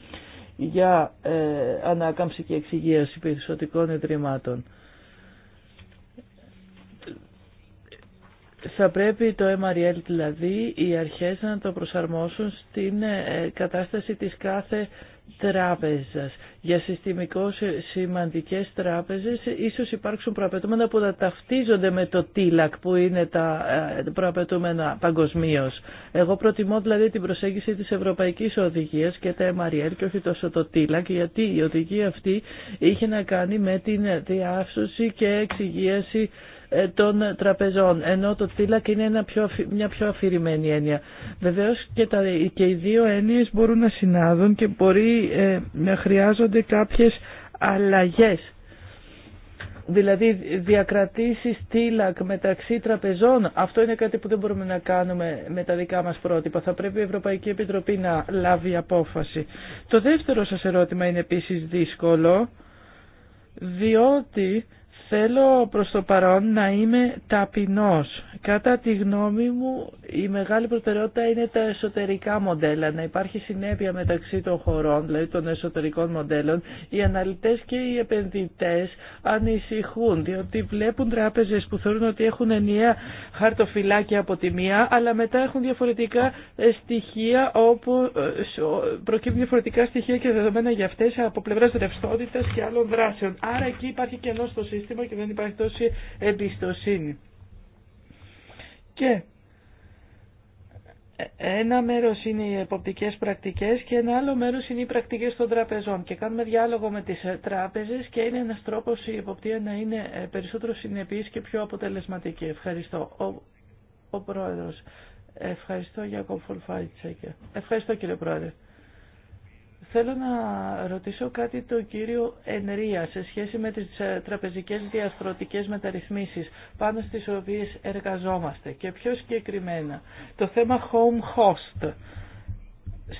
για ε, ανάκαμψη και εξυγίαση περισσοτικών ιδρυμάτων. θα πρέπει το MRL δηλαδή οι αρχές να το προσαρμόσουν στην ε, κατάσταση της κάθε τράπεζας. Για συστημικό σημαντικές τράπεζες ίσως υπάρξουν προαπαιτούμενα που θα ταυτίζονται με το TILAC που είναι τα ε, προαπαιτούμενα παγκοσμίω. Εγώ προτιμώ δηλαδή την προσέγγιση της Ευρωπαϊκής Οδηγίας και τα MRL και όχι τόσο το TILAC γιατί η οδηγία αυτή είχε να κάνει με την διάσωση και εξυγίαση ε, των τραπεζών, ενώ το θύλακ είναι ένα πιο, μια πιο αφηρημένη έννοια. Βεβαίως και, και οι δύο έννοιες μπορούν να συνάδουν και μπορεί ε, να χρειάζονται κάποιες αλλαγές. Δηλαδή διακρατήσει τίλακ μεταξύ τραπεζών, αυτό είναι κάτι που δεν μπορούμε να κάνουμε με τα δικά μας πρότυπα. Θα πρέπει η Ευρωπαϊκή Επιτροπή να λάβει απόφαση. Το δεύτερο σας ερώτημα είναι επίσης δύσκολο, διότι Θέλω προς το παρόν να είμαι ταπεινός. Κατά τη γνώμη μου η μεγάλη προτεραιότητα είναι τα εσωτερικά μοντέλα, να υπάρχει συνέπεια μεταξύ των χωρών, δηλαδή των εσωτερικών μοντέλων. Οι αναλυτές και οι επενδυτές ανησυχούν, διότι βλέπουν τράπεζες που θεωρούν ότι έχουν ενιαία χαρτοφυλάκια από τη μία, αλλά μετά έχουν διαφορετικά ε, στοιχεία, όπου ε, προκύπτουν διαφορετικά στοιχεία και δεδομένα για αυτές από πλευράς ρευστότητας και άλλων δράσεων. Άρα εκεί υπάρχει κενό στο σύστημα και δεν υπάρχει τόση εμπιστοσύνη. Και ένα μέρος είναι οι εποπτικές πρακτικές και ένα άλλο μέρος είναι οι πρακτικές των τραπεζών και κάνουμε διάλογο με τις τράπεζες και είναι ένας τρόπος η εποπτεία να είναι περισσότερο συνεπής και πιο αποτελεσματική. Ευχαριστώ. Ο, ο Πρόεδρος. Ευχαριστώ για Ευχαριστώ κύριε Πρόεδρε. Θέλω να ρωτήσω κάτι το κύριο Ενρία σε σχέση με τις ε, τραπεζικές διαστρωτικές μεταρρυθμίσεις πάνω στις οποίες εργαζόμαστε και πιο συγκεκριμένα το θέμα home host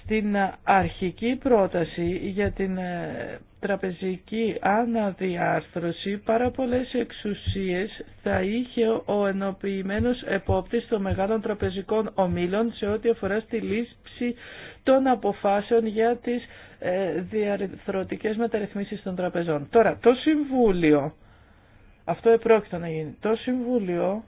στην αρχική πρόταση για την ε, τραπεζική αναδιάρθρωση πάρα πολλές εξουσίες θα είχε ο ενοποιημένος επόπτης των μεγάλων τραπεζικών ομίλων σε ό,τι αφορά στη λήψη των αποφάσεων για τις ε, διαρθρωτικές μεταρρυθμίσεις των τραπεζών. Τώρα, το Συμβούλιο, αυτό επρόκειτο να γίνει, το Συμβούλιο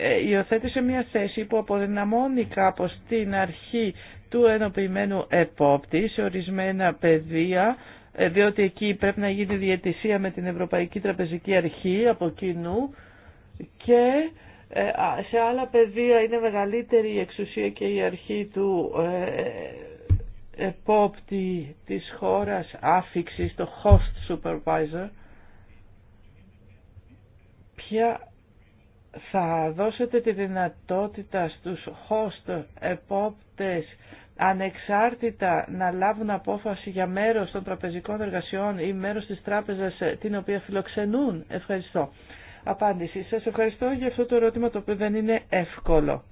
Ε, υιοθέτησε μια θέση που αποδυναμώνει κάπως την αρχή του ενοποιημένου επόπτη σε ορισμένα πεδία, ε, διότι εκεί πρέπει να γίνει διαιτησία με την Ευρωπαϊκή Τραπεζική Αρχή από κοινού και ε, σε άλλα πεδία είναι μεγαλύτερη η εξουσία και η αρχή του επόπτη της χώρας άφηξης, το host supervisor. Ποια θα δώσετε τη δυνατότητα στους host επόπτες ανεξάρτητα να λάβουν απόφαση για μέρος των τραπεζικών εργασιών ή μέρος της τράπεζας ε, την οποία φιλοξενούν. Ευχαριστώ. Απάντηση. Σας ευχαριστώ για αυτό το ερώτημα το οποίο δεν είναι εύκολο.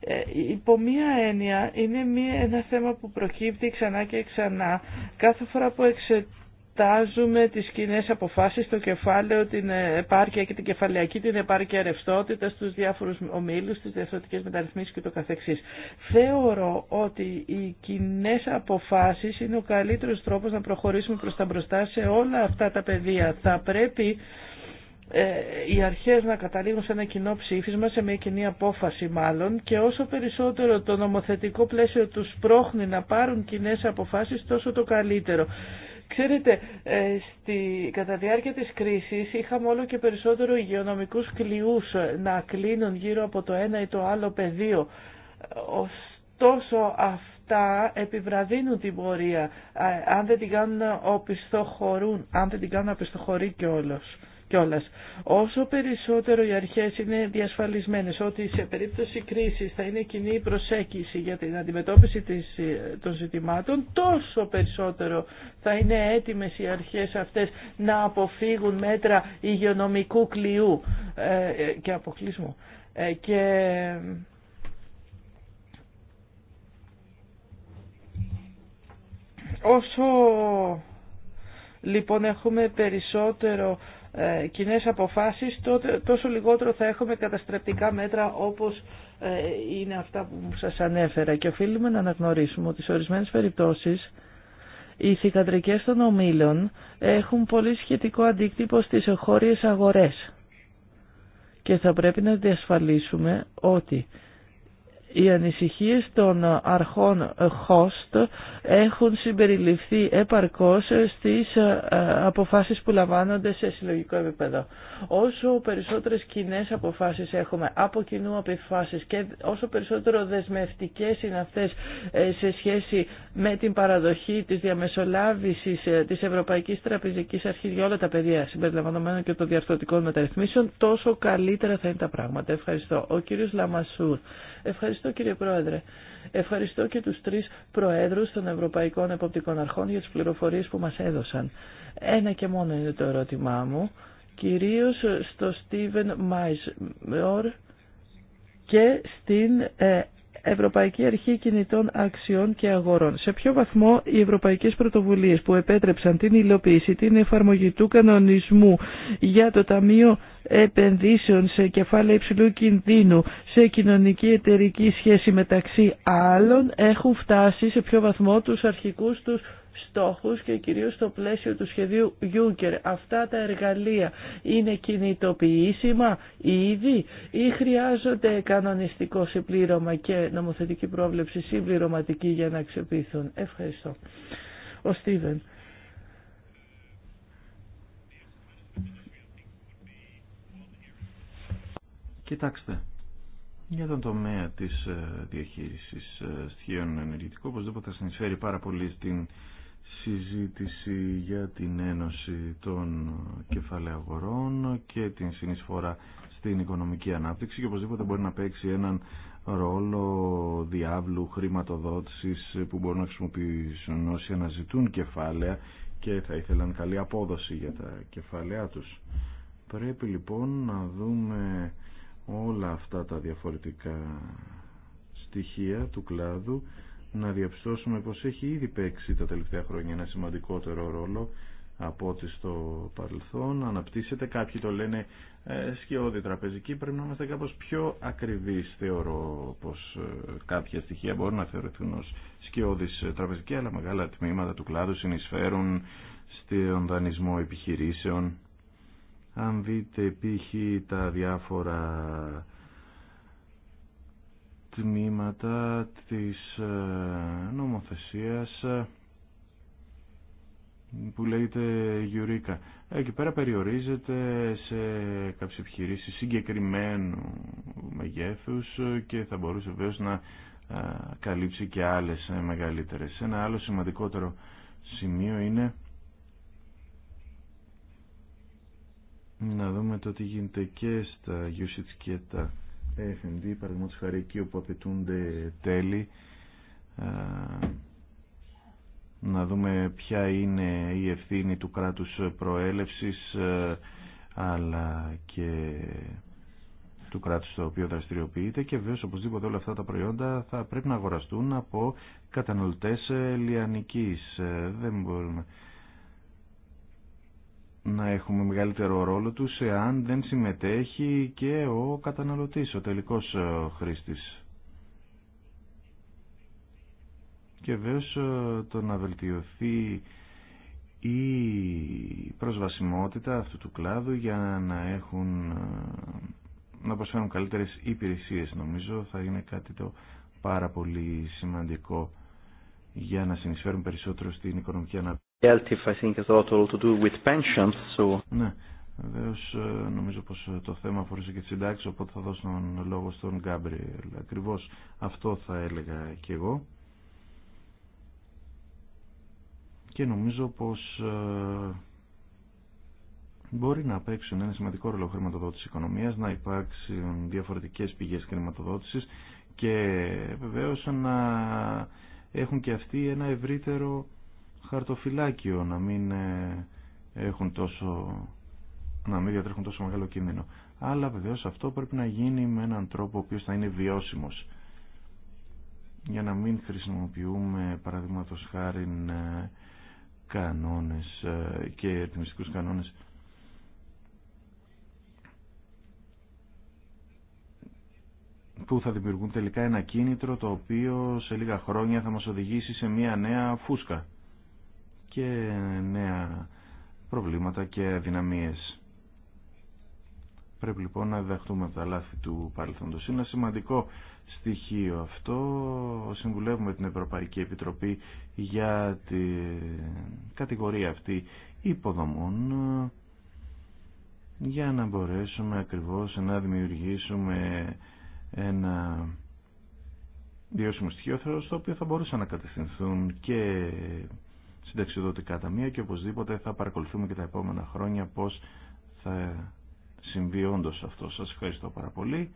Ε, υπό μία έννοια είναι μία, ένα θέμα που προκύπτει ξανά και ξανά κάθε φορά που εξετάζουμε εξετάζουμε τις κοινέ αποφάσεις στο κεφάλαιο, την επάρκεια και την κεφαλαιακή, την επάρκεια ρευστότητα στους διάφορους ομίλους, στις διαφορετικές μεταρρυθμίσεις και το καθεξής. Θεωρώ ότι οι κοινέ αποφάσεις είναι ο καλύτερος τρόπος να προχωρήσουμε προς τα μπροστά σε όλα αυτά τα πεδία. Θα πρέπει ε, οι αρχές να καταλήγουν σε ένα κοινό ψήφισμα, σε μια κοινή απόφαση μάλλον και όσο περισσότερο το νομοθετικό πλαίσιο τους πρόχνει να πάρουν κοινέ αποφάσεις τόσο το καλύτερο. Ξέρετε, ε, στη, κατά διάρκεια της κρίσης είχαμε όλο και περισσότερο υγειονομικούς κλειούς ε, να κλείνουν γύρω από το ένα ή το άλλο πεδίο. Ωστόσο αυτά επιβραδύνουν την πορεία, αν δεν την κάνουν, αν δεν την κάνουν κιόλας κιόλας. Όσο περισσότερο οι αρχές είναι διασφαλισμένες ότι σε περίπτωση κρίσης θα είναι κοινή η προσέγγιση για την αντιμετώπιση ε, των ζητημάτων, τόσο περισσότερο θα είναι έτοιμες οι αρχές αυτές να αποφύγουν μέτρα υγειονομικού κλειού ε, ε, και αποκλεισμού. και... Όσο λοιπόν έχουμε περισσότερο ε, κοινέ αποφάσεις, τόσο λιγότερο θα έχουμε καταστρεπτικά μέτρα όπως ε, είναι αυτά που σας ανέφερα. Και οφείλουμε να αναγνωρίσουμε ότι σε ορισμένες περιπτώσεις οι θηκατρικές των ομίλων έχουν πολύ σχετικό αντίκτυπο στις εγχώριες αγορές. Και θα πρέπει να διασφαλίσουμε ότι οι ανησυχίες των αρχών host έχουν συμπεριληφθεί επαρκώς στις ε, αποφάσεις που λαμβάνονται σε συλλογικό επίπεδο. Όσο περισσότερες κοινέ αποφάσεις έχουμε από κοινού αποφάσεις και όσο περισσότερο δεσμευτικές είναι αυτές ε, σε σχέση με την παραδοχή της διαμεσολάβησης ε, της Ευρωπαϊκής Τραπεζικής Αρχής για όλα τα πεδία συμπεριλαμβανομένων και των διαρθρωτικών μεταρρυθμίσεων, τόσο καλύτερα θα είναι τα πράγματα. Ευχαριστώ. Ο κύριος Λαμασούρ. Ευχαριστώ Ευχαριστώ κύριε Πρόεδρε. Ευχαριστώ και τους τρεις Προέδρους των Ευρωπαϊκών Εποπτικών Αρχών για τις πληροφορίες που μας έδωσαν. Ένα και μόνο είναι το ερώτημά μου, κυρίως στο Στίβεν Μάισμιορ και στην ε, Ευρωπαϊκή Αρχή Κινητών Αξιών και Αγορών. Σε ποιο βαθμό οι ευρωπαϊκές πρωτοβουλίες που επέτρεψαν την υλοποίηση, την εφαρμογή του κανονισμού για το Ταμείο επενδύσεων σε κεφάλαια υψηλού κινδύνου, σε κοινωνική εταιρική σχέση μεταξύ άλλων έχουν φτάσει σε πιο βαθμό τους αρχικούς τους στόχους και κυρίως στο πλαίσιο του σχεδίου Juncker. Αυτά τα εργαλεία είναι κινητοποιήσιμα ήδη ή χρειάζονται κανονιστικό συμπλήρωμα και νομοθετική πρόβλεψη συμπληρωματική για να αξιοποιηθούν. Ευχαριστώ. Ο Στίβεν. Κοιτάξτε, για τον τομέα της ε, διαχείρισης ε, στοιχείων ενεργητικού, οπωσδήποτε θα συνεισφέρει πάρα πολύ στην συζήτηση για την Ένωση των Κεφαλαίων και την συνεισφορά στην οικονομική ανάπτυξη και οπωσδήποτε μπορεί να παίξει έναν ρόλο διάβλου χρηματοδότησης που μπορούν να χρησιμοποιήσουν όσοι αναζητούν κεφάλαια και θα ήθελαν καλή απόδοση για τα κεφάλαια τους. Πρέπει λοιπόν να δούμε όλα αυτά τα διαφορετικά στοιχεία του κλάδου να διαπιστώσουμε πως έχει ήδη παίξει τα τελευταία χρόνια ένα σημαντικότερο ρόλο από ό,τι στο παρελθόν αναπτύσσεται. Κάποιοι το λένε ε, σκιώδη τραπεζική. Πρέπει να είμαστε κάπως πιο ακριβείς. Θεωρώ πως ε, κάποια στοιχεία μπορούν να θεωρηθούν ως σκιώδης τραπεζική, αλλά μεγάλα τμήματα του κλάδου συνεισφέρουν στον δανεισμό επιχειρήσεων αν δείτε π.χ. τα διάφορα τμήματα της ε, νομοθεσίας ε, που λέγεται γιουρίκα. Εκεί πέρα περιορίζεται σε κάποιες επιχειρήσεις συγκεκριμένου μεγέθους και θα μπορούσε βέβαια να ε, καλύψει και άλλες μεγαλύτερες. Ένα άλλο σημαντικότερο σημείο είναι να δούμε το τι γίνεται και στα usage και τα FMD, παραδείγματος χάρη όπου απαιτούνται τέλη, να δούμε ποια είναι η ευθύνη του κράτους προέλευσης, αλλά και του κράτους το οποίο δραστηριοποιείται και βέβαια οπωσδήποτε όλα αυτά τα προϊόντα θα πρέπει να αγοραστούν από καταναλωτές λιανικής. Ε, δεν μπορούμε να έχουμε μεγαλύτερο ρόλο τους εάν δεν συμμετέχει και ο καταναλωτής, ο τελικός ε, χρήστης. Και βέβαια ε, το να βελτιωθεί η προσβασιμότητα αυτού του κλάδου για να έχουν ε, να προσφέρουν καλύτερες υπηρεσίες νομίζω θα είναι κάτι το πάρα πολύ σημαντικό για να συνεισφέρουν περισσότερο στην οικονομική ανάπτυξη. I think, has a lot to do with pensions, so... Ναι, βεβαίω ε, νομίζω πως ε, το θέμα αφορούσε και τις συντάξεις, οπότε θα δώσω τον λόγο στον Γκάμπριελ. Ακριβώς αυτό θα έλεγα και εγώ. Και νομίζω πως ε, μπορεί να παίξουν ένα σημαντικό ρόλο χρηματοδότηση οικονομίας, να υπάρξουν διαφορετικές πηγές χρηματοδότησης και βεβαίως να έχουν και αυτοί ένα ευρύτερο χαρτοφυλάκιο, να μην ε, έχουν τόσο να μην διατρέχουν τόσο μεγάλο κίνδυνο. Αλλά βεβαίω αυτό πρέπει να γίνει με έναν τρόπο ο οποίος θα είναι βιώσιμος. Για να μην χρησιμοποιούμε παραδείγματο χάρη ε, κανόνες ε, και ρυθμιστικούς κανόνες που θα δημιουργούν τελικά ένα κίνητρο το οποίο σε λίγα χρόνια θα μας οδηγήσει σε μια νέα φούσκα και νέα προβλήματα και αδυναμίες. Πρέπει λοιπόν να διδαχτούμε τα λάθη του παρελθόντος. Είναι ένα σημαντικό στοιχείο αυτό. Συμβουλεύουμε την Ευρωπαϊκή Επιτροπή για την κατηγορία αυτή υποδομών για να μπορέσουμε ακριβώς να δημιουργήσουμε ένα διώσιμο στοιχείο στο οποίο θα μπορούσαν να κατευθυνθούν και συνταξιδοτικά ταμεία και οπωσδήποτε θα παρακολουθούμε και τα επόμενα χρόνια πώς θα συμβεί όντω αυτό. Σας ευχαριστώ πάρα πολύ.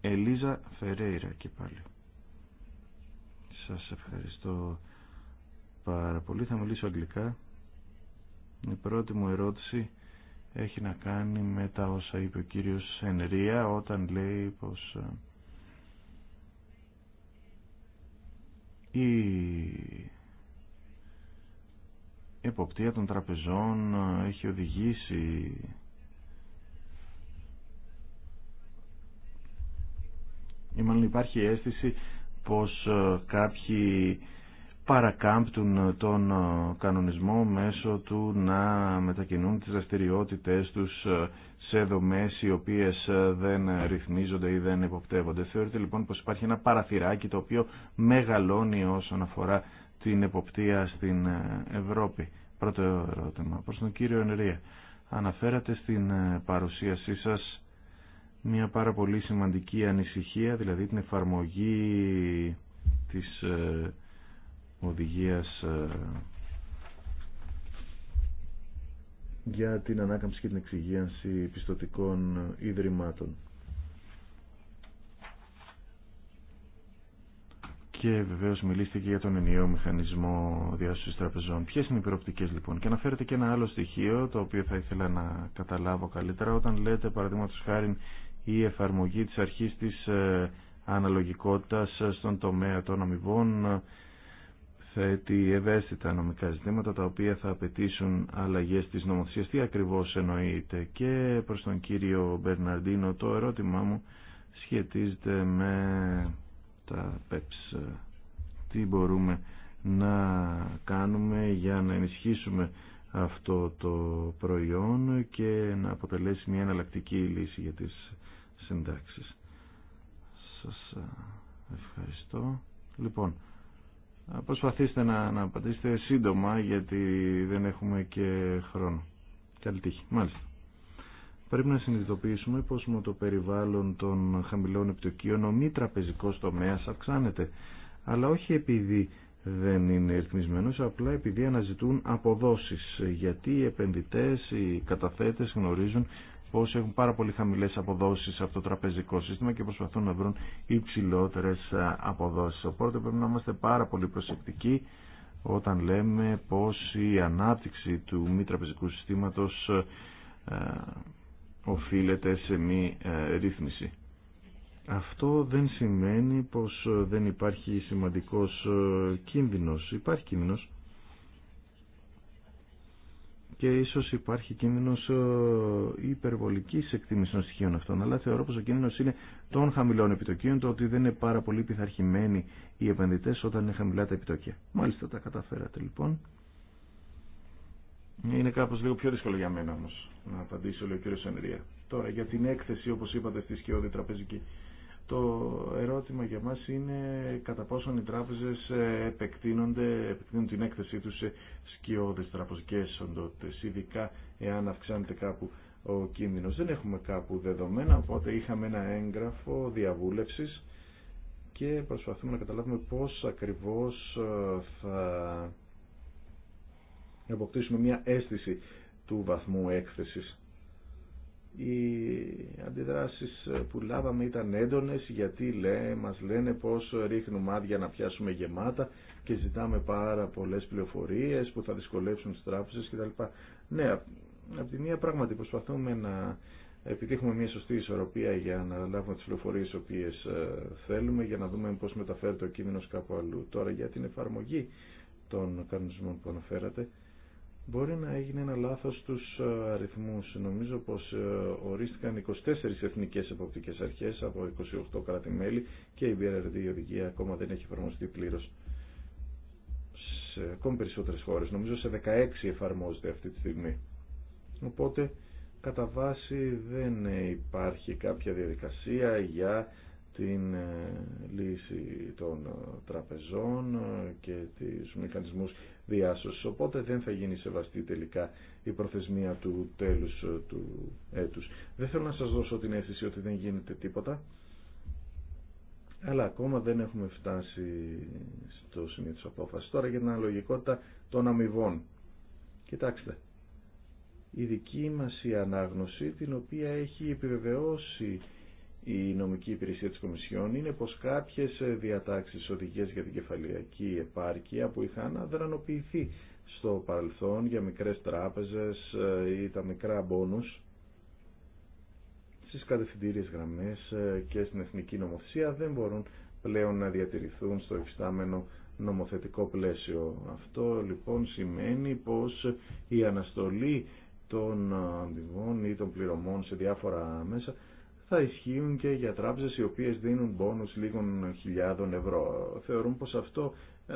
Ελίζα Φερέιρα και πάλι. Σας ευχαριστώ πάρα πολύ. Θα μιλήσω αγγλικά. Η πρώτη μου ερώτηση έχει να κάνει με τα όσα είπε ο κύριος Ενρία όταν λέει πως ε, η η εποπτεία των τραπεζών ε, έχει οδηγήσει ή μάλλον υπάρχει αίσθηση πως ε, κάποιοι παρακάμπτουν ε, τον κανονισμό μέσω του να μετακινούν τις δραστηριότητε τους σε δομές οι οποίες δεν ρυθμίζονται ή δεν υποπτεύονται. Θεωρείται λοιπόν πως υπάρχει ένα παραθυράκι το οποίο μεγαλώνει όσον αφορά την εποπτεία στην ε, Ευρώπη. Πρώτο ερώτημα προς τον κύριο Ενρία. Αναφέρατε στην ε, παρουσίασή σας μια πάρα πολύ σημαντική ανησυχία, δηλαδή την εφαρμογή της ε, οδηγίας για την ανάκαμψη και την εξυγίανση πιστοτικών ιδρυμάτων. και βεβαίω μιλήσετε και για τον ενιαίο μηχανισμό διάσωση τραπεζών. Ποιε είναι οι προοπτικέ λοιπόν. Και αναφέρετε και ένα άλλο στοιχείο το οποίο θα ήθελα να καταλάβω καλύτερα όταν λέτε παραδείγματο χάρη η εφαρμογή της αρχής της ε, αναλογικότητα στον τομέα των αμοιβών ε, θέτει ευαίσθητα νομικά ζητήματα τα οποία θα απαιτήσουν αλλαγέ της νομοθεσία Τι ακριβώ εννοείται και προ τον κύριο Μπερναρντίνο το ερώτημά μου σχετίζεται με τα PEPS. Ε ε, τι μπορούμε να κάνουμε για να ενισχύσουμε αυτό το προϊόν και να αποτελέσει μια εναλλακτική λύση για τις συντάξεις. Σας ε, ευχαριστώ. Λοιπόν, προσπαθήστε να, να απαντήσετε σύντομα γιατί δεν έχουμε και χρόνο. Καλή τύχη. Μάλιστα. Πρέπει να συνειδητοποιήσουμε πως με το περιβάλλον των χαμηλών επιτοκίων ο μη τραπεζικός τομέας αυξάνεται. Αλλά όχι επειδή δεν είναι ρυθμισμένος, απλά επειδή αναζητούν αποδόσεις. Γιατί οι επενδυτές, οι καταθέτες γνωρίζουν πως έχουν πάρα πολύ χαμηλές αποδόσεις από το τραπεζικό σύστημα και προσπαθούν να βρουν υψηλότερες ε, αποδόσεις. Οπότε πρέπει να είμαστε πάρα πολύ προσεκτικοί όταν λέμε πως η ανάπτυξη του μη τραπεζικού συστήματος ε, οφείλεται σε μη ε, ρύθμιση. Αυτό δεν σημαίνει πως ε, δεν υπάρχει σημαντικός ε, κίνδυνος. Υπάρχει κίνδυνος και ίσως υπάρχει κίνδυνος υπερβολικής εκτίμησης των στοιχείων αυτών, αλλά θεωρώ πως ο κίνδυνος είναι των χαμηλών επιτοκίων, το ότι δεν είναι πάρα πολύ πειθαρχημένοι οι επενδυτές όταν είναι χαμηλά τα επιτόκια. Μάλιστα τα καταφέρατε λοιπόν. Είναι κάπως λίγο πιο δύσκολο για μένα όμως να απαντήσω, λέει ο κύριος Σενρία. Τώρα για την έκθεση όπως είπατε στη σκιώδη τραπεζική. Το ερώτημα για μας είναι κατά πόσον οι τράπεζες ε, επεκτείνονται, επεκτείνουν την έκθεσή τους σε σκιώδες τραπεζικές οντότητες, ειδικά εάν αυξάνεται κάπου ο κίνδυνος. Δεν έχουμε κάπου δεδομένα, οπότε είχαμε ένα έγγραφο διαβούλευσης και προσπαθούμε να καταλάβουμε πώς ακριβώς ε, θα να αποκτήσουμε μια αίσθηση του βαθμού έκθεσης. Οι αντιδράσεις που λάβαμε ήταν έντονες γιατί λέ, μας λένε πως ρίχνουμε άδεια να πιάσουμε γεμάτα και ζητάμε πάρα πολλές πληροφορίες που θα δυσκολεύσουν τις τράπεζες κτλ. Ναι, από τη μία πράγματι προσπαθούμε να επιτύχουμε μια σωστή ισορροπία για να λάβουμε τις πληροφορίες τις οποίες ε, θέλουμε για να δούμε πως μεταφέρεται ο κίνδυνος κάπου αλλού. Τώρα για την εφαρμογή των κανονισμών που αναφέρατε Μπορεί να έγινε ένα λάθος στους ε, αριθμούς. Νομίζω πως ε, ορίστηκαν 24 εθνικές εποπτικές αρχές από 28 κράτη-μέλη και η BRD η οδηγία ακόμα δεν έχει εφαρμοστεί πλήρως σε ακόμη περισσότερες χώρες. Νομίζω σε 16 εφαρμόζεται αυτή τη στιγμή. Οπότε κατά βάση δεν υπάρχει κάποια διαδικασία για την ε, λύση των τραπεζών και τις μηχανισμούς διάσωση. Οπότε δεν θα γίνει σεβαστή τελικά η προθεσμία του τέλους ε, του έτους. Δεν θέλω να σας δώσω την αίσθηση ότι δεν γίνεται τίποτα. Αλλά ακόμα δεν έχουμε φτάσει στο σημείο της απόφασης. Τώρα για την αναλογικότητα των αμοιβών. Κοιτάξτε, η δική μας η ανάγνωση την οποία έχει επιβεβαιώσει η νομική υπηρεσία της Κομισιόν είναι πως κάποιες διατάξεις οδηγίες για την κεφαλιακή επάρκεια που είχαν αδρανοποιηθεί στο παρελθόν για μικρές τράπεζες ε, ή τα μικρά μπόνους στις κατευθυντήριες γραμμές ε, και στην εθνική νομοθεσία δεν μπορούν πλέον να διατηρηθούν στο εφιστάμενο νομοθετικό πλαίσιο. Αυτό λοιπόν σημαίνει πως η αναστολή των ε, αντιβών ή των πληρωμών σε διάφορα μέσα θα ισχύουν και για τράπεζες οι οποίες δίνουν πόνου λίγων χιλιάδων ευρώ. Θεωρούν πως αυτό ε,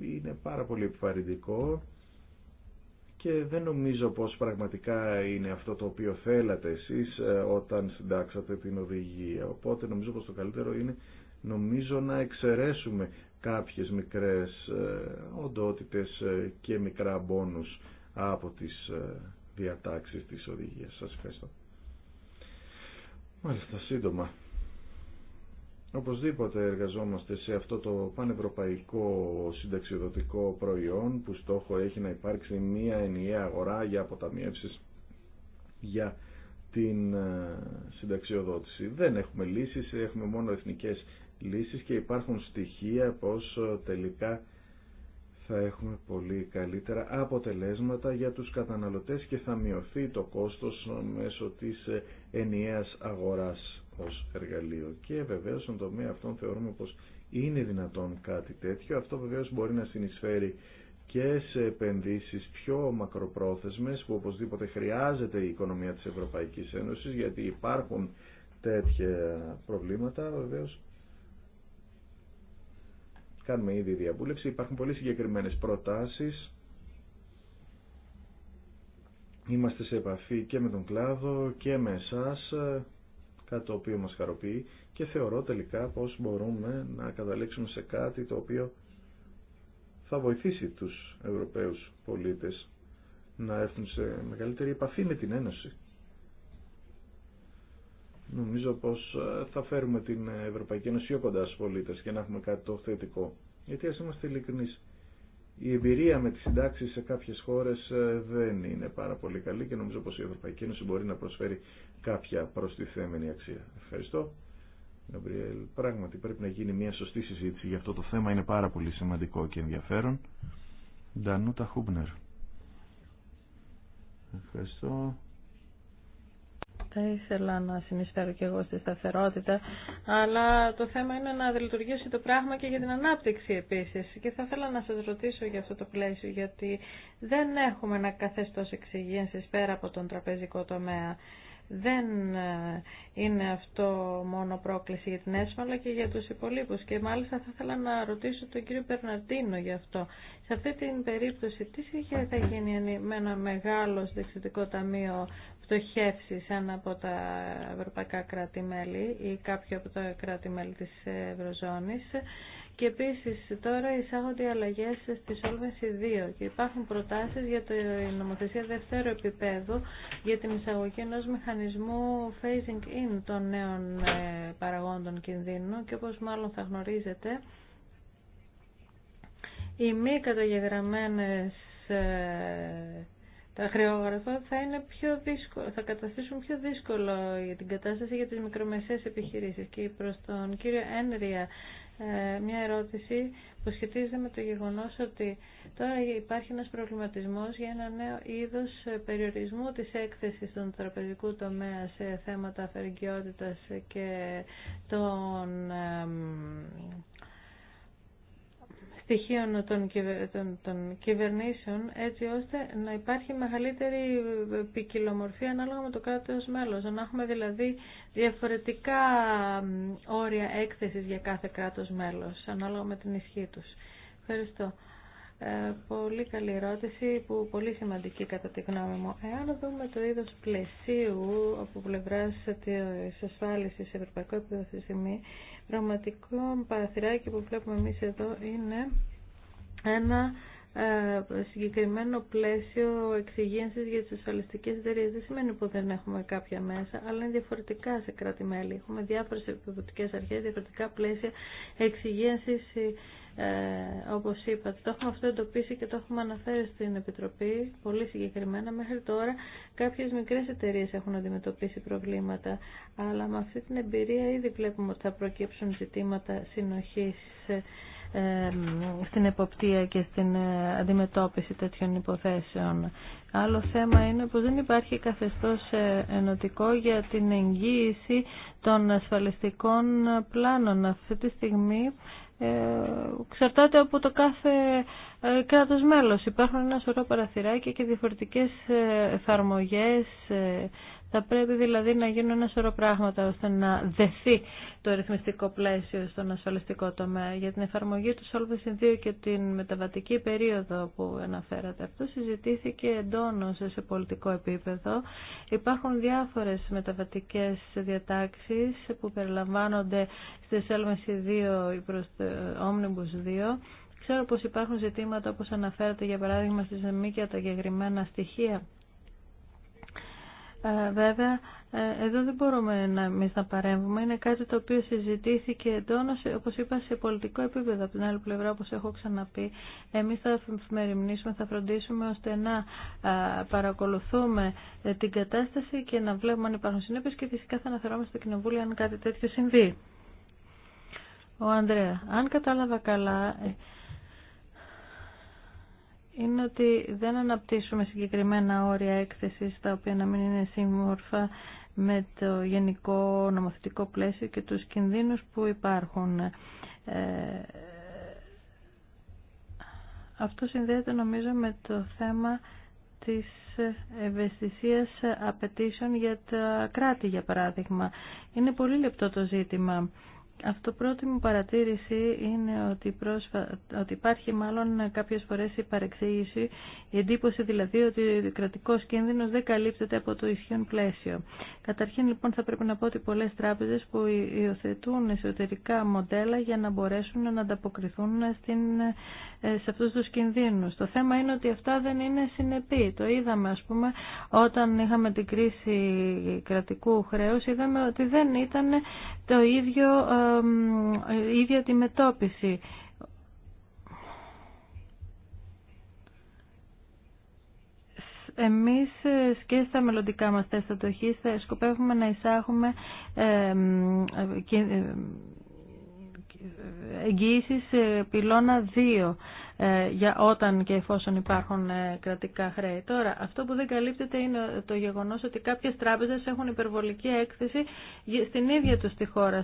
είναι πάρα πολύ επιβαρυντικό και δεν νομίζω πως πραγματικά είναι αυτό το οποίο θέλατε εσείς ε, όταν συντάξατε την οδηγία. Οπότε νομίζω πως το καλύτερο είναι νομίζω να εξαιρέσουμε κάποιες μικρές ε, οντότητες και μικρά μπόνους από τις διατάξεις της οδηγίας. Σας ευχαριστώ. Μάλιστα, σύντομα. Οπωσδήποτε εργαζόμαστε σε αυτό το πανευρωπαϊκό συνταξιοδοτικό προϊόν που στόχο έχει να υπάρξει μια ενιαία αγορά για αποταμιεύσεις για την ε, συνταξιοδότηση. Δεν έχουμε λύσεις, έχουμε μόνο εθνικές λύσεις και υπάρχουν στοιχεία πως ε, τελικά θα έχουμε πολύ καλύτερα αποτελέσματα για τους καταναλωτές και θα μειωθεί το κόστος μέσω της ε, ενιαίας αγοράς ως εργαλείο. Και βεβαίως στον τομέα αυτών θεωρούμε πως είναι δυνατόν κάτι τέτοιο. Αυτό βεβαίως μπορεί να συνεισφέρει και σε επενδύσεις πιο μακροπρόθεσμες που οπωσδήποτε χρειάζεται η οικονομία της Ευρωπαϊκής Ένωσης γιατί υπάρχουν τέτοια προβλήματα βεβαίως Κάνουμε ήδη διαβούλευση. Υπάρχουν πολύ συγκεκριμένες προτάσεις. Είμαστε σε επαφή και με τον κλάδο και με εσάς, κάτι το οποίο μας χαροποιεί και θεωρώ τελικά πως μπορούμε να καταλήξουμε σε κάτι το οποίο θα βοηθήσει τους Ευρωπαίους πολίτες να έρθουν σε μεγαλύτερη επαφή με την Ένωση νομίζω πως ε, θα φέρουμε την Ευρωπαϊκή Ένωση πιο κοντά στους πολίτες και να έχουμε κάτι το θετικό. Γιατί ας είμαστε ειλικρινείς, η εμπειρία με τις συντάξεις σε κάποιες χώρες ε, δεν είναι πάρα πολύ καλή και νομίζω πως η Ευρωπαϊκή Ένωση μπορεί να προσφέρει κάποια προστιθέμενη αξία. Ευχαριστώ. Γαμπριέλ, πράγματι πρέπει να γίνει μια σωστή συζήτηση για αυτό το θέμα, είναι πάρα πολύ σημαντικό και ενδιαφέρον. Ντανούτα Χούμπνερ. Ευχαριστώ. Θα ήθελα να συνεισφέρω και εγώ στη σταθερότητα, αλλά το θέμα είναι να λειτουργήσει το πράγμα και για την ανάπτυξη επίσης. Και θα ήθελα να σας ρωτήσω για αυτό το πλαίσιο, γιατί δεν έχουμε ένα καθεστώ εξηγήσει πέρα από τον τραπεζικό τομέα. Δεν ε, είναι αυτό μόνο πρόκληση για την ΕΣΜΑ, αλλά και για τους υπολείπους. Και μάλιστα θα ήθελα να ρωτήσω τον κύριο Περναντίνο γι' αυτό. Σε αυτή την περίπτωση, τι θα γίνει με ένα μεγάλο συνταξιδικό ταμείο στοχεύσει σαν από τα ευρωπαϊκά κράτη-μέλη ή κάποιο από τα κράτη-μέλη της Ευρωζώνης και επίσης τώρα εισάγονται αλλαγές στη Solvency 2 και υπάρχουν προτάσεις για την νομοθεσία δεύτερου επίπεδου για την εισαγωγή ενός μηχανισμού phasing in των νέων ε, παραγόντων κινδύνου και όπως μάλλον θα γνωρίζετε οι μη καταγεγραμμένες ε, τα χρεόγραφα θα, είναι πιο δύσκολο, θα καταστήσουν πιο δύσκολο για την κατάσταση για τις μικρομεσαίες επιχειρήσεις. Και προς τον κύριο Ένρια ε, μια ερώτηση που σχετίζεται με το γεγονός ότι τώρα υπάρχει ένας προβληματισμός για ένα νέο είδος περιορισμού της έκθεσης των τραπεζικού τομέα σε θέματα αφαιρικιότητας και των ε, στοιχείων των, των, των κυβερνήσεων έτσι ώστε να υπάρχει μεγαλύτερη ποικιλομορφία ανάλογα με το κράτος μέλος. Να έχουμε δηλαδή διαφορετικά όρια έκθεσης για κάθε κράτος μέλος ανάλογα με την ισχύ τους. Ευχαριστώ. Ε, πολύ καλή ερώτηση που πολύ σημαντική κατά τη γνώμη μου. Εάν δούμε το είδος πλαισίου από πλευράς τη ασφάλισης σε ευρωπαϊκό επίπεδο στη στιγμή, πραγματικό παραθυράκι που βλέπουμε εμείς εδώ είναι ένα ε, συγκεκριμένο πλαίσιο εξυγίανσης για τις ασφαλιστικές εταιρείε. Δεν σημαίνει που δεν έχουμε κάποια μέσα, αλλά είναι διαφορετικά σε κράτη-μέλη. Έχουμε διάφορες εκπαιδευτικές αρχές, διαφορετικά πλαίσια εξυγίανσης ε, ε, όπως είπατε, το έχουμε αυτό εντοπίσει και το έχουμε αναφέρει στην Επιτροπή πολύ συγκεκριμένα. Μέχρι τώρα κάποιες μικρές εταιρείες έχουν αντιμετωπίσει προβλήματα, αλλά με αυτή την εμπειρία ήδη βλέπουμε ότι θα προκύψουν ζητήματα συνοχής ε, ε, στην εποπτεία και στην ε, αντιμετώπιση τέτοιων υποθέσεων. Άλλο θέμα είναι πως δεν υπάρχει καθεστώς ενωτικό για την εγγύηση των ασφαλιστικών πλάνων. Αυτή τη στιγμή εξαρτάται από το κάθε ε, κράτος μέλος. Υπάρχουν ένα σωρό παραθυράκια και διαφορετικές ε, εφαρμογές ε, θα πρέπει δηλαδή να γίνουν ένα σωρό πράγματα ώστε να δεθεί το ρυθμιστικό πλαίσιο στον ασφαλιστικό τομέα. Για την εφαρμογή του Solvency 2 και την μεταβατική περίοδο που αναφέρατε, αυτό συζητήθηκε εντόνω σε πολιτικό επίπεδο. Υπάρχουν διάφορε μεταβατικέ διατάξει που περιλαμβάνονται στη Solvency 2 ή προς το Omnibus 2. Ξέρω πως υπάρχουν ζητήματα όπως αναφέρατε για παράδειγμα στις μη καταγεγραμμένα στοιχεία ε, βέβαια, ε, εδώ δεν μπορούμε να, εμείς να παρέμβουμε. Είναι κάτι το οποίο συζητήθηκε εντόνω, όπως είπα, σε πολιτικό επίπεδο. Από την άλλη πλευρά, όπως έχω ξαναπεί, εμείς θα μεριμνήσουμε, θα φροντίσουμε ώστε να παρακολουθούμε ε, την κατάσταση και να βλέπουμε αν υπάρχουν συνέπειες και φυσικά θα αναφερόμαστε στο Κοινοβούλιο αν κάτι τέτοιο συμβεί. Ο Ανδρέα, αν κατάλαβα καλά, είναι ότι δεν αναπτύσσουμε συγκεκριμένα όρια έκθεσης τα οποία να μην είναι σύμμορφα με το γενικό νομοθετικό πλαίσιο και τους κινδύνους που υπάρχουν. Ε, αυτό συνδέεται νομίζω με το θέμα της ευαισθησίας απαιτήσεων για τα κράτη, για παράδειγμα. Είναι πολύ λεπτό το ζήτημα. Αυτό πρώτη μου παρατήρηση είναι ότι, πρόσφα... ότι υπάρχει μάλλον κάποιες φορές η παρεξήγηση, η εντύπωση δηλαδή ότι ο κρατικός κίνδυνος δεν καλύπτεται από το ισχύον πλαίσιο. Καταρχήν λοιπόν θα πρέπει να πω ότι πολλές τράπεζες που υιοθετούν εσωτερικά μοντέλα για να μπορέσουν να ανταποκριθούν στην... Ε, σε αυτούς τους κινδύνους. Το θέμα είναι ότι αυτά δεν είναι συνεπή. Το είδαμε ας πούμε όταν είχαμε την κρίση κρατικού χρέους, είδαμε ότι δεν ήταν το ίδιο ε, ε, ίδια τη εμείς ε, και στα μελλοντικά μας τεστ αντοχής θα σκοπεύουμε να εισάγουμε ε, εγγύησεις πυλώνα 2 ε, για όταν και εφόσον υπάρχουν ε, κρατικά χρέη. Τώρα, αυτό που δεν καλύπτεται είναι το γεγονός ότι κάποιες τράπεζες έχουν υπερβολική έκθεση στην ίδια τους τη χώρα,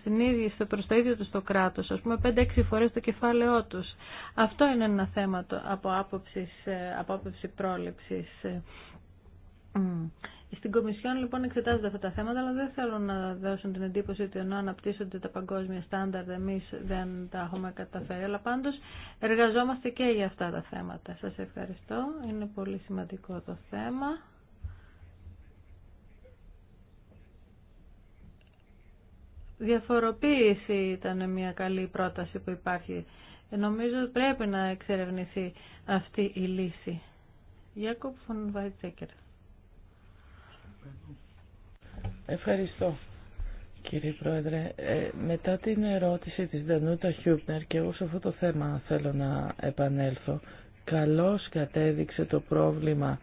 στην ίδια, στο, προς το ίδιο τους το κράτος, ας πούμε 5-6 φορές το κεφάλαιό τους. Αυτό είναι ένα θέμα από άποψη, ε, από άποψη πρόληψης. Στην Κομισιόν λοιπόν εξετάζονται αυτά τα θέματα, αλλά δεν θέλω να δώσουν την εντύπωση ότι ενώ αναπτύσσονται τα παγκόσμια στάνταρ, εμεί δεν τα έχουμε καταφέρει. Αλλά πάντω εργαζόμαστε και για αυτά τα θέματα. Σα ευχαριστώ. Είναι πολύ σημαντικό το θέμα. Διαφοροποίηση ήταν μια καλή πρόταση που υπάρχει. Νομίζω πρέπει να εξερευνηθεί αυτή η λύση. Γιάκοπ Φων Βαϊτσέκερ. Ευχαριστώ. Κύριε Πρόεδρε, ε, μετά την ερώτηση της Δανούτα Χιούπνερ και εγώ σε αυτό το θέμα θέλω να επανέλθω. Καλώς κατέδειξε το πρόβλημα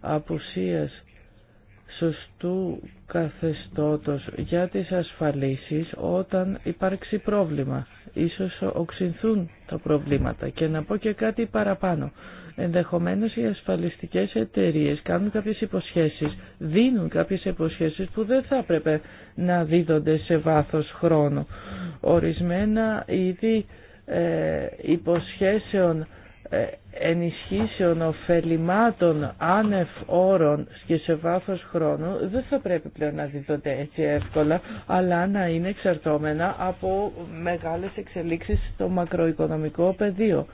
απουσίας σωστού καθεστώτος για τις ασφαλίσεις όταν υπάρξει πρόβλημα. Ίσως οξυνθούν τα προβλήματα. Και να πω και κάτι παραπάνω. Ενδεχομένως οι ασφαλιστικές εταιρείες κάνουν κάποιες υποσχέσεις, δίνουν κάποιες υποσχέσεις που δεν θα έπρεπε να δίδονται σε βάθος χρόνου. Ορισμένα είδη ε, υποσχέσεων ε, ενισχύσεων ωφελημάτων άνευ όρων και σε βάθος χρόνου δεν θα πρέπει πλέον να διδονται σε βαθος χρονου ορισμενα ειδη υποσχεσεων εύκολα αλλά να είναι εξαρτώμενα από μεγάλες εξελίξεις στο μακροοικονομικό πεδίο.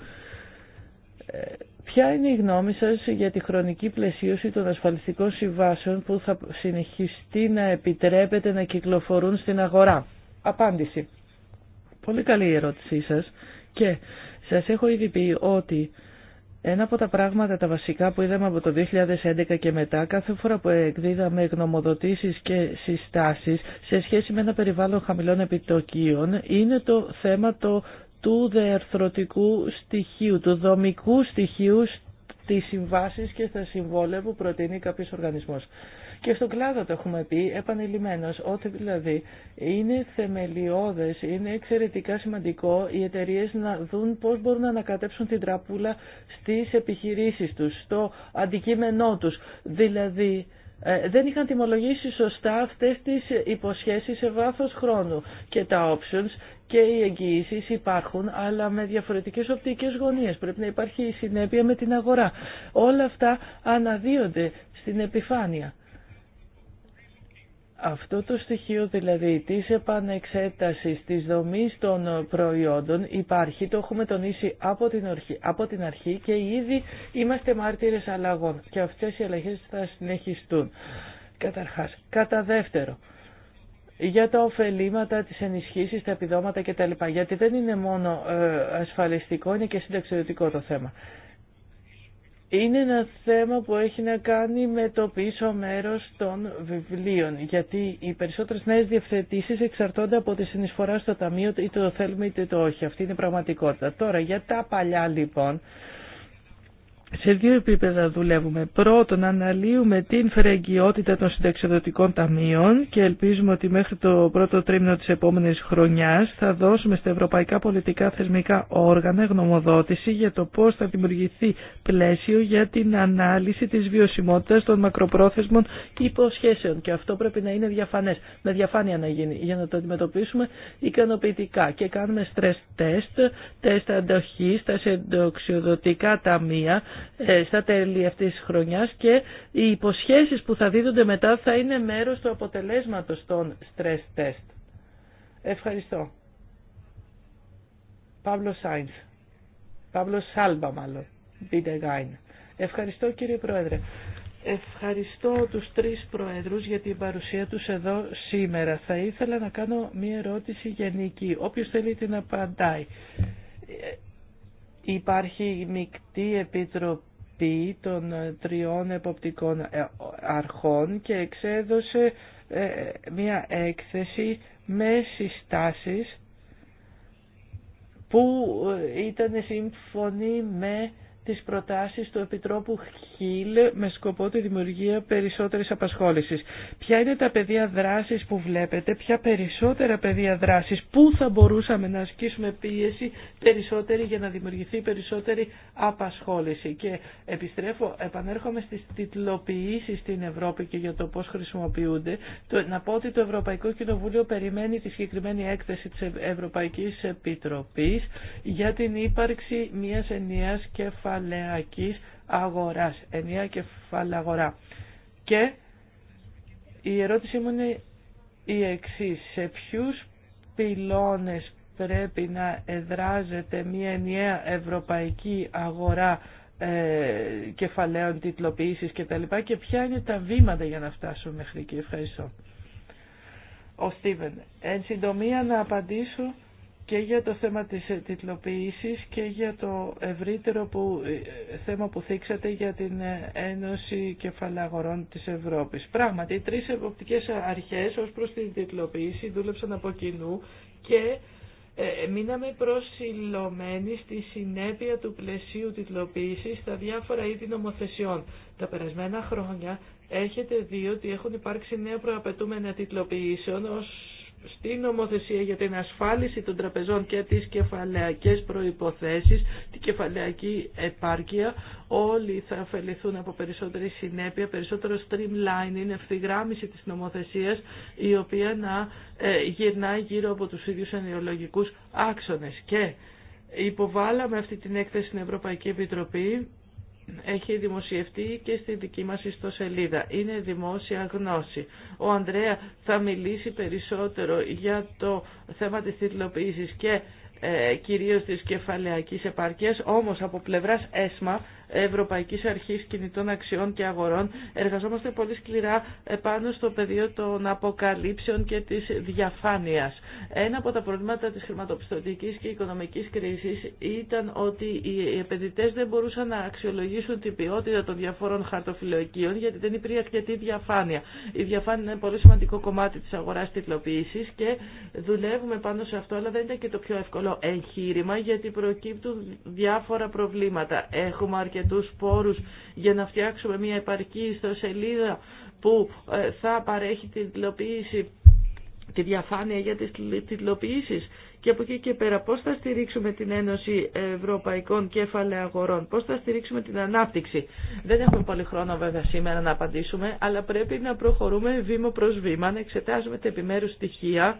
Ε, Ποια είναι η γνώμη σας για τη χρονική πλαισίωση των ασφαλιστικών συμβάσεων που θα συνεχιστεί να επιτρέπεται να κυκλοφορούν στην αγορά. Απάντηση. Πολύ καλή η ερώτησή σας και σας έχω ήδη πει ότι ένα από τα πράγματα τα βασικά που είδαμε από το 2011 και μετά, κάθε φορά που εκδίδαμε γνωμοδοτήσεις και συστάσεις σε σχέση με ένα περιβάλλον χαμηλών επιτοκίων, είναι το θέμα το του διαρθρωτικού στοιχείου, του δομικού στοιχείου στις συμβάσεις και στα συμβόλαια που προτείνει κάποιος οργανισμός. Και στον κλάδο το έχουμε πει επανειλημμένως ότι δηλαδή είναι θεμελιώδες, είναι εξαιρετικά σημαντικό οι εταιρείε να δουν πώς μπορούν να ανακατέψουν την τραπούλα στις επιχειρήσεις τους, στο αντικείμενό τους. Δηλαδή ε, δεν είχαν τιμολογήσει σωστά αυτές τις υποσχέσεις σε βάθος χρόνου και τα options και οι εγγυήσει υπάρχουν, αλλά με διαφορετικές οπτικές γωνίες. Πρέπει να υπάρχει η συνέπεια με την αγορά. Όλα αυτά αναδύονται στην επιφάνεια. Αυτό το στοιχείο δηλαδή της επανεξέτασης της δομής των προϊόντων υπάρχει, το έχουμε τονίσει από την, αρχή, από την αρχή και ήδη είμαστε μάρτυρες αλλαγών και αυτές οι αλλαγές θα συνεχιστούν. Καταρχάς. Κατά δεύτερο, για τα ωφελήματα, τις ενισχύσεις, τα επιδόματα κτλ. Γιατί δεν είναι μόνο ε, ασφαλιστικό, είναι και συνταξιδετικό το θέμα. Είναι ένα θέμα που έχει να κάνει με το πίσω μέρος των βιβλίων, γιατί οι περισσότερες νέες διευθετήσεις εξαρτώνται από τη συνεισφορά στο ταμείο, είτε το θέλουμε είτε το όχι. Αυτή είναι η πραγματικότητα. Τώρα, για τα παλιά λοιπόν, σε δύο επίπεδα δουλεύουμε. Πρώτον, αναλύουμε την φρεγγιότητα των συνταξιδοτικών ταμείων και ελπίζουμε ότι μέχρι το πρώτο τρίμηνο της επόμενης χρονιάς θα δώσουμε στα ευρωπαϊκά πολιτικά θεσμικά όργανα γνωμοδότηση για το πώς θα δημιουργηθεί πλαίσιο για την ανάλυση της βιωσιμότητας των μακροπρόθεσμων υποσχέσεων. Και αυτό πρέπει να είναι διαφανές, με διαφάνεια να γίνει, για να το αντιμετωπίσουμε ικανοποιητικά. Και κάνουμε stress test, τεστ αντοχής στα συνταξιδοτικά ταμεία, ε, στα τέλη αυτής της χρονιάς και οι υποσχέσεις που θα δίδονται μετά θα είναι μέρος του αποτελέσματος των stress test. Ευχαριστώ. Παύλο Σάινς. Παύλο Σάλμπα μάλλον. Ευχαριστώ κύριε Πρόεδρε. Ευχαριστώ τους τρεις προέδρους για την παρουσία τους εδώ σήμερα. Θα ήθελα να κάνω μία ερώτηση γενική. Όποιος θέλει την απαντάει. Ε, Υπάρχει μεικτή επιτροπή των τριών εποπτικών ε, αρχών και εξέδωσε ε, μία έκθεση με συστάσεις που ε, ήταν συμφωνή με τις προτάσεις του Επιτρόπου Χίλ με σκοπό τη δημιουργία περισσότερης απασχόλησης. Ποια είναι τα πεδία δράσης που βλέπετε, ποια περισσότερα πεδία δράσης, πού θα μπορούσαμε να ασκήσουμε πίεση περισσότερη για να δημιουργηθεί περισσότερη απασχόληση. Και επιστρέφω, επανέρχομαι στις τιτλοποιήσεις στην Ευρώπη και για το πώς χρησιμοποιούνται. να πω ότι το Ευρωπαϊκό Κοινοβούλιο περιμένει τη συγκεκριμένη έκθεση της Ευρωπαϊκής Επιτροπής για την ύπαρξη μιας ενιαίας κεφαλαιακής αγοράς, ενιαία κεφαλαία αγορά. Και η ερώτησή μου είναι η εξής. Σε ποιους πυλώνες πρέπει να εδράζεται μια ενιαία ευρωπαϊκή αγορά ε, κεφαλαίων τιτλοποίησης και και ποια είναι τα βήματα για να φτάσουμε μέχρι εκεί. Ευχαριστώ. Ο Στίβεν, εν συντομία να απαντήσω και για το θέμα της τιτλοποίησης και για το ευρύτερο που, ε, θέμα που θίξατε για την Ένωση Κεφαλαγορών της Ευρώπης. Πράγματι, οι τρεις εποπτικές αρχές ως προς την τιτλοποίηση δούλεψαν από κοινού και ε, μείναμε προσιλωμένοι στη συνέπεια του πλαισίου τιτλοποίησης στα διάφορα είδη νομοθεσιών. Τα περασμένα χρόνια έχετε δει ότι έχουν υπάρξει νέα προαπαιτούμενα τιτλοποιήσεων ως στην νομοθεσία για την ασφάλιση των τραπεζών και τις κεφαλαιακές προϋποθέσεις, τη κεφαλαιακή επάρκεια, όλοι θα ωφεληθούν από περισσότερη συνέπεια, περισσότερο streamlining, ευθυγράμμιση της νομοθεσίας, η οποία να ε, γυρνάει γύρω από τους ίδιους ανοιολογικούς άξονες. Και υποβάλαμε αυτή την έκθεση στην Ευρωπαϊκή Επιτροπή έχει δημοσιευτεί και στη δική μας ιστοσελίδα. Είναι δημόσια γνώση. Ο Ανδρέα θα μιλήσει περισσότερο για το θέμα της τίτλοποίησης και ε, κυρίως της κεφαλαιακής επαρκίας, όμως από πλευράς ΕΣΜΑ Ευρωπαϊκή Αρχή Κινητών Αξιών και Αγορών. Εργαζόμαστε πολύ σκληρά πάνω στο πεδίο των αποκαλύψεων και τη διαφάνεια. Ένα από τα προβλήματα τη χρηματοπιστωτική και οικονομική κρίση ήταν ότι οι επενδυτέ δεν μπορούσαν να αξιολογήσουν την ποιότητα των διαφόρων χαρτοφυλακίων γιατί δεν υπήρχε αρκετή διαφάνεια. Η διαφάνεια είναι πολύ σημαντικό κομμάτι της αγορά τυπλοποίηση και δουλεύουμε πάνω σε αυτό, αλλά δεν ήταν και το πιο εύκολο εγχείρημα γιατί προκύπτουν διάφορα προβλήματα. Έχουμε αρκετούς πόρους για να φτιάξουμε μια επαρκή ιστοσελίδα που ε, θα παρέχει την τηλεοποίηση τη διαφάνεια για τις τηλεοποιήσεις. και από εκεί και πέρα πώς θα στηρίξουμε την Ένωση Ευρωπαϊκών Κέφαλαι Αγορών, πώς θα στηρίξουμε την ανάπτυξη. Δεν έχουμε πολύ χρόνο βέβαια σήμερα να απαντήσουμε, αλλά πρέπει να προχωρούμε βήμα προς βήμα, να εξετάζουμε τα επιμέρους στοιχεία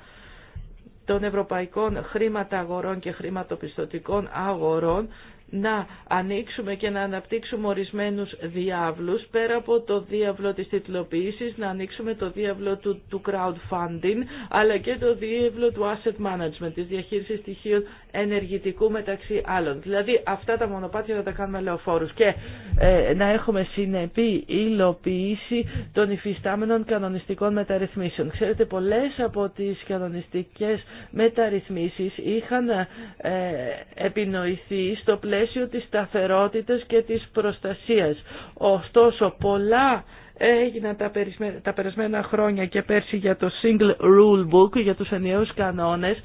των ευρωπαϊκών χρήματα αγορών και χρηματοπιστωτικών αγορών να ανοίξουμε και να αναπτύξουμε ορισμένους διάβλους πέρα από το διάβλο της τιτλοποίησης, να ανοίξουμε το διάβλο του, crowdfunding αλλά και το διάβλο του asset management, της διαχείρισης στοιχείων ενεργητικού μεταξύ άλλων. Δηλαδή αυτά τα μονοπάτια θα τα κάνουμε λεωφόρους και ε, να έχουμε συνεπή υλοποίηση των υφιστάμενων κανονιστικών μεταρρυθμίσεων. Ξέρετε πολλές από τις κανονιστικές μεταρρυθμίσεις είχαν ε, ε, επινοηθεί στο πλαίσιο πλαίσιο της σταθερότητας και της προστασίας. Ωστόσο, πολλά έγιναν τα, τα περασμένα χρόνια και πέρσι για το Single Rule Book, για τους ενιαίους κανόνες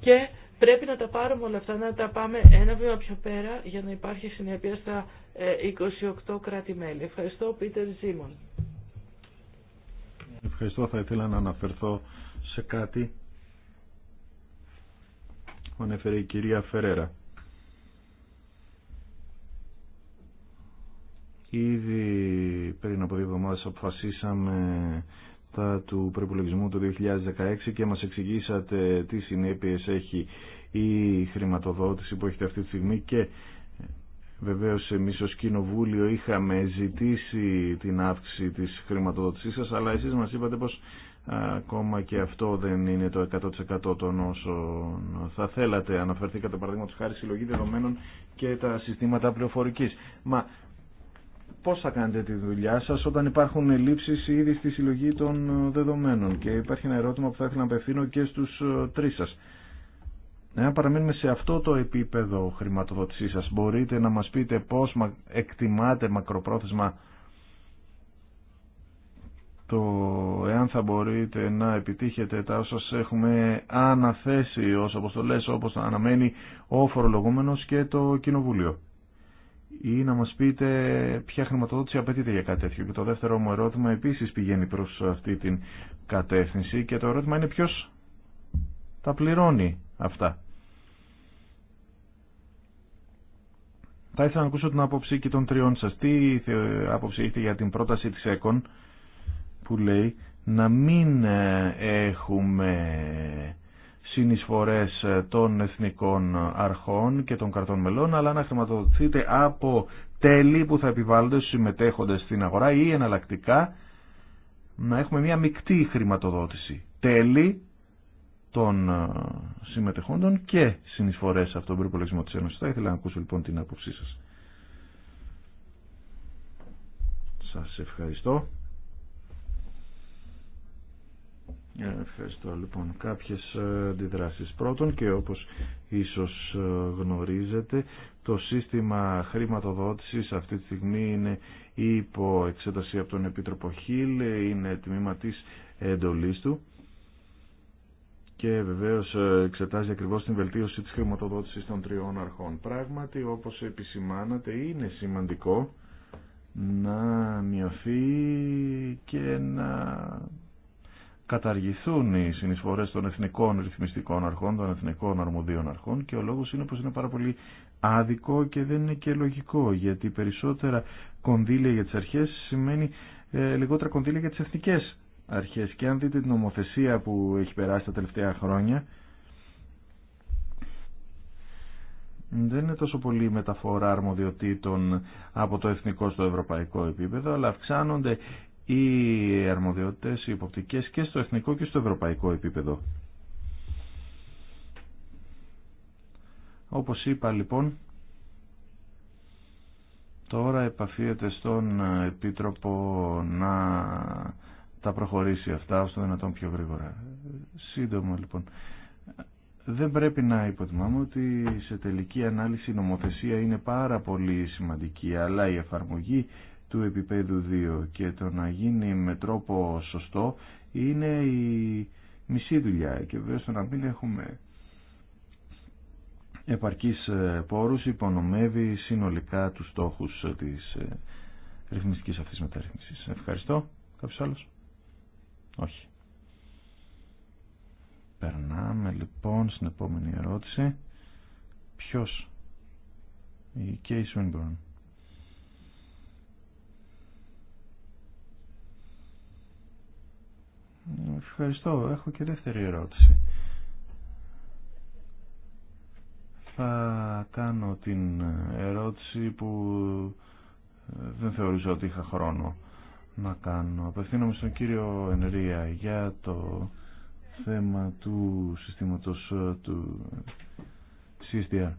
και πρέπει να τα πάρουμε όλα αυτά, να τα πάμε ένα βήμα πιο πέρα για να υπάρχει συνέπεια στα 28 ε, κράτη-μέλη. Ευχαριστώ, Πίτερ Ζήμων. Ευχαριστώ. Θα ήθελα να αναφερθώ σε κάτι που ανέφερε η κυρία Φερέρα. Ήδη πριν από δύο εβδομάδε αποφασίσαμε τα του προπολογισμού του 2016 και μας εξηγήσατε τι συνέπειες έχει η χρηματοδότηση που έχετε αυτή τη στιγμή και ε, βεβαίως εμείς ως Κοινοβούλιο είχαμε ζητήσει την αύξηση της χρηματοδότησής σας αλλά εσείς μας είπατε πως ακόμα και αυτό δεν είναι το 100% των όσων θα θέλατε. Αναφερθήκατε παραδείγματο χάρη συλλογή δεδομένων και τα συστήματα πληροφορική. Μα πώς θα κάνετε τη δουλειά σας όταν υπάρχουν ελλείψεις ήδη στη συλλογή των ε, δεδομένων. Και υπάρχει ένα ερώτημα που θα ήθελα να απευθύνω και στους ε, τρεις σας. Εάν ναι, παραμείνουμε σε αυτό το επίπεδο χρηματοδότησής σας, μπορείτε να μας πείτε πώς εκτιμάτε μακροπρόθεσμα το εάν θα μπορείτε να επιτύχετε τα όσα σας έχουμε αναθέσει ως αποστολές όπως αναμένει ο φορολογούμενος και το Κοινοβούλιο ή να μας πείτε ποια χρηματοδότηση απαιτείται για κάτι τέτοιο. Και το δεύτερο μου ερώτημα επίσης πηγαίνει προς αυτή την κατεύθυνση και το ερώτημα είναι ποιος τα πληρώνει αυτά. Θα ήθελα να ακούσω την άποψη και των τριών σας. Τι άποψη έχετε για την πρόταση της ΕΚΟΝ που λέει να μην ε, έχουμε συνεισφορές ε, των εθνικών αρχών και των κρατών μελών, αλλά να χρηματοδοτηθείτε από τέλη που θα επιβάλλονται στους συμμετέχοντες στην αγορά ή εναλλακτικά να έχουμε μια μεικτή χρηματοδότηση. Τέλη των ε, συμμετεχόντων και συνεισφορές αυτόν τον προπολογισμό της Ένωσης. Θα ήθελα να ακούσω λοιπόν την άποψή σας. Σας ευχαριστώ. Ευχαριστώ λοιπόν. Κάποιες ε, αντιδράσεις. Πρώτον και όπως ίσως ε, γνωρίζετε το σύστημα χρηματοδότησης αυτή τη στιγμή είναι υπό εξέταση από τον Επίτροπο Χίλ, ε, είναι τμήμα της εντολής του και βεβαίως εξετάζει ακριβώς την βελτίωση της χρηματοδότησης των τριών αρχών. Πράγματι όπως επισημάνατε είναι σημαντικό να μειωθεί και να καταργηθούν οι συνεισφορές των εθνικών ρυθμιστικών αρχών, των εθνικών αρμοδίων αρχών και ο λόγος είναι πως είναι πάρα πολύ άδικο και δεν είναι και λογικό γιατί περισσότερα κονδύλια για τις αρχές σημαίνει ε, λιγότερα κονδύλια για τις εθνικές αρχές και αν δείτε την νομοθεσία που έχει περάσει τα τελευταία χρόνια δεν είναι τόσο πολύ μεταφορά αρμοδιοτήτων από το εθνικό στο ευρωπαϊκό επίπεδο, αλλά αυξάνονται οι αρμοδιότητες, οι υποπτικές και στο εθνικό και στο ευρωπαϊκό επίπεδο. Όπως είπα λοιπόν, τώρα επαφίεται στον Επίτροπο να τα προχωρήσει αυτά να δυνατόν πιο γρήγορα. Σύντομα λοιπόν. Δεν πρέπει να υποτιμάμε ότι σε τελική ανάλυση η νομοθεσία είναι πάρα πολύ σημαντική, αλλά η εφαρμογή του επίπεδου 2 και το να γίνει με τρόπο σωστό είναι η μισή δουλειά και βέβαια στο να μην έχουμε επαρκής ε, πόρους υπονομεύει συνολικά τους στόχους ε, της ε, ρυθμιστικής αυτής μεταρρύθμισης. Ευχαριστώ. Κάποιος άλλος? Όχι. Περνάμε λοιπόν στην επόμενη ερώτηση. Ποιος? Η Κέι Σουίνμπρον. Ευχαριστώ. Έχω και δεύτερη ερώτηση. Θα κάνω την ερώτηση που ε, δεν θεωρούσα ότι είχα χρόνο να κάνω. Απευθύνομαι στον κύριο Ενρία για το θέμα του συστήματος ε, του ε, CSDR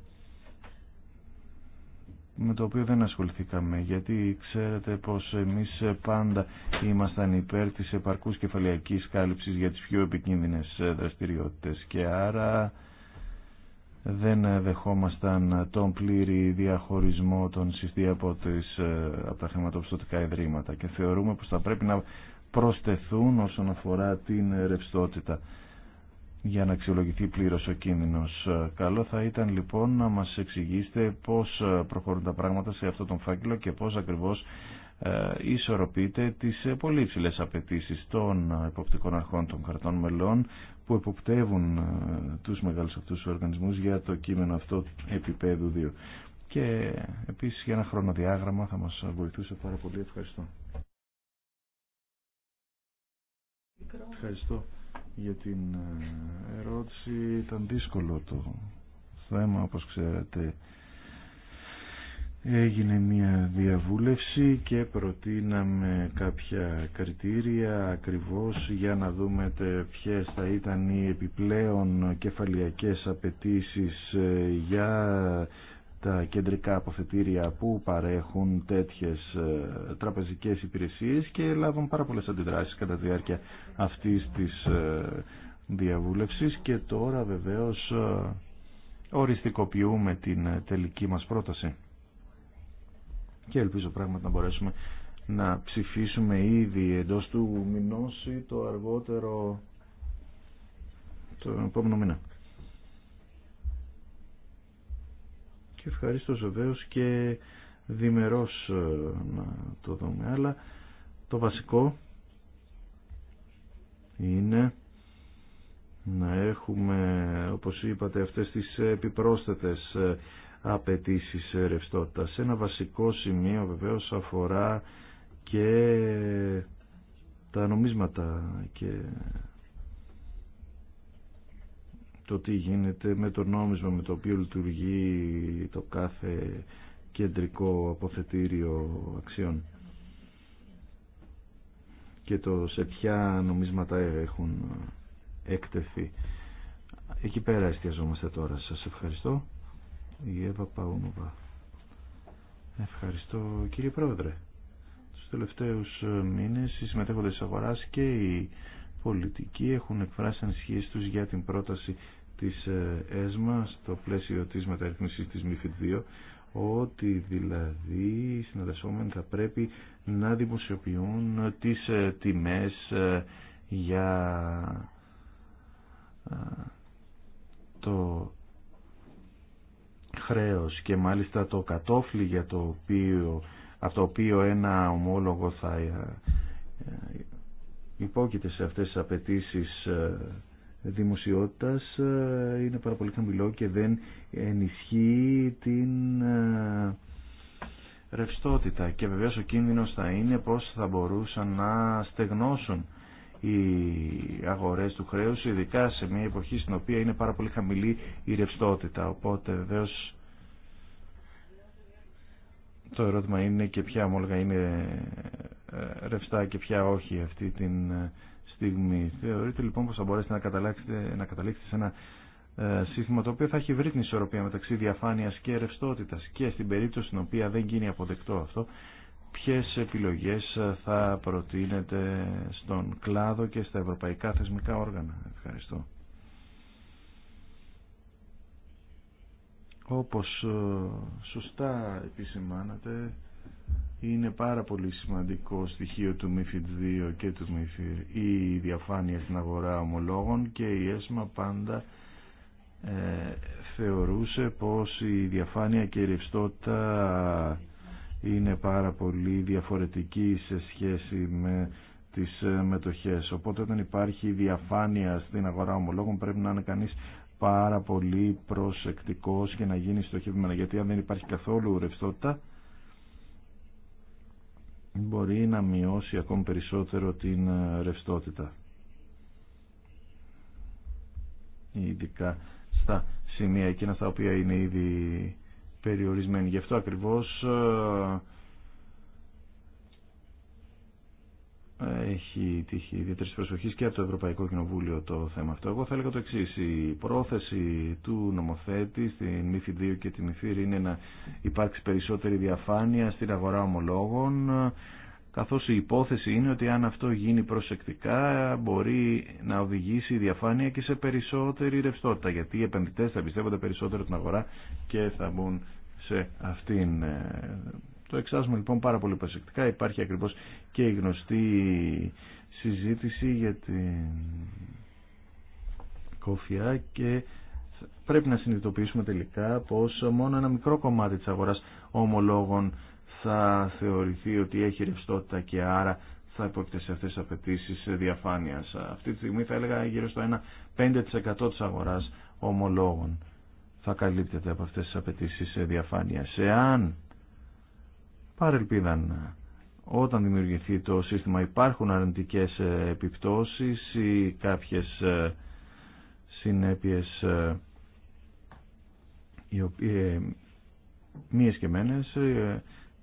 με το οποίο δεν ασχοληθήκαμε γιατί ξέρετε πως εμείς πάντα ήμασταν υπέρ της επαρκούς κεφαλαιακής κάλυψης για τις πιο επικίνδυνες δραστηριότητες και άρα δεν δεχόμασταν τον πλήρη διαχωρισμό των συστή από, ε, από τα χρηματοπιστωτικά ιδρύματα και θεωρούμε πως θα πρέπει να προσθεθούν όσον αφορά την ρευστότητα για να αξιολογηθεί πλήρως ο κίνδυνος. Ε, καλό θα ήταν λοιπόν να μας εξηγήσετε πώς ε, προχωρούν τα πράγματα σε αυτό τον φάκελο και πώς ακριβώς ε, ισορροπείτε τις πολύ υψηλέ απαιτήσει των εποπτικών αρχών των κρατών μελών που εποπτεύουν τους μεγάλους αυτούς οργανισμούς για το κείμενο αυτό επίπεδου 2. Και επίσης για ένα χρονοδιάγραμμα θα μας βοηθούσε πάρα πολύ. Ευχαριστώ. Ευχαριστώ για την ε, ερώτηση. Ήταν δύσκολο το θέμα, όπως ξέρετε. Έγινε μια διαβούλευση και προτείναμε κάποια κριτήρια ακριβώς για να δούμε ποιες θα ήταν οι επιπλέον κεφαλιακές απαιτήσεις ε, για τα κεντρικά αποθετήρια που παρέχουν τέτοιες ε, τραπεζικές υπηρεσίες και λάβουν πάρα πολλές αντιδράσεις κατά τη διάρκεια αυτής της ε, διαβούλευσης και τώρα βεβαίως ε, οριστικοποιούμε την τελική μας πρόταση και ελπίζω πράγματι να μπορέσουμε να ψηφίσουμε ήδη εντός του μηνός ή το αργότερο το επόμενο μήνα. και ευχαρίστω βεβαίω και διμερός ε, να το δούμε αλλά το βασικό είναι να έχουμε όπως είπατε αυτές τις επιπρόσθετες ε, απαιτήσει ρευστότητα. Ένα βασικό σημείο βεβαίως αφορά και τα νομίσματα και το τι γίνεται με το νόμισμα με το οποίο λειτουργεί το κάθε κεντρικό αποθετήριο αξιών και το σε ποια νομίσματα έχουν εκτεθεί. Εκεί πέρα εστιαζόμαστε τώρα. Σας ευχαριστώ. Η Εύα Παούνοβα. Ευχαριστώ κύριε Πρόεδρε. Τους τελευταίους μήνες οι συμμετέχοντες της αγοράς και οι πολιτικοί έχουν εκφράσει ανησυχίες τους για την πρόταση της ε, ΕΣΜΑ στο πλαίσιο της μεταρρύθμισης της ΜΥΦΙΤ 2 ότι δηλαδή οι συνεργασόμενοι θα πρέπει να δημοσιοποιούν τις ε, τιμές ε, για το χρέος και μάλιστα το κατόφλι για το οποίο, από το οποίο ένα ομόλογο θα υπόκειται σε αυτές τις απαιτήσει ε, δημοσιότητας ε, είναι πάρα πολύ χαμηλό και δεν ενισχύει την ε, ρευστότητα και βεβαίως ο κίνδυνος θα είναι πώς θα μπορούσαν να στεγνώσουν οι αγορές του χρέους ειδικά σε μια εποχή στην οποία είναι πάρα πολύ χαμηλή η ρευστότητα οπότε βεβαίως το ερώτημα είναι και ποια μόλγα είναι ε, ρευστά και πια όχι αυτή την στιγμή. Θεωρείτε λοιπόν πως θα μπορέσετε να, καταλήξετε, να καταλήξετε σε ένα ε, σύστημα το οποίο θα έχει βρει την ισορροπία μεταξύ διαφάνειας και ρευστότητα και στην περίπτωση στην οποία δεν γίνει αποδεκτό αυτό ποιες επιλογές θα προτείνετε στον κλάδο και στα ευρωπαϊκά θεσμικά όργανα. Ευχαριστώ. Όπως ε, σωστά επισημάνατε, είναι πάρα πολύ σημαντικό στοιχείο του MIFID 2 και του MIFID η διαφάνεια στην αγορά ομολόγων και η ΕΣΜΑ πάντα ε, θεωρούσε πως η διαφάνεια και η ρευστότητα είναι πάρα πολύ διαφορετική σε σχέση με τις μετοχές. Οπότε όταν υπάρχει διαφάνεια στην αγορά ομολόγων πρέπει να είναι κανείς πάρα πολύ προσεκτικός και να γίνει στοχευμένα γιατί αν δεν υπάρχει καθόλου ρευστότητα μπορεί να μειώσει ακόμη περισσότερο την ε, ρευστότητα. Ειδικά στα σημεία εκείνα στα οποία είναι ήδη περιορισμένοι. Γι' αυτό ακριβώς ε, έχει τύχει ιδιαίτερη προσοχή και από το Ευρωπαϊκό Κοινοβούλιο το θέμα αυτό. Εγώ θα έλεγα το εξή. Η πρόθεση του νομοθέτη στην ΜΥΦΗ 2 και την ΜΥΦΙΡ είναι να υπάρξει περισσότερη διαφάνεια στην αγορά ομολόγων, καθώ η υπόθεση είναι ότι αν αυτό γίνει προσεκτικά μπορεί να οδηγήσει η διαφάνεια και σε περισσότερη ρευστότητα, γιατί οι επενδυτέ θα εμπιστεύονται περισσότερο την αγορά και θα μπουν σε αυτήν ε, το εξάζουμε λοιπόν πάρα πολύ προσεκτικά. Υπάρχει ακριβώς και η γνωστή συζήτηση για την κόφια και πρέπει να συνειδητοποιήσουμε τελικά πως μόνο ένα μικρό κομμάτι της αγοράς ομολόγων θα θεωρηθεί ότι έχει ρευστότητα και άρα θα υπόκειται σε αυτές τις απαιτήσεις διαφάνειας. Αυτή τη στιγμή θα έλεγα γύρω στο 1-5% της αγοράς ομολόγων θα καλύπτεται από αυτές τις απαιτήσεις διαφάνειας. Εάν παρελπίδαν. Όταν δημιουργηθεί το σύστημα υπάρχουν αρνητικές ε, επιπτώσεις ή κάποιες ε, συνέπειες ε, οι οποίες μίες και μένες,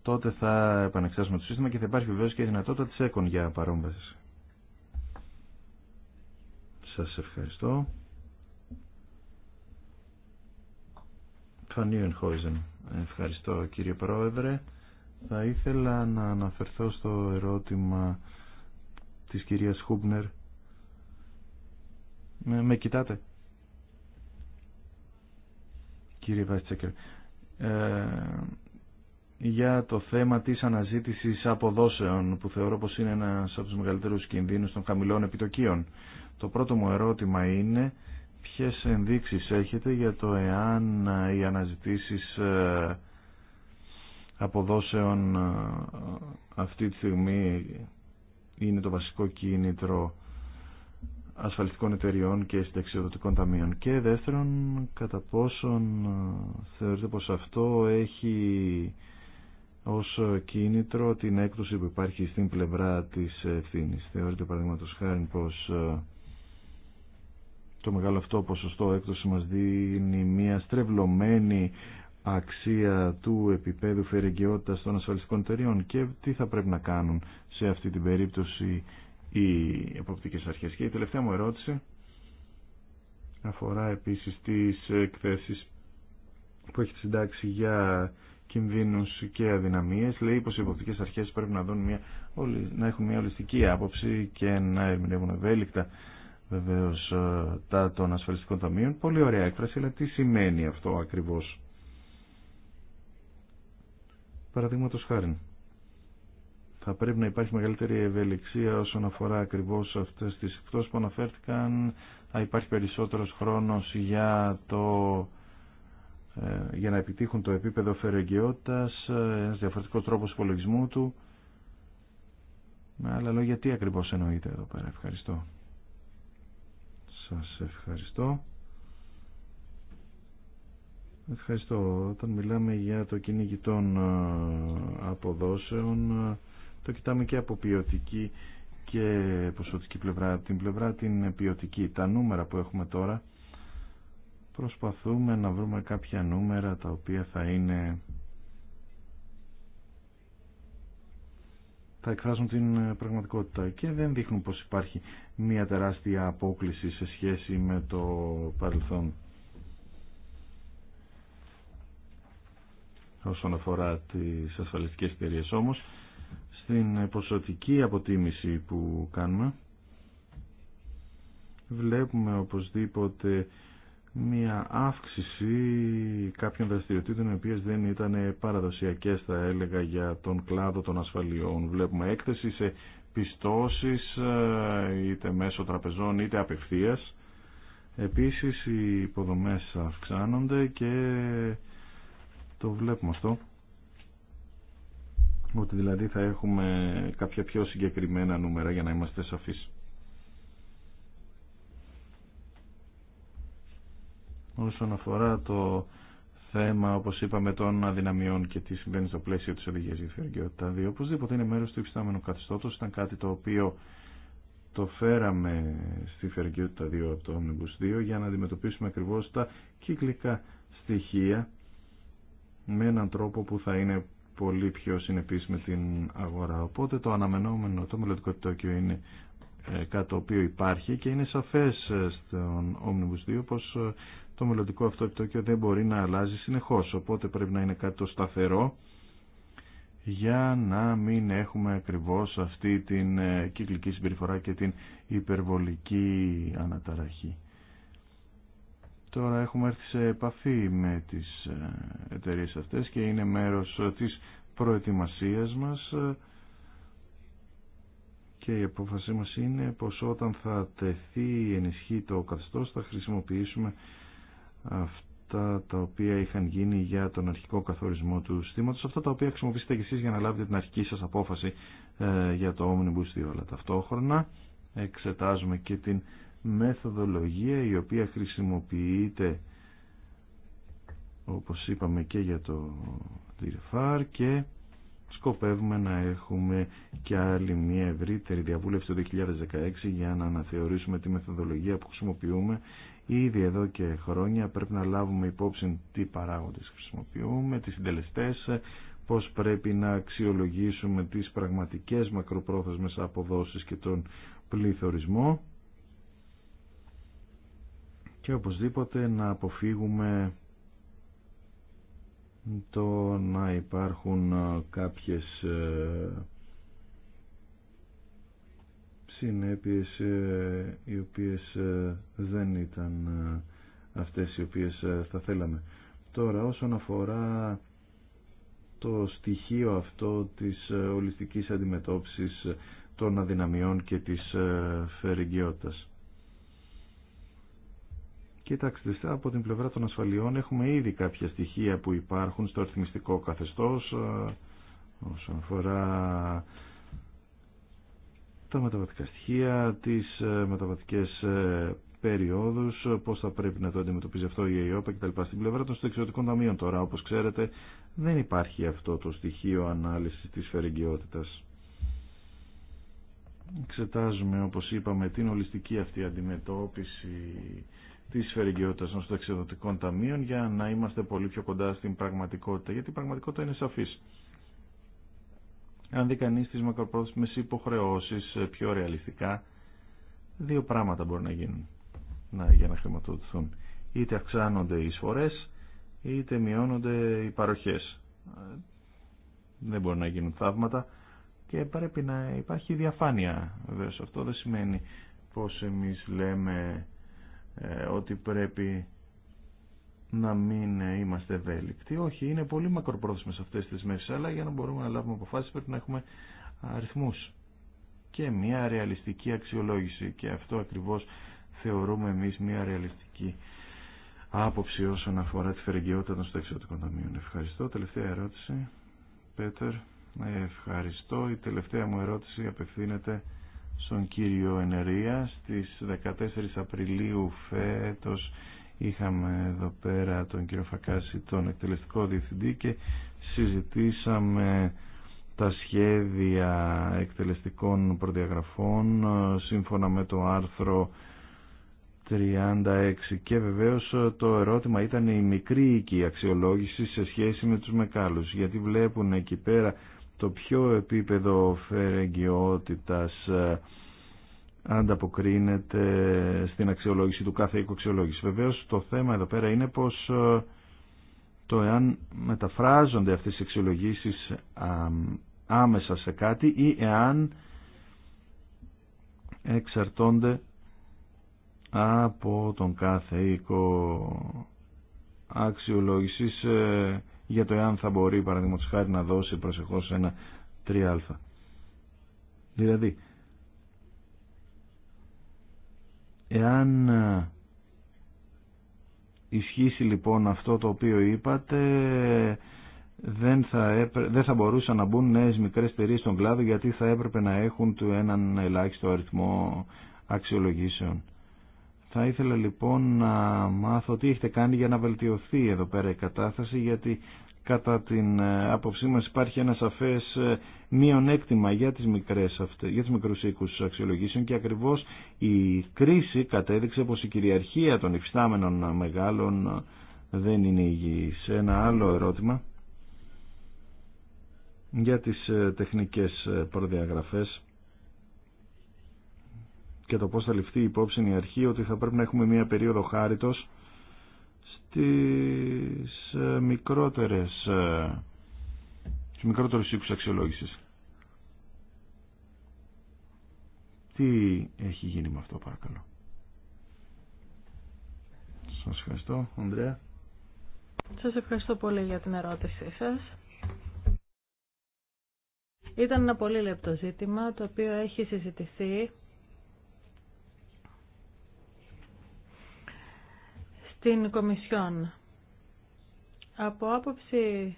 τότε θα επανεξάσουμε το σύστημα και θα υπάρχει βεβαίως και η δυνατότητα της έκον για παρόμβαση. Σας ευχαριστώ. Ευχαριστώ κύριε Πρόεδρε. Θα ήθελα να αναφερθώ στο ερώτημα της κυρίας Χούμπνερ. Με, με κοιτάτε. Κύριε Βαϊτσέκερ, ε, για το θέμα της αναζήτησης αποδόσεων που θεωρώ πως είναι ένας από τους μεγαλύτερους κινδύνους των χαμηλών επιτοκίων. Το πρώτο μου ερώτημα είναι ποιες ενδείξεις έχετε για το εάν οι αναζητήσεις ε, αποδόσεων ε, αυτή τη στιγμή είναι το βασικό κίνητρο ασφαλιστικών εταιριών και συνταξιοδοτικών ταμείων. Και δεύτερον, κατά πόσον ε, θεωρείτε πως αυτό έχει ως κίνητρο την έκπτωση που υπάρχει στην πλευρά της ευθύνη. Θεωρείτε παραδείγματο χάρη πως ε, το μεγάλο αυτό ποσοστό έκπτωση μας δίνει μια στρεβλωμένη αξία του επίπεδου φερεγγιότητας των ασφαλιστικών εταιριών και τι θα πρέπει να κάνουν σε αυτή την περίπτωση οι εποπτικές αρχές. Και η τελευταία μου ερώτηση αφορά επίσης τις εκθέσεις που έχει συντάξει για κινδύνους και αδυναμίες. Λέει πως οι εποπτικές αρχές πρέπει να, δουν μια, να έχουν μια ολιστική άποψη και να ερμηνεύουν ευέλικτα βεβαίως ε, τα των ασφαλιστικών ταμείων. Πολύ ωραία έκφραση, αλλά τι σημαίνει αυτό ακριβώς. Παραδείγματο χάρη, θα πρέπει να υπάρχει μεγαλύτερη ευελιξία όσον αφορά ακριβώς αυτές τις εκτό που αναφέρθηκαν. Θα υπάρχει περισσότερος χρόνος για, το, ε, για να επιτύχουν το επίπεδο φερεγγιότητας, ε, ένα διαφορετικό τρόπος υπολογισμού του. Με άλλα λόγια, τι ακριβώς εννοείται εδώ πέρα. Ευχαριστώ. Σας ευχαριστώ. Ευχαριστώ. Όταν μιλάμε για το κυνήγι των ε, αποδόσεων, ε, το κοιτάμε και από ποιοτική και ποσοτική πλευρά. Την πλευρά την ποιοτική, τα νούμερα που έχουμε τώρα, προσπαθούμε να βρούμε κάποια νούμερα τα οποία θα είναι θα εκφράζουν την πραγματικότητα και δεν δείχνουν πως υπάρχει μια τεράστια απόκληση σε σχέση με το παρελθόν. όσον αφορά τις ασφαλιστικές εταιρείε όμως στην ποσοτική αποτίμηση που κάνουμε βλέπουμε οπωσδήποτε μια αύξηση κάποιων δραστηριοτήτων οι οποίες δεν ήταν παραδοσιακές θα έλεγα για τον κλάδο των ασφαλιών βλέπουμε έκθεση σε πιστώσεις είτε μέσω τραπεζών είτε απευθείας επίσης οι υποδομές αυξάνονται και το βλέπουμε αυτό. Ότι δηλαδή θα έχουμε κάποια πιο συγκεκριμένα νούμερα για να είμαστε σαφείς. Όσον αφορά το θέμα, όπως είπαμε, των αδυναμιών και τι συμβαίνει στο πλαίσιο της οδηγίας για τη φεργιότητα 2, οπωσδήποτε είναι μέρος του υφιστάμενου καθεστώτος. Ήταν κάτι το οποίο το φέραμε στη φεργιότητα 2 από το Omnibus 2 για να αντιμετωπίσουμε ακριβώς τα κύκλικα στοιχεία με έναν τρόπο που θα είναι πολύ πιο συνεπής με την αγορά. Οπότε το αναμενόμενο, το μελλοντικό επιτόκιο είναι ε, κάτι το οποίο υπάρχει και είναι σαφές ε, στον Omnibus 2 πως ε, το μελλοντικό αυτό επιτόκιο δεν μπορεί να αλλάζει συνεχώς. Οπότε πρέπει να είναι κάτι το σταθερό για να μην έχουμε ακριβώς αυτή την κυκλική συμπεριφορά και την υπερβολική αναταραχή. Τώρα έχουμε έρθει σε επαφή με τις ε, εταιρείες αυτές και είναι μέρος ε, της προετοιμασίας μας και η απόφασή μας είναι πως όταν θα τεθεί ενισχύ το καθεστώς θα χρησιμοποιήσουμε αυτά τα οποία είχαν γίνει για τον αρχικό καθορισμό του στήματος αυτά τα οποία χρησιμοποιήσετε και εσείς για να λάβετε την αρχική σας απόφαση ε, για το Omnibus 2, αλλά ταυτόχρονα εξετάζουμε και την μεθοδολογία η οποία χρησιμοποιείται όπως είπαμε και για το DIRFAR και σκοπεύουμε να έχουμε και άλλη μια ευρύτερη διαβούλευση το 2016 για να αναθεωρήσουμε τη μεθοδολογία που χρησιμοποιούμε ήδη εδώ και χρόνια πρέπει να λάβουμε υπόψη τι παράγοντες χρησιμοποιούμε, τι συντελεστές πώς πρέπει να αξιολογήσουμε τις πραγματικές μακροπρόθεσμες αποδόσεις και τον πληθωρισμό και οπωσδήποτε να αποφύγουμε το να υπάρχουν ε, κάποιες ε, συνέπειες ε, οι οποίες δεν ήταν αυτές οι οποίες θα θέλαμε. Τώρα όσον αφορά το στοιχείο αυτό της ολιστικής αντιμετώπισης των αδυναμιών και της φερικιότητας. Κοιτάξτε, από την πλευρά των ασφαλιών έχουμε ήδη κάποια στοιχεία που υπάρχουν στο αριθμιστικό καθεστώς ε, όσον αφορά τα μεταβατικά στοιχεία, τις ε, μεταβατικές ε, περιόδους, πώς θα πρέπει να το αντιμετωπίζει αυτό η τα κτλ. Στην πλευρά των στεξιωτικών ταμείων τώρα, όπως ξέρετε, δεν υπάρχει αυτό το στοιχείο ανάλυσης της φερεγγιότητας. Εξετάζουμε, όπως είπαμε, την ολιστική αυτή αντιμετώπιση Τη φερικαιότητας των εξοδοτικών ταμείων για να είμαστε πολύ πιο κοντά στην πραγματικότητα, γιατί η πραγματικότητα είναι σαφής. Αν δει κανεί τι μακροπρόθεσμε υποχρεώσει ε, πιο ρεαλιστικά, δύο πράγματα μπορεί να γίνουν να, για να χρηματοδοτηθούν. Είτε αυξάνονται οι εισφορές, είτε μειώνονται οι παροχέ. Ε, δεν μπορεί να γίνουν θαύματα και πρέπει να υπάρχει διαφάνεια. Βέβαια αυτό δεν σημαίνει πως εμείς λέμε ε, ότι πρέπει να μην είμαστε ευέλικτοι. Όχι, είναι πολύ μακροπρόθεσμες αυτές τις μέρες, αλλά για να μπορούμε να λάβουμε αποφάσεις πρέπει να έχουμε αριθμούς και μια ρεαλιστική αξιολόγηση και αυτό ακριβώς θεωρούμε εμείς μια ρεαλιστική άποψη όσον αφορά τη φερεγγιότητα των στεξιωτικών ταμείων. Ευχαριστώ. Τελευταία ερώτηση. Πέτερ, ευχαριστώ. Η τελευταία μου ερώτηση απευθύνεται στον κύριο Ενερία. Στις 14 Απριλίου φέτος είχαμε εδώ πέρα τον κύριο Φακάση, τον εκτελεστικό διευθυντή και συζητήσαμε τα σχέδια εκτελεστικών προδιαγραφών ε, σύμφωνα με το άρθρο 36 και βεβαίως ε, το ερώτημα ήταν η μικρή οικία αξιολόγηση σε σχέση με τους μεγάλους γιατί βλέπουν εκεί πέρα το ποιο επίπεδο φερεγγιότητας ε, ανταποκρίνεται στην αξιολόγηση του κάθε οικοξιολόγηση. Βεβαίως το θέμα εδώ πέρα είναι πως ε, το εάν μεταφράζονται αυτές οι αξιολογήσεις άμεσα σε κάτι ή εάν εξαρτώνται από τον κάθε οίκο αξιολόγησης ε, για το εάν θα μπορεί παραδείγματος χάρη να δώσει προσεχώς ένα 3α. Δηλαδή, εάν ε, ισχύσει λοιπόν αυτό το οποίο είπατε, δεν θα, δεν θα μπορούσαν να μπουν νέες μικρές εταιρείε στον κλάδο γιατί θα έπρεπε να έχουν του έναν ελάχιστο αριθμό αξιολογήσεων. Θα ήθελα λοιπόν να μάθω τι έχετε κάνει για να βελτιωθεί εδώ πέρα η κατάσταση γιατί κατά την ε, άποψή μας υπάρχει ένα σαφές ε, μειονέκτημα για τις, μικρές αυτές, για τις μικρούς οίκους αξιολογήσεων και ακριβώς η κρίση κατέδειξε πως η κυριαρχία των υφιστάμενων μεγάλων ε, δεν είναι υγιής. Ένα άλλο ερώτημα για τις τεχνικές προδιαγραφές και το πώς θα ληφθεί υπόψη η αρχή ότι θα πρέπει να έχουμε μια περίοδο χάριτος τις ε, μικρότερες ε, τις μικρότερες οίκους αξιολόγησης. Τι έχει γίνει με αυτό παρακαλώ. Σας ευχαριστώ, Ανδρέα. Σας ευχαριστώ πολύ για την ερώτησή σας. Ήταν ένα πολύ λεπτό ζήτημα το οποίο έχει συζητηθεί την Κομισιόν. Από άποψη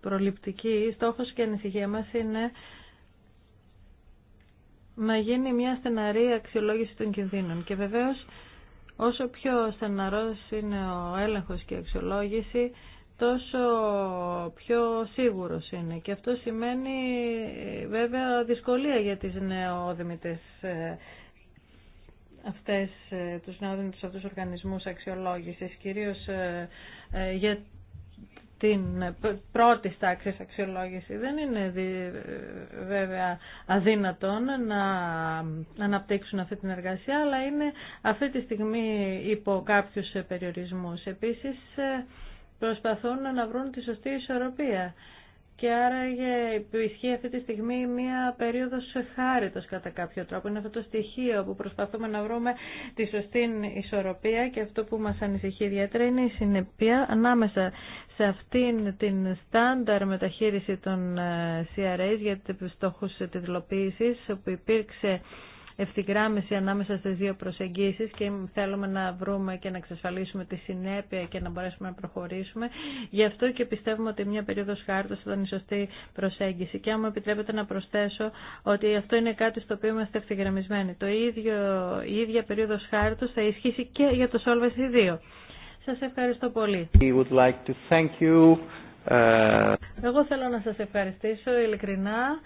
προληπτική, στόχος και ανησυχία μας είναι να γίνει μια στεναρή αξιολόγηση των κινδύνων. Και βεβαίως, όσο πιο στεναρός είναι ο έλεγχος και η αξιολόγηση, τόσο πιο σίγουρος είναι. Και αυτό σημαίνει βέβαια δυσκολία για τις νεοδημητές ε, αυτές, ε, τους οργανισμού αυτούς τους οργανισμούς αξιολόγησης, κυρίως ε, ε, για την πρώτη τάξη αξιολόγηση. Δεν είναι βέβαια αδύνατον να αναπτύξουν αυτή την εργασία, αλλά είναι αυτή τη στιγμή υπό κάποιους περιορισμούς. Επίσης, προσπαθούν να βρουν τη σωστή ισορροπία και άραγε ισχύει αυτή τη στιγμή μία περίοδος χάριτος κατά κάποιο τρόπο. Είναι αυτό το στοιχείο που προσπαθούμε να βρούμε τη σωστή ισορροπία και αυτό που μας ανησυχεί ιδιαίτερα είναι η συνεπία ανάμεσα σε αυτήν την στάνταρ μεταχείριση των ε, CRAs για τους στόχους της που υπήρξε ευθυγράμμιση ανάμεσα στις δύο προσεγγίσεις και θέλουμε να βρούμε και να εξασφαλίσουμε τη συνέπεια και να μπορέσουμε να προχωρήσουμε. Γι' αυτό και πιστεύουμε ότι μια περίοδος χάρτος ήταν η σωστή προσέγγιση. Και αν μου επιτρέπετε να προσθέσω ότι αυτό είναι κάτι στο οποίο είμαστε ευθυγραμμισμένοι. Το ίδιο, η ίδια περίοδος χάρτος θα ισχύσει και για το Solvency 2. Σας ευχαριστώ πολύ. Uh, Εγώ θέλω να σας ευχαριστήσω ειλικρινά.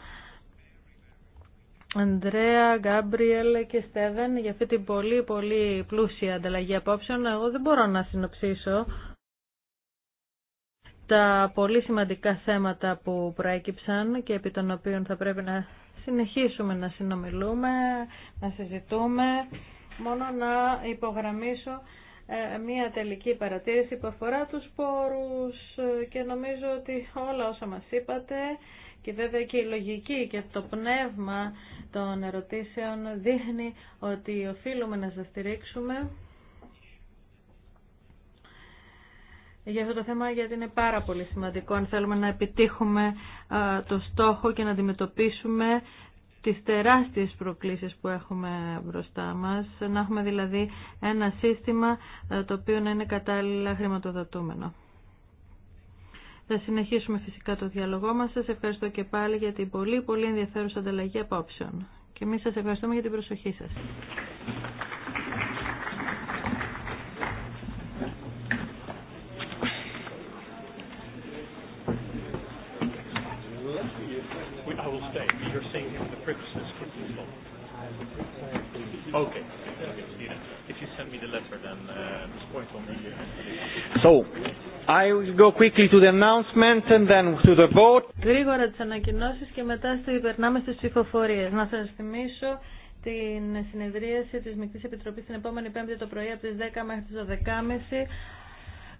Ανδρέα, Γκάμπριελ και Στέβεν για αυτή την πολύ πολύ πλούσια ανταλλαγή απόψεων. Εγώ δεν μπορώ να συνοψίσω τα πολύ σημαντικά θέματα που προέκυψαν και επί των οποίων θα πρέπει να συνεχίσουμε να συνομιλούμε, να συζητούμε. Μόνο να υπογραμμίσω ε, μία τελική παρατήρηση που αφορά τους πόρους ε, και νομίζω ότι όλα όσα μας είπατε και βέβαια και η λογική και το πνεύμα των ερωτήσεων δείχνει ότι οφείλουμε να σας στηρίξουμε για αυτό το θέμα γιατί είναι πάρα πολύ σημαντικό αν θέλουμε να επιτύχουμε το στόχο και να αντιμετωπίσουμε τις τεράστιες προκλήσεις που έχουμε μπροστά μας, να έχουμε δηλαδή ένα σύστημα το οποίο να είναι κατάλληλα χρηματοδοτούμενο. Θα συνεχίσουμε φυσικά το διάλογό μας. Σας ευχαριστώ και πάλι για την πολύ πολύ ενδιαφέρουσα ανταλλαγή απόψεων. Και εμείς σας ευχαριστούμε για την προσοχή σας. So I will go quickly to the announcement and then to Γρήγορα τις ανακοινώσεις και μετά στο υπερνάμε στις ψηφοφορίες. Να σας θυμίσω την συνεδρίαση της Μικτής Επιτροπής την επόμενη πέμπτη το πρωί από τις 10 μέχρι τις 12.30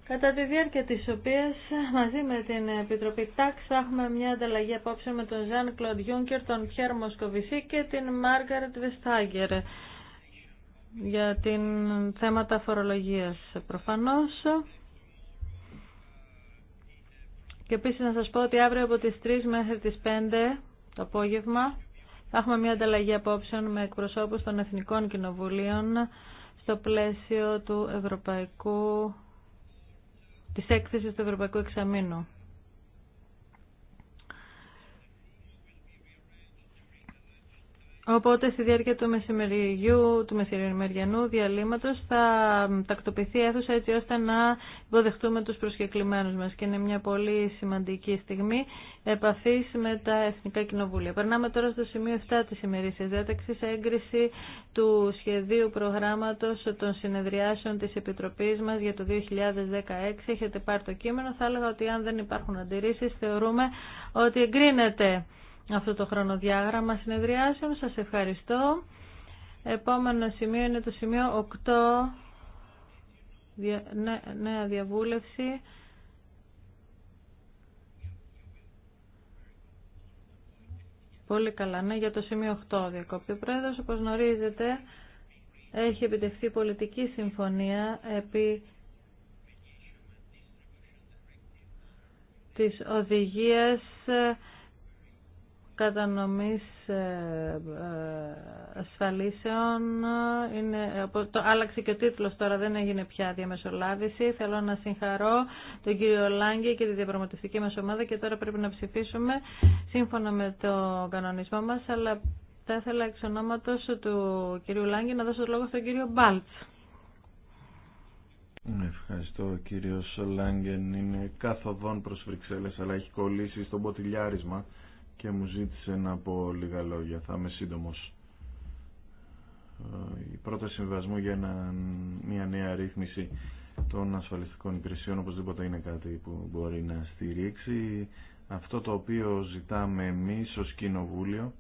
κατά τη διάρκεια της οποίας μαζί με την Επιτροπή ΤΑΚ θα έχουμε μια ανταλλαγή απόψε με τον Ζαν Κλοντ Γιούνκερ, τον Πιέρ Μοσκοβισή και την Μάργαρετ Βεστάγκερ για την θέματα φορολογίας προφανώς. Και επίση να σας πω ότι αύριο από τις 3 μέχρι τις 5 το απόγευμα θα έχουμε μια ανταλλαγή απόψεων με εκπροσώπους των Εθνικών Κοινοβουλίων στο πλαίσιο του Ευρωπαϊκού, της έκθεσης του Ευρωπαϊκού Εξαμήνου. Οπότε στη διάρκεια του μεσημεριού, του μεσημεριανού διαλύματος θα τακτοποιηθεί η αίθουσα έτσι ώστε να υποδεχτούμε του προσκεκλημένους μα και είναι μια πολύ σημαντική στιγμή επαφή με τα Εθνικά Κοινοβούλια. Περνάμε τώρα στο σημείο 7 της ημερήσια διάταξη, έγκριση του σχεδίου προγράμματο των συνεδριάσεων τη Επιτροπή μα για το 2016. Έχετε πάρει το κείμενο, θα έλεγα ότι αν δεν υπάρχουν αντιρρήσει, θεωρούμε ότι εγκρίνεται αυτό το χρονοδιάγραμμα συνεδριάσεων. Σας ευχαριστώ. Επόμενο σημείο είναι το σημείο 8, νέα διαβούλευση. Πολύ καλά, ναι, για το σημείο 8 διακόπτει ο Πρόεδρος. Όπως γνωρίζετε, έχει επιτευχθεί πολιτική συμφωνία επί της οδηγίας κατανομής ε, ε, ασφαλίσεων ε, είναι, το άλλαξε και ο τίτλος τώρα δεν έγινε πια διαμεσολάβηση θέλω να συγχαρώ τον κύριο Λάγκη και τη διαπραγματευτική μας ομάδα και τώρα πρέπει να ψηφίσουμε σύμφωνα με το κανονισμό μας αλλά θα ήθελα εξ ονόματος του κύριου Λάγκη να δώσω το λόγο στον κύριο Μπάλτς ναι, Ευχαριστώ κύριο Λάγκεν είναι καθοδόν προς Βρυξέλλες αλλά έχει κολλήσει στο ποτηλιάρισμα και μου ζήτησε να πω λίγα λόγια. Θα είμαι σύντομος. Ε, η πρώτη συμβασμού για μια νέα ρύθμιση των ασφαλιστικών υπηρεσιών οπωσδήποτε είναι κάτι που μπορεί να στηρίξει. Αυτό το οποίο ζητάμε εμείς ως Κοινοβούλιο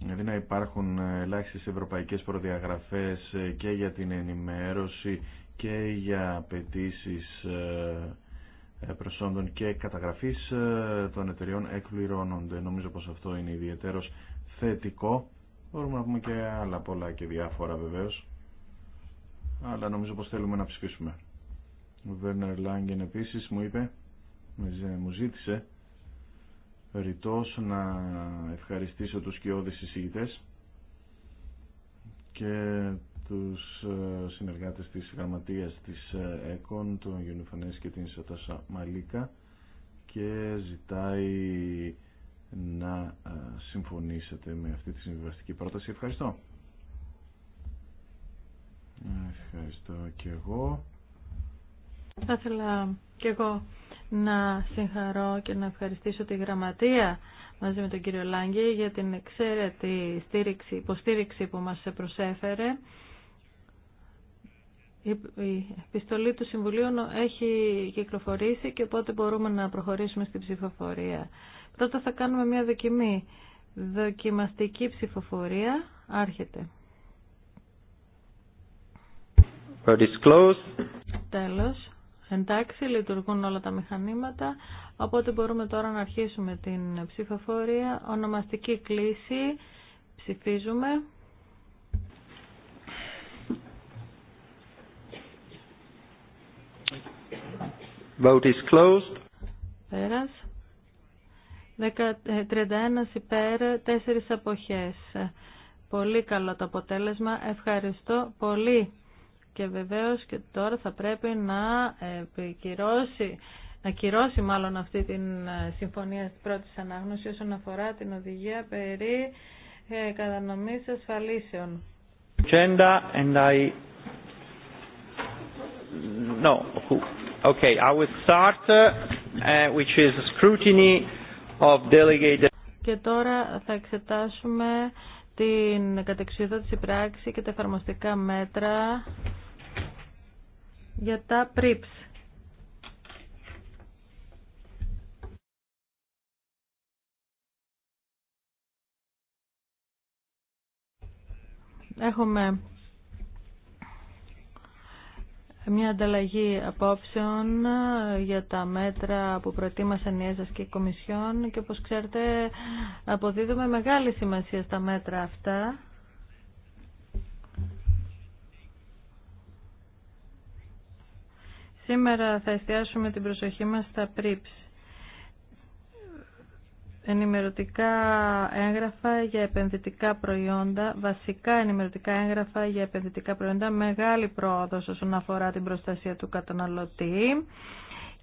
δηλαδή να υπάρχουν ελάχιστες ευρωπαϊκές προδιαγραφές και για την ενημέρωση και για απαιτήσει ε, ε, προσόντων και καταγραφής ε, των εταιριών εκπληρώνονται. Νομίζω πως αυτό είναι ιδιαίτερος θετικό. Μπορούμε να πούμε και άλλα πολλά και διάφορα βεβαίως. Αλλά νομίζω πως θέλουμε να ψηφίσουμε. Ο Βέρνερ Λάγκεν επίσης μου είπε, μου ζήτησε ρητός να ευχαριστήσω τους κοιόδης εισηγητές και τους ε, συνεργάτες της γραμματείας της ε, ΕΚΟΝ, τον Γιονιφανές και την Σατάσα Μαλίκα και ζητάει να ε, συμφωνήσετε με αυτή τη συμβιβαστική πρόταση. Ευχαριστώ. Ευχαριστώ και εγώ. Θα ήθελα και εγώ να συγχαρώ και να ευχαριστήσω τη γραμματεία μαζί με τον κύριο Λάγκη για την εξαίρετη στήριξη, υποστήριξη που μας προσέφερε η επιστολή του Συμβουλίου έχει κυκλοφορήσει και οπότε μπορούμε να προχωρήσουμε στην ψηφοφορία. Πρώτα θα κάνουμε μια δοκιμή. Δοκιμαστική ψηφοφορία άρχεται. Τέλος. Εντάξει, λειτουργούν όλα τα μηχανήματα, οπότε μπορούμε τώρα να αρχίσουμε την ψηφοφορία. Ονομαστική κλίση. Ψηφίζουμε. Vote is closed. Πέρας. 31 ε, υπέρ, 4 αποχές. Πολύ καλό το αποτέλεσμα. Ευχαριστώ πολύ. Και βεβαίως και τώρα θα πρέπει να επικυρώσει να κυρώσει μάλλον αυτή την ε, συμφωνία της πρώτης ανάγνωση όσον αφορά την οδηγία περί ε, κατανομής ασφαλίσεων. And I no. Okay, I will start, uh, uh which is scrutiny of delegated. Και τώρα θα εξετάσουμε την κατεξιδότηση πράξη και τα εφαρμοστικά μέτρα για τα PRIPS. Έχουμε μια ανταλλαγή απόψεων ε, για τα μέτρα που προετοίμασαν οι ΕΣΑΣ και η Κομισιόν και όπως ξέρετε αποδίδουμε μεγάλη σημασία στα μέτρα αυτά. Σήμερα θα εστιάσουμε την προσοχή μας στα πρίψη ενημερωτικά έγγραφα για επενδυτικά προϊόντα, βασικά ενημερωτικά έγγραφα για επενδυτικά προϊόντα, μεγάλη πρόοδος όσον αφορά την προστασία του καταναλωτή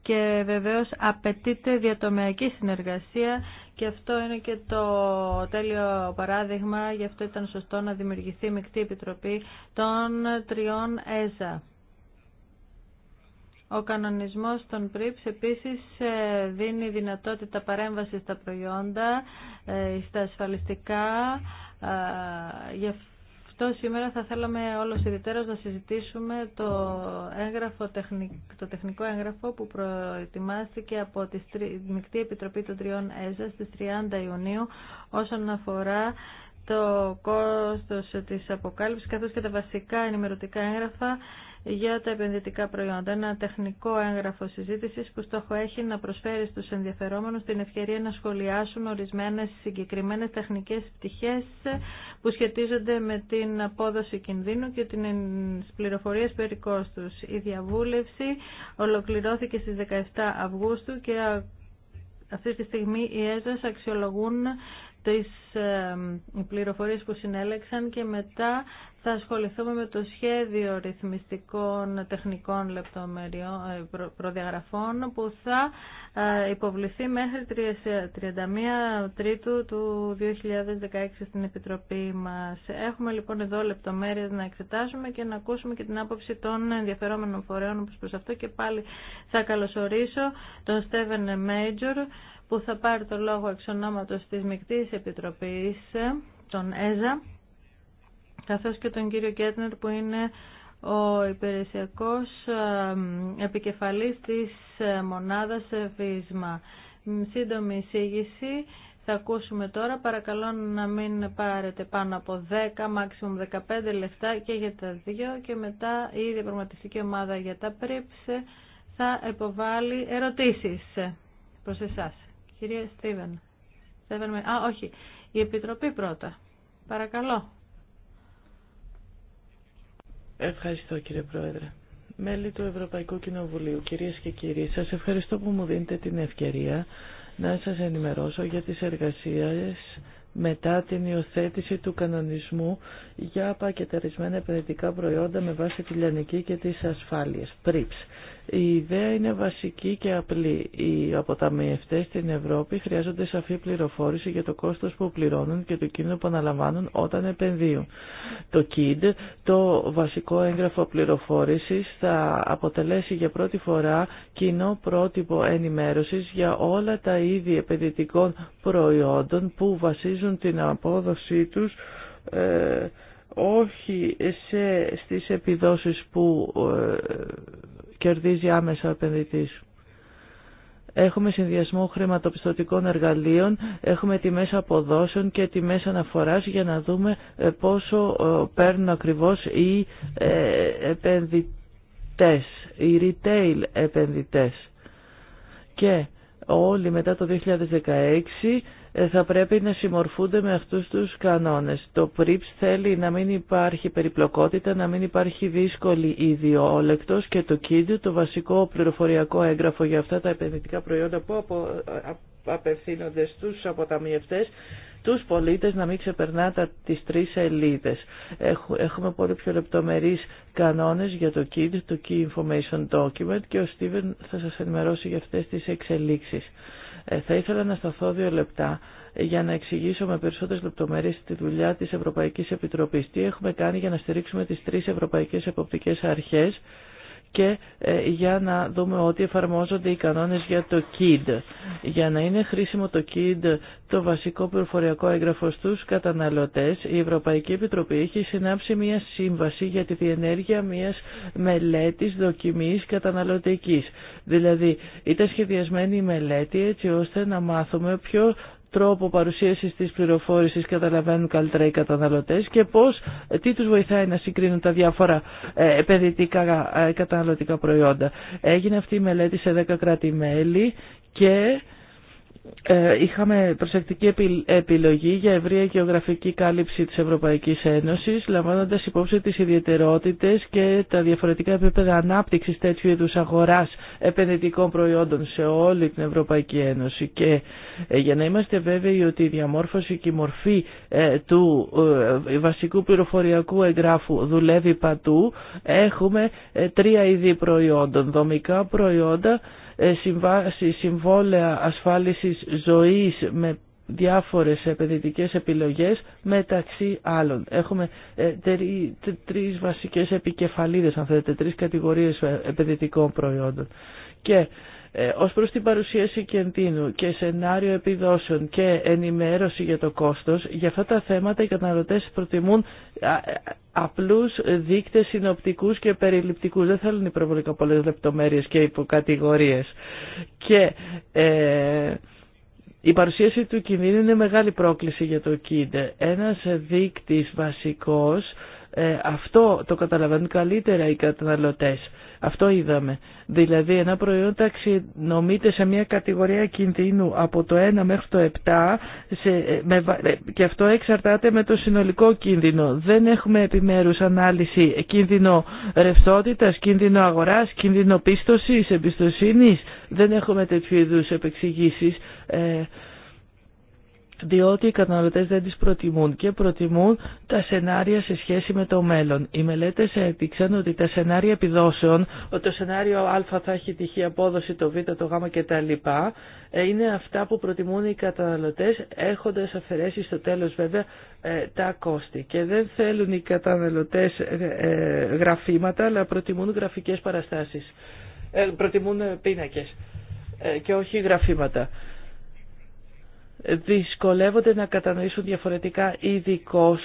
και βεβαίως απαιτείται διατομεακή συνεργασία και αυτό είναι και το τέλειο παράδειγμα, γι' αυτό ήταν σωστό να δημιουργηθεί μεικτή επιτροπή των τριών ΕΖΑ. Ο κανονισμός των PRIPS επίσης ε, δίνει δυνατότητα παρέμβασης στα προϊόντα, ε, στα ασφαλιστικά. Ε, γι' αυτό σήμερα θα θέλαμε όλος ιδιαίτερα να συζητήσουμε το, έγγραφο, το τεχνικό έγγραφο που προετοιμάστηκε από τη Μικτή Επιτροπή των Τριών ΕΖΑ στις 30 Ιουνίου όσον αφορά το κόστος της αποκάλυψης καθώς και τα βασικά ενημερωτικά έγγραφα για τα επενδυτικά προϊόντα. Ένα τεχνικό έγγραφο συζήτηση που στόχο έχει να προσφέρει στου ενδιαφερόμενου την ευκαιρία να σχολιάσουν ορισμένε συγκεκριμένε τεχνικέ πτυχέ που σχετίζονται με την απόδοση κινδύνου και την πληροφορία περί κόστου. Η διαβούλευση ολοκληρώθηκε στι 17 Αυγούστου και αυτή τη στιγμή οι ΕΖΑΣ αξιολογούν τις πληροφορίες που συνέλεξαν και μετά θα ασχοληθούμε με το σχέδιο ρυθμιστικών τεχνικών λεπτομεριών ε, προδιαγραφών που θα ε, υποβληθεί μέχρι 31 Τρίτου του 2016 στην Επιτροπή μας. Έχουμε λοιπόν εδώ λεπτομέρειες να εξετάσουμε και να ακούσουμε και την άποψη των ενδιαφερόμενων φορέων όπως προς αυτό και πάλι θα καλωσορίσω τον Στέβεν Μέιτζορ που θα πάρει το λόγο εξ ονόματος της Μικτής Επιτροπής, τον ΕΖΑ, καθώς και τον κύριο Κέτνερ που είναι ο υπηρεσιακός επικεφαλής της ε, μονάδας ΒΙΣΜΑ. Σύντομη εισήγηση θα ακούσουμε τώρα. Παρακαλώ να μην πάρετε πάνω από 10, maximum 15 λεπτά και για τα δύο και μετά η διαπραγματευτική ομάδα για τα πρίψε θα υποβάλει ερωτήσεις προς εσάς. Κυρία Στίβεν. Α, όχι. Η Επιτροπή πρώτα. Παρακαλώ. Ευχαριστώ κύριε Πρόεδρε. Μέλη του Ευρωπαϊκού Κοινοβουλίου, κυρίες και κύριοι, σας ευχαριστώ που μου δίνετε την ευκαιρία να σας ενημερώσω για τις εργασίες μετά την υιοθέτηση του κανονισμού για πακεταρισμένα επενδυτικά προϊόντα με βάση τη λιανική και τις ασφάλειες, PRIPS. Η ιδέα είναι βασική και απλή. Οι αποταμιευτές στην Ευρώπη χρειάζονται σαφή πληροφόρηση για το κόστος που πληρώνουν και το κίνδυνο που αναλαμβάνουν όταν επενδύουν. Το KID, το βασικό έγγραφο πληροφόρησης, θα αποτελέσει για πρώτη φορά κοινό πρότυπο ενημέρωσης για όλα τα είδη επενδυτικών προϊόντων που βασίζουν την απόδοσή τους ε, όχι σε, στις επιδόσεις που ε, κερδίζει άμεσα ο επενδυτής. Έχουμε συνδυασμό χρηματοπιστωτικών εργαλείων, έχουμε τιμές αποδόσεων και τιμές αναφοράς για να δούμε ε, πόσο ε, παίρνουν ακριβώς οι ε, επενδυτές, οι retail επενδυτές. Και όλοι μετά το 2016 θα πρέπει να συμμορφούνται με αυτούς τους κανόνες. Το PRIPS θέλει να μην υπάρχει περιπλοκότητα, να μην υπάρχει δύσκολη ιδιόλεκτος και το ΚΙΔΙΟ, το βασικό πληροφοριακό έγγραφο για αυτά τα επενδυτικά προϊόντα που απευθύνονται στους αποταμιευτές, τους πολίτες να μην ξεπερνά τα, τις τρεις σελίδες. Έχουμε πολύ πιο λεπτομερείς κανόνες για το KID, το Key Information Document και ο Στίβεν θα σας ενημερώσει για αυτές τις εξελίξεις. Ε, θα ήθελα να σταθώ δύο λεπτά για να εξηγήσω με περισσότερες λεπτομέρειες τη δουλειά της Ευρωπαϊκής Επιτροπής. Τι έχουμε κάνει για να στηρίξουμε τις τρεις ευρωπαϊκές εποπτικές αρχές και ε, για να δούμε ότι εφαρμόζονται οι κανόνες για το KID. Για να είναι χρήσιμο το KID το βασικό πληροφοριακό έγγραφο στους καταναλωτές, η Ευρωπαϊκή Επιτροπή έχει συνάψει μια σύμβαση για τη διενέργεια μιας μελέτης δοκιμής καταναλωτικής. Δηλαδή ήταν σχεδιασμένη η μελέτη έτσι ώστε να μάθουμε ποιο τρόπο παρουσίασης της πληροφόρηση καταλαβαίνουν καλύτερα οι καταναλωτές και πώς, τι τους βοηθάει να συγκρίνουν τα διάφορα ε, επενδυτικά ε, καταναλωτικά προϊόντα. Έγινε αυτή η μελέτη σε 10 κράτη-μέλη και ε, είχαμε προσεκτική επιλογή για ευρεία γεωγραφική κάλυψη της Ευρωπαϊκής Ένωσης, λαμβάνοντας υπόψη τις ιδιαιτερότητες και τα διαφορετικά επίπεδα ανάπτυξης τέτοιου είδους αγοράς επενδυτικών προϊόντων σε όλη την Ευρωπαϊκή Ένωση. Και ε, για να είμαστε βέβαιοι ότι η διαμόρφωση και η μορφή ε, του βασικού πληροφοριακού εγγράφου δουλεύει πατού, έχουμε τρία είδη προϊόντων, δομικά προϊόντα, ε, συμβάσει, συμβόλαια ασφάλισης ζωής με διάφορες επενδυτικές επιλογές μεταξύ άλλων. Έχουμε ε, τρεις βασικές επικεφαλίδες, αν θέλετε, τρεις κατηγορίες ε, επενδυτικών προϊόντων. Και ε, ως προς την παρουσίαση κεντίνου και σενάριο επιδόσεων και ενημέρωση για το κόστος, για αυτά τα θέματα οι καταναλωτές προτιμούν ε, απλούς δείκτες συνοπτικούς και περιληπτικούς. Δεν θέλουν υπερβολικά πολλές λεπτομέρειες και υποκατηγορίες. Και ε, η παρουσίαση του κινδύνου είναι μεγάλη πρόκληση για το ΚΙΝΤ. Ένας δείκτης βασικός ε, αυτό το καταλαβαίνουν καλύτερα οι καταναλωτές. Αυτό είδαμε. Δηλαδή ένα προϊόν ταξινομείται σε μια κατηγορία κινδύνου από το 1 μέχρι το 7 σε, ε, ε, και αυτό εξαρτάται με το συνολικό κίνδυνο. Δεν έχουμε επιμέρους ανάλυση κίνδυνο ρευστότητας, κίνδυνο αγοράς, κίνδυνο πίστοσης, εμπιστοσύνης. Δεν έχουμε τέτοιου είδου επεξηγήσεις διότι οι καταναλωτές δεν τις προτιμούν και προτιμούν τα σενάρια σε σχέση με το μέλλον. Οι μελέτες έδειξαν ότι τα σενάρια επιδόσεων, ότι το σενάριο α θα έχει τυχή απόδοση, το β, το γ κτλ. Ε, είναι αυτά που προτιμούν οι καταναλωτές έχοντας αφαιρέσει στο τέλος βέβαια ε, τα κόστη. Και δεν θέλουν οι καταναλωτές ε, γραφήματα, αλλά προτιμούν γραφικές παραστάσεις. προτιμούν πίνακες και όχι γραφήματα δυσκολεύονται να κατανοήσουν διαφορετικά είδη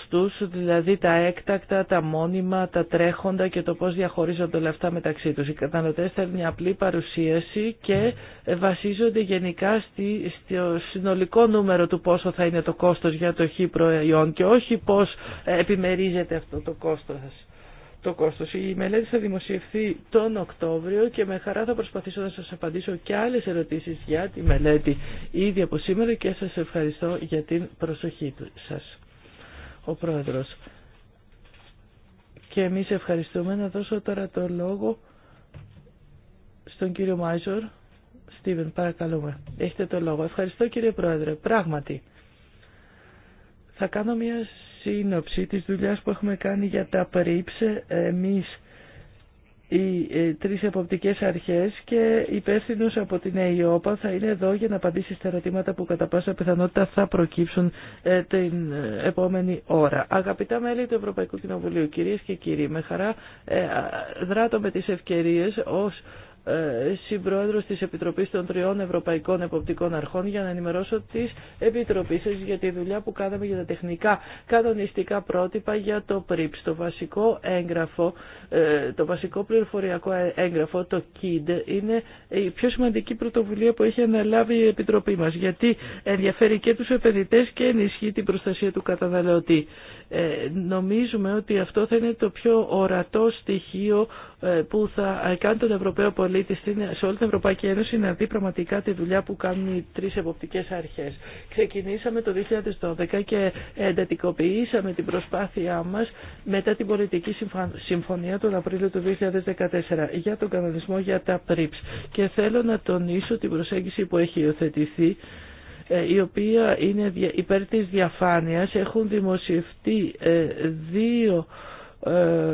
τους, δηλαδή τα έκτακτα, τα μόνιμα, τα τρέχοντα και το πώς διαχωρίζονται όλα αυτά μεταξύ τους. Οι θα θέλουν μια απλή παρουσίαση και βασίζονται γενικά στη, στο συνολικό νούμερο του πόσο θα είναι το κόστος για το χ προϊόν και όχι πώς επιμερίζεται αυτό το κόστος το κόστος. Η μελέτη θα δημοσιευθεί τον Οκτώβριο και με χαρά θα προσπαθήσω να σας απαντήσω και άλλες ερωτήσεις για τη μελέτη ήδη από σήμερα και σας ευχαριστώ για την προσοχή σας. Ο Πρόεδρος. Και εμείς ευχαριστούμε να δώσω τώρα το λόγο στον κύριο Μάιζορ. Στίβεν, παρακαλούμε. Έχετε το λόγο. Ευχαριστώ κύριε Πρόεδρε. Πράγματι. Θα κάνω μια σύνοψη της δουλειάς που έχουμε κάνει για τα περίψε εμείς οι ε, τρεις εποπτικές αρχές και υπεύθυνο από την ΕΙΟΠΑ θα είναι εδώ για να απαντήσει στα ερωτήματα που κατά πάσα πιθανότητα θα προκύψουν ε, την ε, επόμενη ώρα. Αγαπητά μέλη του Ευρωπαϊκού Κοινοβουλίου, κυρίες και κύριοι, με χαρά δράτω με τις ευκαιρίες ως ε, συμπρόεδρος τη Επιτροπής των Τριών Ευρωπαϊκών Εποπτικών Αρχών για να ενημερώσω τις Επιτροπής σα για τη δουλειά που κάναμε για τα τεχνικά κανονιστικά πρότυπα για το ΠΡΙΠΣ, το βασικό έγγραφο ε, το βασικό πληροφοριακό έγγραφο, το KID, είναι η πιο σημαντική πρωτοβουλία που έχει αναλάβει η Επιτροπή μας, γιατί ενδιαφέρει και τους επενδυτές και ενισχύει την προστασία του καταναλωτή. Ε, νομίζουμε ότι αυτό θα είναι το πιο ορατό στοιχείο ε, που θα κάνει τον Ευρωπαίο πολίτη σε όλη την Ευρωπαϊκή Ένωση να δει πραγματικά τη δουλειά που κάνουν οι τρεις εποπτικές αρχές. Ξεκινήσαμε το 2012 και εντατικοποιήσαμε την προσπάθειά μας μετά την πολιτική συμφωνία τον Απρίλιο του 2014 για τον κανονισμό για τα PRIPS και θέλω να τονίσω την προσέγγιση που έχει υιοθετηθεί ε, η οποία είναι υπέρ της διαφάνειας. Έχουν δημοσιευτεί ε, δύο ε,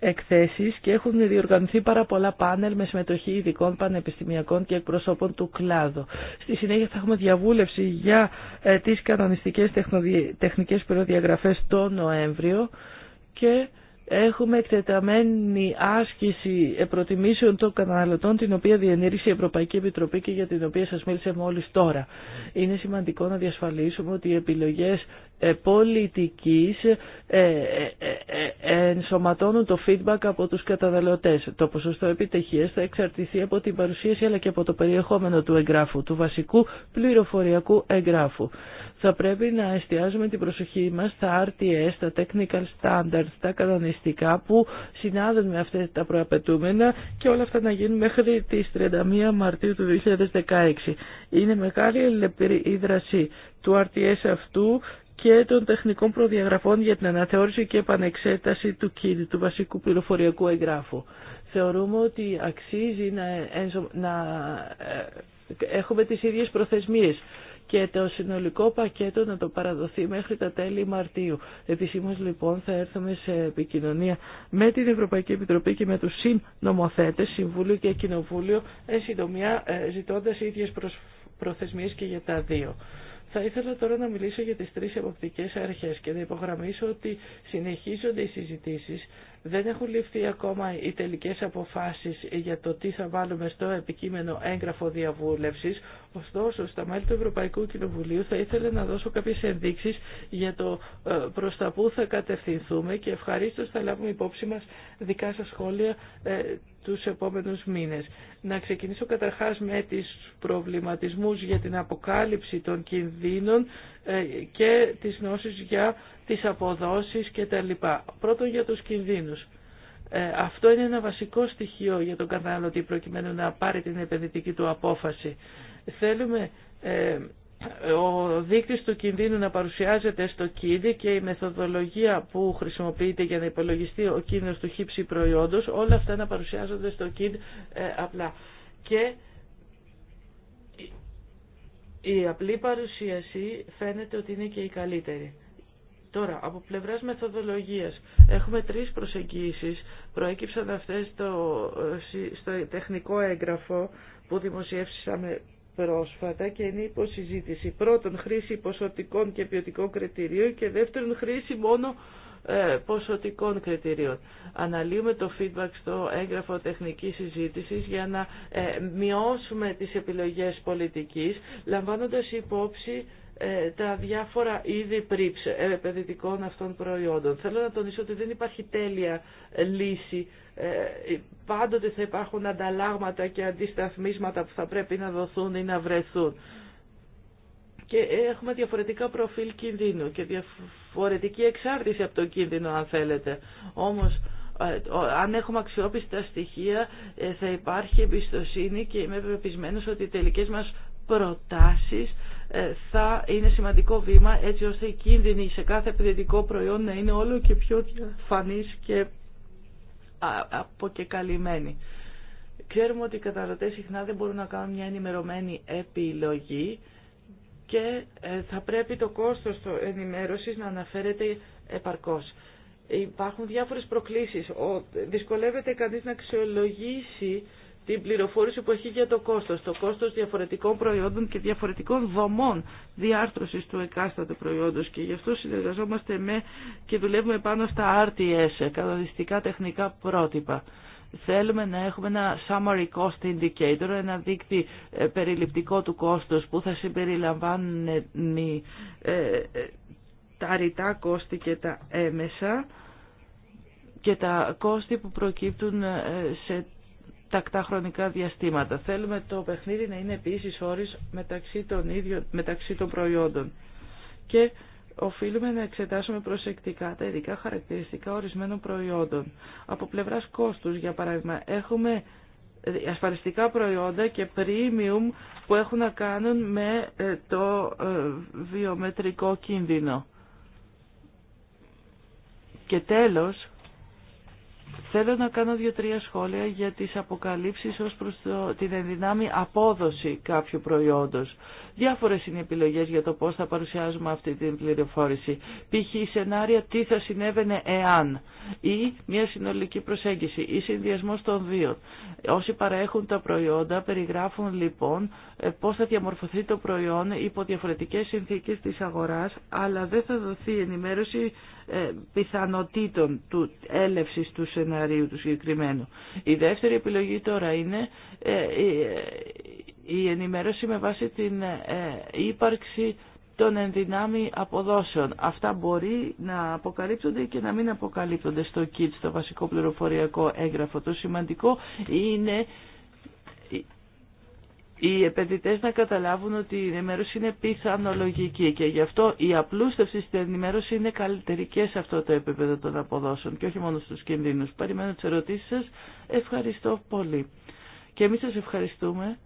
εκθέσεις και έχουν διοργανωθεί πάρα πολλά πάνελ με συμμετοχή ειδικών πανεπιστημιακών και εκπροσώπων του κλάδου. Στη συνέχεια θα έχουμε διαβούλευση για τις κανονιστικές τεχνικές προδιαγραφές το Νοέμβριο και Έχουμε εκτεταμένη άσκηση προτιμήσεων των καταναλωτών, την οποία διενήρξε η Ευρωπαϊκή Επιτροπή και για την οποία σας μίλησε μόλις τώρα. Είναι σημαντικό να διασφαλίσουμε ότι οι επιλογές ε, πολιτικής ε, ε, ενσωματώνουν το feedback από τους καταναλωτές. Το ποσοστό επιτυχίας θα εξαρτηθεί από την παρουσίαση αλλά και από το περιεχόμενο του εγγράφου, του βασικού πληροφοριακού εγγράφου θα πρέπει να εστιάζουμε την προσοχή μας στα RTS, τα technical standards, τα κανονιστικά που συνάδουν με αυτές τα προαπαιτούμενα και όλα αυτά να γίνουν μέχρι τις 31 Μαρτίου του 2016. Είναι μεγάλη η δρασή του RTS αυτού και των τεχνικών προδιαγραφών για την αναθεώρηση και επανεξέταση του κίνητου, του βασικού πληροφοριακού εγγράφου. Θεωρούμε ότι αξίζει να, να ε, έχουμε τις ίδιες προθεσμίες και το συνολικό πακέτο να το παραδοθεί μέχρι τα τέλη Μαρτίου. Επισήμω λοιπόν θα έρθουμε σε επικοινωνία με την Ευρωπαϊκή Επιτροπή και με τους συνομοθέτες, Συμβούλιο και Κοινοβούλιο, εν συντομία ε, ζητώντας ίδιες προθεσμίες και για τα δύο. Θα ήθελα τώρα να μιλήσω για τις τρεις εποπτικές αρχές και να υπογραμμίσω ότι συνεχίζονται οι συζητήσεις δεν έχουν ληφθεί ακόμα οι τελικές αποφάσεις για το τι θα βάλουμε στο επικείμενο έγγραφο διαβούλευσης. Ωστόσο, στα μέλη του Ευρωπαϊκού Κοινοβουλίου θα ήθελα να δώσω κάποιες ενδείξεις για το ε, προς τα που θα κατευθυνθούμε και ευχαριστώ θα λάβουμε υπόψη μας δικά σας σχόλια ε, τους επόμενους μήνες. Να ξεκινήσω καταρχάς με τις προβληματισμούς για την αποκάλυψη των κινδύνων ε, και τις νόσεις για τις αποδόσεις κτλ. Πρώτον για τους κινδύνους. Ε, αυτό είναι ένα βασικό στοιχείο για τον καταναλωτή προκειμένου να πάρει την επενδυτική του απόφαση. Θέλουμε ε, ο δείκτης του κινδύνου να παρουσιάζεται στο κίνδυ και η μεθοδολογία που χρησιμοποιείται για να υπολογιστεί ο κίνδυνος του χύψη προϊόντος, όλα αυτά να παρουσιάζονται στο κίνδ ε, απλά. Και η απλή παρουσίαση φαίνεται ότι είναι και η καλύτερη. Τώρα, από πλευράς μεθοδολογίας, έχουμε τρεις προσεγγίσεις, προέκυψαν αυτές στο, ε, στο τεχνικό έγγραφο που δημοσιεύσαμε πρόσφατα και είναι υποσυζήτηση. Πρώτον, χρήση ποσοτικών και ποιοτικών κριτηρίων και δεύτερον, χρήση μόνο ε, ποσοτικών κριτηρίων. Αναλύουμε το feedback στο έγγραφο τεχνικής συζήτησης για να ε, μειώσουμε τις επιλογές πολιτικής, λαμβάνοντας υπόψη ε, τα διάφορα είδη πρίψε επενδυτικών αυτών προϊόντων. Θέλω να τονίσω ότι δεν υπάρχει τέλεια λύση ε, πάντοτε θα υπάρχουν ανταλλάγματα και αντισταθμίσματα που θα πρέπει να δοθούν ή να βρεθούν. Και έχουμε διαφορετικά προφίλ κινδύνου και διαφορετική εξάρτηση από τον κίνδυνο αν θέλετε. Όμως ε, αν έχουμε αξιόπιστα στοιχεία ε, θα υπάρχει εμπιστοσύνη και είμαι πεπισμένος ότι οι τελικές μας προτάσεις θα είναι σημαντικό βήμα έτσι ώστε οι κίνδυνοι σε κάθε επιδετικό προϊόν να είναι όλο και πιο διαφανείς και αποκεκαλυμμένοι. Ξέρουμε ότι οι καταναλωτές συχνά δεν μπορούν να κάνουν μια ενημερωμένη επιλογή και ε, θα πρέπει το κόστος το ενημέρωσης να αναφέρεται επαρκώς. Υπάρχουν διάφορες προκλήσεις. δυσκολεύεται κανείς να αξιολογήσει την πληροφόρηση που έχει για το κόστος, το κόστος διαφορετικών προϊόντων και διαφορετικών δομών διάρθρωσης του εκάστατου προϊόντος και γι' αυτό συνεργαζόμαστε με και δουλεύουμε πάνω στα RTS, καταδυστικά τεχνικά πρότυπα. Θέλουμε να έχουμε ένα summary cost indicator, ένα δείκτη ε, περιληπτικό του κόστος που θα συμπεριλαμβάνει ε, ε, τα ρητά κόστη και τα έμεσα και τα κόστη που προκύπτουν σε τακτά χρονικά διαστήματα. Θέλουμε το παιχνίδι να είναι επίση όρις μεταξύ των, μεταξύ των προϊόντων. Και οφείλουμε να εξετάσουμε προσεκτικά τα ειδικά χαρακτηριστικά ορισμένων προϊόντων. Από πλευράς κόστους, για παράδειγμα, έχουμε ασφαλιστικά προϊόντα και premium που έχουν να κάνουν με ε, το ε, βιομετρικό κίνδυνο. Και τέλος, Θέλω να κάνω δύο-τρία σχόλια για τις αποκαλύψεις ως προς την ενδυνάμει απόδοση κάποιου προϊόντος. Διάφορες είναι οι επιλογές για το πώς θα παρουσιάζουμε αυτή την πληροφόρηση. Π.χ. η σενάρια τι θα συνέβαινε εάν ή μια συνολική προσέγγιση ή συνδυασμό των δύο. Όσοι παρέχουν τα προϊόντα περιγράφουν λοιπόν ε, πώς θα διαμορφωθεί το προϊόν υπό διαφορετικές συνθήκες της αγοράς αλλά δεν θα δοθεί ενημέρωση ε, πιθανοτήτων του έλευσης του σενάριου του συγκεκριμένου. Η δεύτερη επιλογή τώρα είναι ε, η ενημέρωση με βάση την ε, ύπαρξη των ενδυνάμει αποδόσεων. Αυτά μπορεί να αποκαλύπτονται και να μην αποκαλύπτονται στο KIT, στο βασικό πληροφοριακό έγγραφο. Το σημαντικό είναι οι επενδυτέ να καταλάβουν ότι η ενημέρωση είναι πιθανολογική και γι' αυτό η απλούστευση στην ενημέρωση είναι καλύτερη και σε αυτό το επίπεδο των αποδόσεων και όχι μόνο στους κινδύνους. Περιμένω τις ερωτήσεις σας. Ευχαριστώ πολύ. Και εμείς σας ευχαριστούμε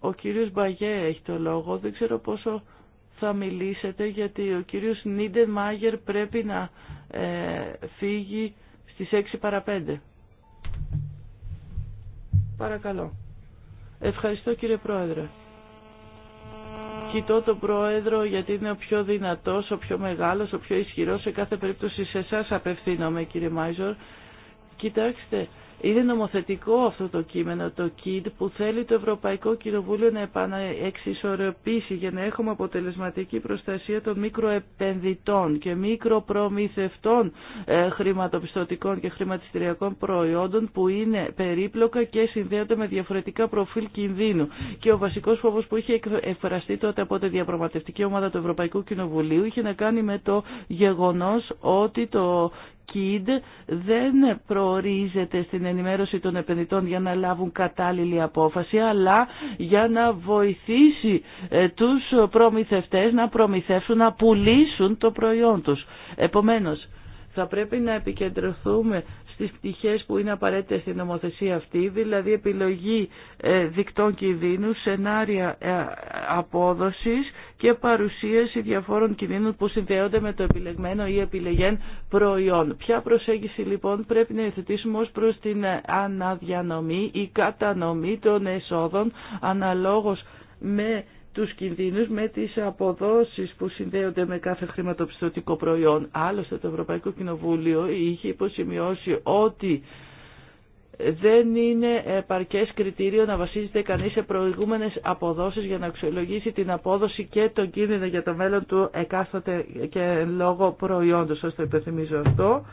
ο κύριος Μπαγέ έχει το λόγο. Δεν ξέρω πόσο θα μιλήσετε γιατί ο κύριος Νίντε Μάγερ πρέπει να ε, φύγει στις 6 παρα 5. Παρακαλώ. Ευχαριστώ κύριε Πρόεδρε. Κοιτώ τον Πρόεδρο γιατί είναι ο πιο δυνατός, ο πιο μεγάλος, ο πιο ισχυρός. Σε κάθε περίπτωση σε εσά απευθύνομαι κύριε Μάιζορ Κοιτάξτε, είναι νομοθετικό αυτό το κείμενο, το ΚΙΔ, που θέλει το Ευρωπαϊκό Κοινοβούλιο να επαναεξισορροπήσει για να έχουμε αποτελεσματική προστασία των μικροεπενδυτών και μικροπρομηθευτών ε, χρηματοπιστωτικών και χρηματιστηριακών προϊόντων που είναι περίπλοκα και συνδέονται με διαφορετικά προφίλ κινδύνου. Και ο βασικό φόβο που είχε εκφραστεί τότε από τη διαπραγματευτική ομάδα του Ευρωπαϊκού Κοινοβουλίου είχε να κάνει με το γεγονό ότι το KID δεν προορίζεται στην ενημέρωση των επενδυτών για να λάβουν κατάλληλη απόφαση, αλλά για να βοηθήσει ε, τους προμηθευτές να προμηθεύσουν, να πουλήσουν το προϊόν τους. Επομένως, θα πρέπει να επικεντρωθούμε στις πτυχές που είναι απαραίτητες στην νομοθεσία αυτή, δηλαδή επιλογή ε, δικτών κινδύνου, σενάρια ε, απόδοσης και παρουσίαση διαφόρων κινδύνων που συνδέονται με το επιλεγμένο ή επιλεγέν προϊόν. Ποια προσέγγιση λοιπόν πρέπει να υιοθετήσουμε ως προς την αναδιανομή ή κατανομή των εσόδων αναλόγως με τους κινδύνους με τις αποδόσεις που συνδέονται με κάθε χρηματοπιστωτικό προϊόν. Άλλωστε το Ευρωπαϊκό Κοινοβούλιο είχε υποσημειώσει ότι δεν είναι επαρκές κριτήριο να βασίζεται κανείς σε προηγούμενες αποδόσεις για να αξιολογήσει την απόδοση και τον κίνδυνο για το μέλλον του εκάστοτε και λόγω προϊόντος, σας το υπενθυμίζω αυτό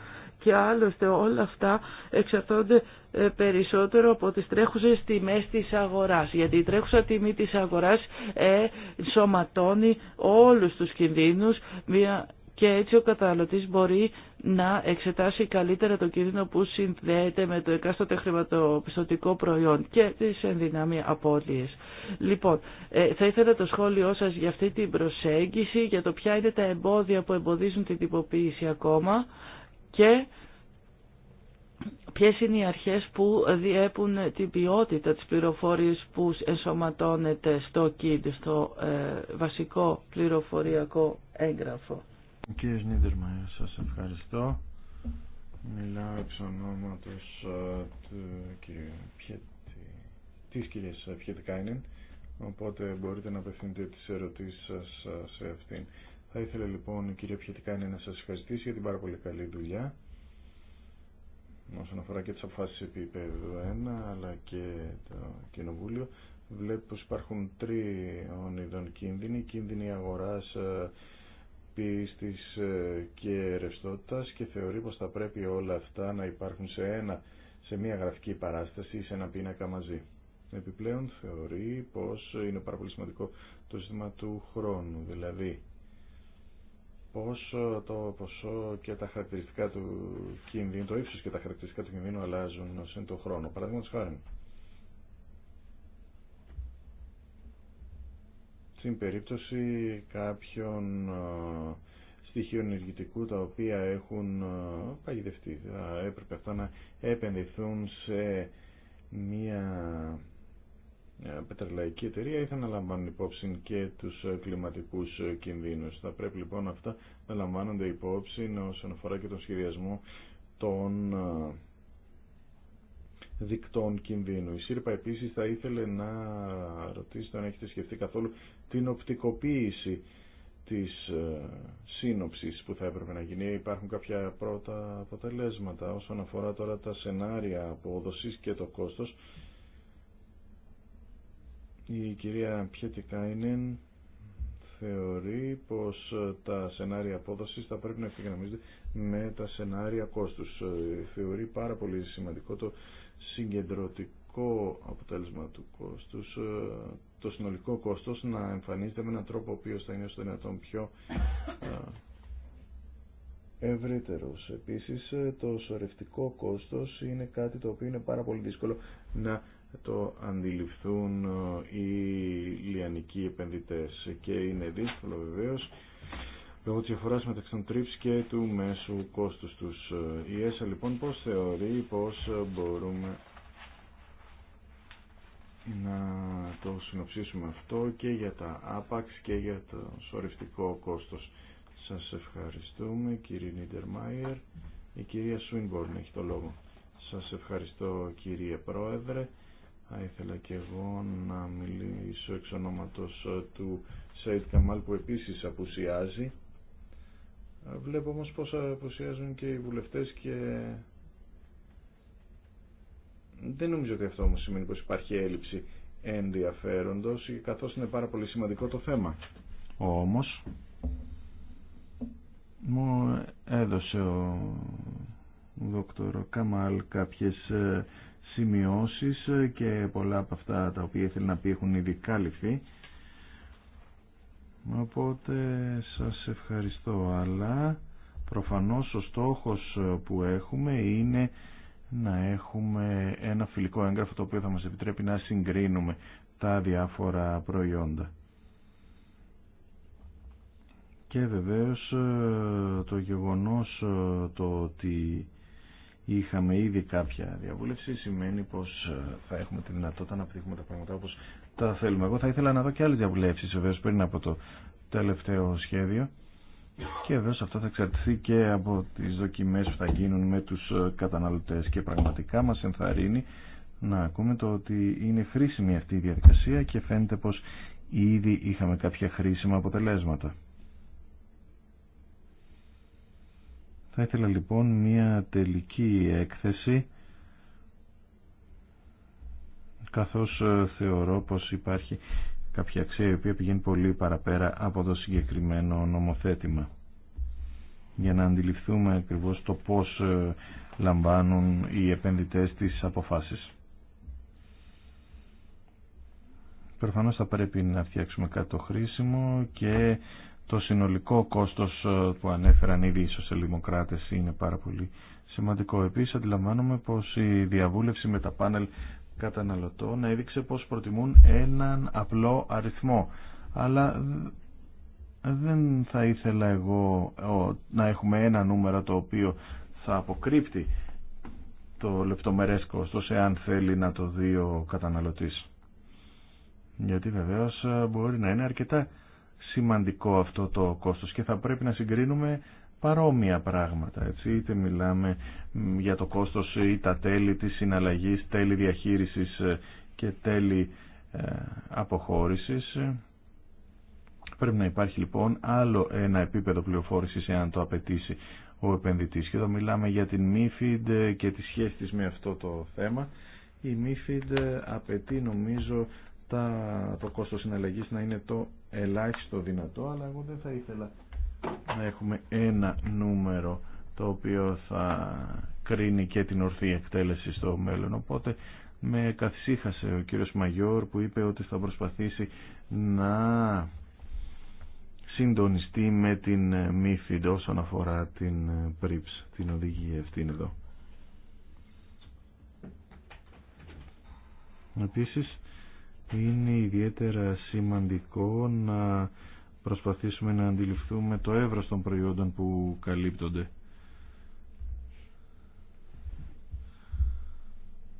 και άλλωστε όλα αυτά εξαρτώνται ε, περισσότερο από τις τρέχουσες τιμές της αγοράς γιατί η τρέχουσα τιμή της αγοράς ε, σωματώνει όλους τους κινδύνους μια και έτσι ο καταναλωτής μπορεί να εξετάσει καλύτερα το κίνδυνο που συνδέεται με το εκάστοτε χρηματοπιστωτικό προϊόν και τις ενδυνάμει απώλειες. Λοιπόν, ε, θα ήθελα το σχόλιο σας για αυτή την προσέγγιση, για το ποια είναι τα εμπόδια που εμποδίζουν την τυποποίηση ακόμα και ποιες είναι οι αρχές που διέπουν την ποιότητα της πληροφορίας που ενσωματώνεται στο KID, στο ε, βασικό πληροφοριακό έγγραφο. Κύριε Νίδερμα, σας ευχαριστώ. Μιλάω εξ ονόματος ε, του, κύριε, Πιέτη, της κυρίας οπότε μπορείτε να απευθυνθείτε τις ερωτήσεις σας ε, σε αυτήν. Θα ήθελα λοιπόν κύριε Πιετικάνη να σας ευχαριστήσει για την πάρα πολύ καλή δουλειά όσον αφορά και τις αποφάσεις επίπεδο 1 αλλά και το Κοινοβούλιο. Βλέπω πως υπάρχουν τρίων ειδών κίνδυνοι, κίνδυνοι αγοράς ε, πίστης ε, και ρευστότητας και θεωρεί πως θα πρέπει όλα αυτά να υπάρχουν σε, ένα, σε μια γραφική παράσταση ή σε ένα πίνακα μαζί. Επιπλέον θεωρεί πως είναι πάρα πολύ σημαντικό το ζήτημα του χρόνου, δηλαδή πόσο ε, το ποσό και τα χαρακτηριστικά του κινδύνου, το ύψος και τα χαρακτηριστικά του κινδύνου αλλάζουν σε τον χρόνο. της χάρη. Στην περίπτωση κάποιων ε, στοιχείων ενεργητικού τα οποία έχουν ε, παγιδευτεί. έπρεπε αυτά να επενδυθούν σε μία ε, πετρελαϊκή εταιρεία ή θα λαμβάνουν υπόψη και τους ε, κλιματικούς ε, κινδύνους. Θα πρέπει λοιπόν αυτά να λαμβάνονται υπόψη όσον αφορά και τον σχεδιασμό των δικτών κινδύνου. Η ΣΥΡΠΑ επίσης θα ήθελε να ρωτήσει αν έχετε σκεφτεί καθόλου την οπτικοποίηση της σύνοψης που θα έπρεπε να γίνει. Υπάρχουν κάποια πρώτα αποτελέσματα όσον αφορά τώρα τα σενάρια αποδοσής και το κόστος. Η κυρία Κάινεν θεωρεί πως τα σενάρια απόδοσης θα πρέπει να ευθυγραμμίζονται με τα σενάρια κόστους. Θεωρεί πάρα πολύ σημαντικό το συγκεντρωτικό αποτέλεσμα του κόστους, το συνολικό κόστος να εμφανίζεται με έναν τρόπο ο οποίος θα είναι στο δυνατόν πιο ευρύτερο. Επίσης το σωρευτικό κόστος είναι κάτι το οποίο είναι πάρα πολύ δύσκολο να το αντιληφθούν ε, οι λιανικοί επενδυτές και είναι δύσκολο βεβαίως λόγω της διαφοράς μεταξύ των τρίψ και του μέσου κόστους τους. Ε, η ΕΣΑ λοιπόν πώς θεωρεί πώς μπορούμε να το συνοψίσουμε αυτό και για τα άπαξ και για το σωρευτικό κόστος. Σας ευχαριστούμε κύριε Μάιερ Η κυρία Σουίνμπορν έχει το λόγο. Σας ευχαριστώ κύριε Πρόεδρε. Θα ήθελα και εγώ να μιλήσω εξ ονόματος ε, του Σαϊτ Καμάλ που επίσης απουσιάζει. Ε, βλέπω όμως πως απουσιάζουν και οι βουλευτές και δεν νομίζω ότι αυτό όμως σημαίνει πως υπάρχει έλλειψη ενδιαφέροντος καθώς είναι πάρα πολύ σημαντικό το θέμα. Όμως μου έδωσε ο δόκτωρο Καμάλ κάποιες ε, σημειώσεις και πολλά από αυτά τα οποία ήθελα να πει έχουν ήδη κάλυφθει. Οπότε σας ευχαριστώ, αλλά προφανώς ο στόχος που έχουμε είναι να έχουμε ένα φιλικό έγγραφο το οποίο θα μας επιτρέπει να συγκρίνουμε τα διάφορα προϊόντα. Και βεβαίως ε, το γεγονός ε, το ότι είχαμε ήδη κάποια διαβούλευση σημαίνει πως ε, θα έχουμε τη δυνατότητα να πετύχουμε τα πράγματα όπως τα θέλουμε. Εγώ θα ήθελα να δω και άλλες διαβουλεύσεις βεβαίως πριν από το τελευταίο σχέδιο και βεβαίως αυτό θα εξαρτηθεί και από τις δοκιμές που θα γίνουν με τους ε, καταναλωτές και πραγματικά μας ενθαρρύνει να ακούμε το ότι είναι χρήσιμη αυτή η διαδικασία και φαίνεται πως ήδη είχαμε κάποια χρήσιμα αποτελέσματα. Θα ήθελα λοιπόν μια τελική έκθεση καθώς ε, θεωρώ πως υπάρχει κάποια αξία η οποία πηγαίνει πολύ παραπέρα από το συγκεκριμένο νομοθέτημα για να αντιληφθούμε ακριβώς το πώς ε, λαμβάνουν οι επενδυτές τις αποφάσεις. Προφανώς θα πρέπει να φτιάξουμε κάτι το χρήσιμο και το συνολικό κόστος ε, που ανέφεραν ήδη οι σοσιαλδημοκράτες είναι πάρα πολύ σημαντικό. Επίσης αντιλαμβάνομαι πως η διαβούλευση με τα πάνελ καταναλωτών έδειξε πως προτιμούν έναν απλό αριθμό. Αλλά δεν θα ήθελα εγώ ε, να έχουμε ένα νούμερο το οποίο θα αποκρύπτει το λεπτομερές κόστος εάν θέλει να το δει ο καταναλωτής. Γιατί βεβαίως ε, μπορεί να είναι αρκετά σημαντικό αυτό το κόστος και θα πρέπει να συγκρίνουμε παρόμοια πράγματα. Έτσι. Είτε μιλάμε για το κόστος ή τα τέλη της συναλλαγής, τέλη διαχείρισης ε, και τέλη ε, αποχώρησης. Πρέπει να υπάρχει λοιπόν άλλο ένα επίπεδο πληροφόρησης εάν το απαιτήσει ο επενδυτής. Και εδώ μιλάμε για την MIFID και τη σχέση της με αυτό το θέμα. Η MIFID απαιτεί νομίζω τα, το κόστος συναλλαγής να είναι το ελάχιστο δυνατό, αλλά εγώ δεν θα ήθελα να έχουμε ένα νούμερο το οποίο θα κρίνει και την ορθή εκτέλεση στο μέλλον. Οπότε με καθυσίχασε ο κύριος Μαγιόρ που είπε ότι θα προσπαθήσει να συντονιστεί με την ΜΥΦΙΔ όσον αφορά την ΠΡΙΠΣ την οδηγία αυτή εδώ. Επίσης, είναι ιδιαίτερα σημαντικό να προσπαθήσουμε να αντιληφθούμε το έβρος των προϊόντων που καλύπτονται.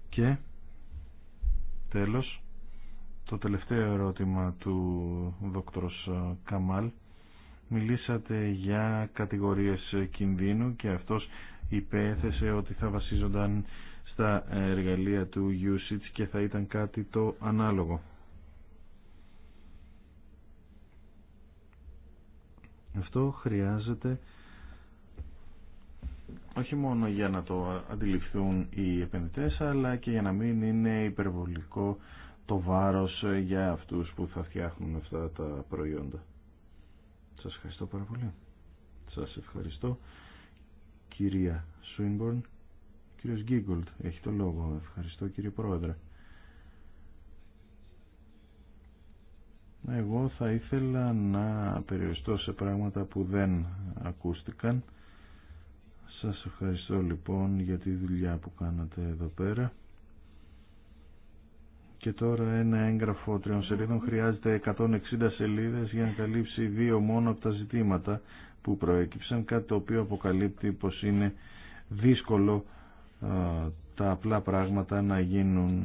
Και τέλος το τελευταίο ερώτημα του δόκτρος Καμάλ μιλήσατε για κατηγορίες κινδύνου και αυτός υπέθεσε ότι θα βασίζονταν στα εργαλεία του usage και θα ήταν κάτι το ανάλογο. Αυτό χρειάζεται όχι μόνο για να το αντιληφθούν οι επενδυτές αλλά και για να μην είναι υπερβολικό το βάρος για αυτούς που θα φτιάχνουν αυτά τα προϊόντα. Σας ευχαριστώ πάρα πολύ. Σας ευχαριστώ κυρία Σουίνμπορν κύριος Γκίγκολτ έχει το λόγο. Ευχαριστώ κύριε Πρόεδρε. Εγώ θα ήθελα να περιοριστώ σε πράγματα που δεν ακούστηκαν. Σας ευχαριστώ λοιπόν για τη δουλειά που κάνατε εδώ πέρα. Και τώρα ένα έγγραφο τριών σελίδων χρειάζεται 160 σελίδες για να καλύψει δύο μόνο από τα ζητήματα που προέκυψαν, κάτι το οποίο αποκαλύπτει πως είναι δύσκολο τα απλά πράγματα να γίνουν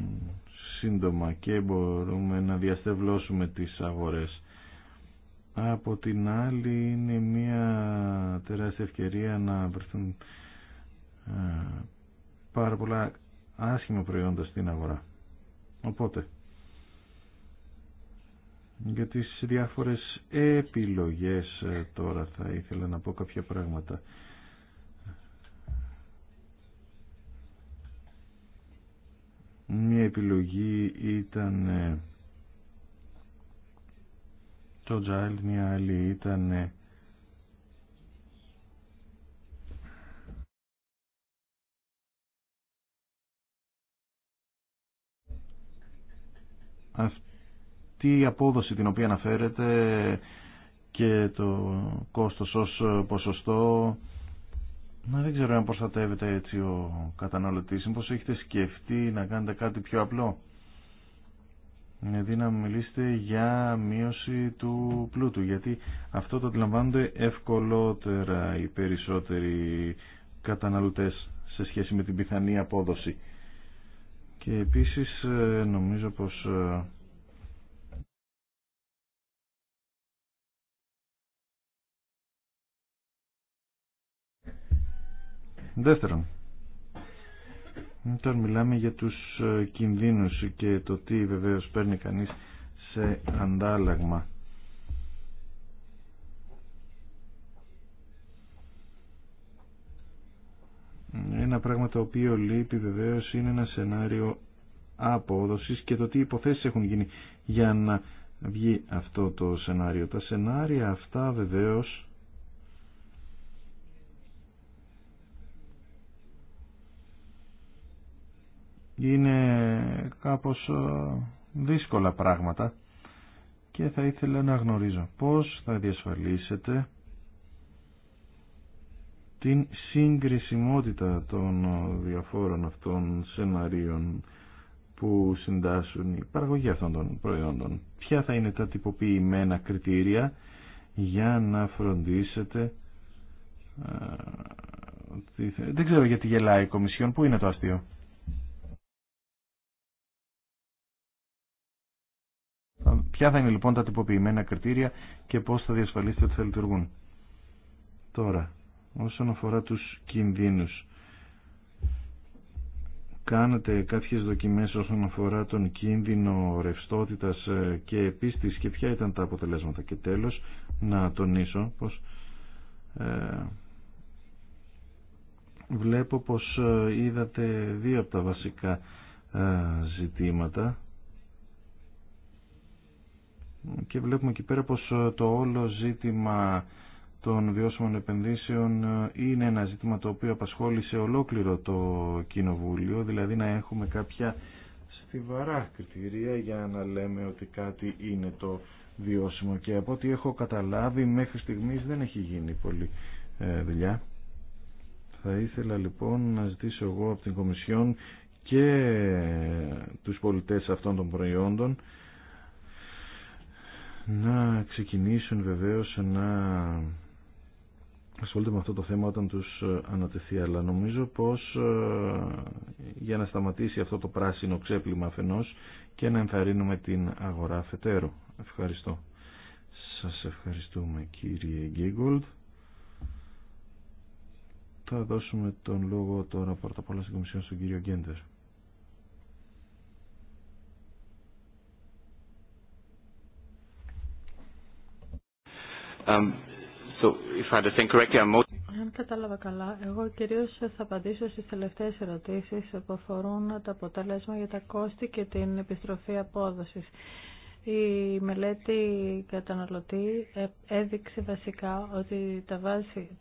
σύντομα και μπορούμε να διαστευλώσουμε τις αγορές. Από την άλλη είναι μια τεράστια ευκαιρία να βρεθούν πάρα πολλά άσχημα προϊόντα στην αγορά. Οπότε, για τις διάφορες επιλογές ε, τώρα θα ήθελα να πω κάποια πράγματα. μια επιλογή ήταν ε, το Τζάιλ, μια άλλη ήταν ε, αυτή η απόδοση την οποία αναφέρεται και το κόστος ως ποσοστό να δεν ξέρω αν προστατεύεται έτσι ο καταναλωτής. Μήπως έχετε σκεφτεί να κάνετε κάτι πιο απλό. Δηλαδή να μιλήσετε για μείωση του πλούτου. Γιατί αυτό το αντιλαμβάνονται ευκολότερα οι περισσότεροι καταναλωτές σε σχέση με την πιθανή απόδοση. Και επίσης ε, νομίζω πως ε, Δεύτερον, τώρα μιλάμε για τους ε, κινδύνους και το τι βεβαίως παίρνει κανείς σε αντάλλαγμα. Ένα πράγμα το οποίο λείπει βεβαίως είναι ένα σενάριο απόδοσης και το τι υποθέσεις έχουν γίνει για να βγει αυτό το σενάριο. Τα σενάρια αυτά βεβαίως είναι κάπως ε, δύσκολα πράγματα και θα ήθελα να γνωρίζω πώς θα διασφαλίσετε την συγκρισιμότητα των ε, διαφόρων αυτών σεναρίων που συντάσσουν η παραγωγή αυτών των προϊόντων. Ποια θα είναι τα τυποποιημένα κριτήρια για να φροντίσετε ε, δεν ξέρω γιατί γελάει η Κομισιόν. Πού είναι το αστείο. Ποια θα είναι λοιπόν τα τυποποιημένα κριτήρια και πώς θα διασφαλίσετε ότι θα λειτουργούν. Τώρα, όσον αφορά τους κινδύνους. Κάνετε κάποιες δοκιμές όσον αφορά τον κίνδυνο ρευστότητας ε, και πίστης και ποια ήταν τα αποτελέσματα. Και τέλος, να τονίσω πως ε, βλέπω πως ε, είδατε δύο από τα βασικά ε, ζητήματα και βλέπουμε εκεί πέρα πως ε, το όλο ζήτημα των βιώσιμων επενδύσεων ε, είναι ένα ζήτημα το οποίο απασχόλησε ολόκληρο το Κοινοβούλιο, δηλαδή να έχουμε κάποια στιβαρά κριτήρια για να λέμε ότι κάτι είναι το βιώσιμο και από ό,τι έχω καταλάβει μέχρι στιγμής δεν έχει γίνει πολύ ε, δουλειά. Θα ήθελα λοιπόν να ζητήσω εγώ από την Κομισιόν και τους πολιτές αυτών των προϊόντων να ξεκινήσουν βεβαίως να ασχολούνται με αυτό το θέμα όταν τους ανατεθεί αλλά νομίζω πως ε, για να σταματήσει αυτό το πράσινο ξέπλυμα αφενός και να ενθαρρύνουμε την αγορά αφετέρου. Ευχαριστώ. Σας ευχαριστούμε κύριε Γκίγκολτ. Θα δώσουμε τον λόγο τώρα πρώτα απ' όλα στην Κομισιόν στον κύριο Γκέντερ. Um, Αν κατάλαβα καλά, εγώ κυρίως θα απαντήσω στις τελευταίες ερωτήσεις που αφορούν το αποτέλεσμα για τα κόστη και την επιστροφή απόδοσης. Η μελέτη καταναλωτή ε, έδειξε βασικά ότι τα βάση,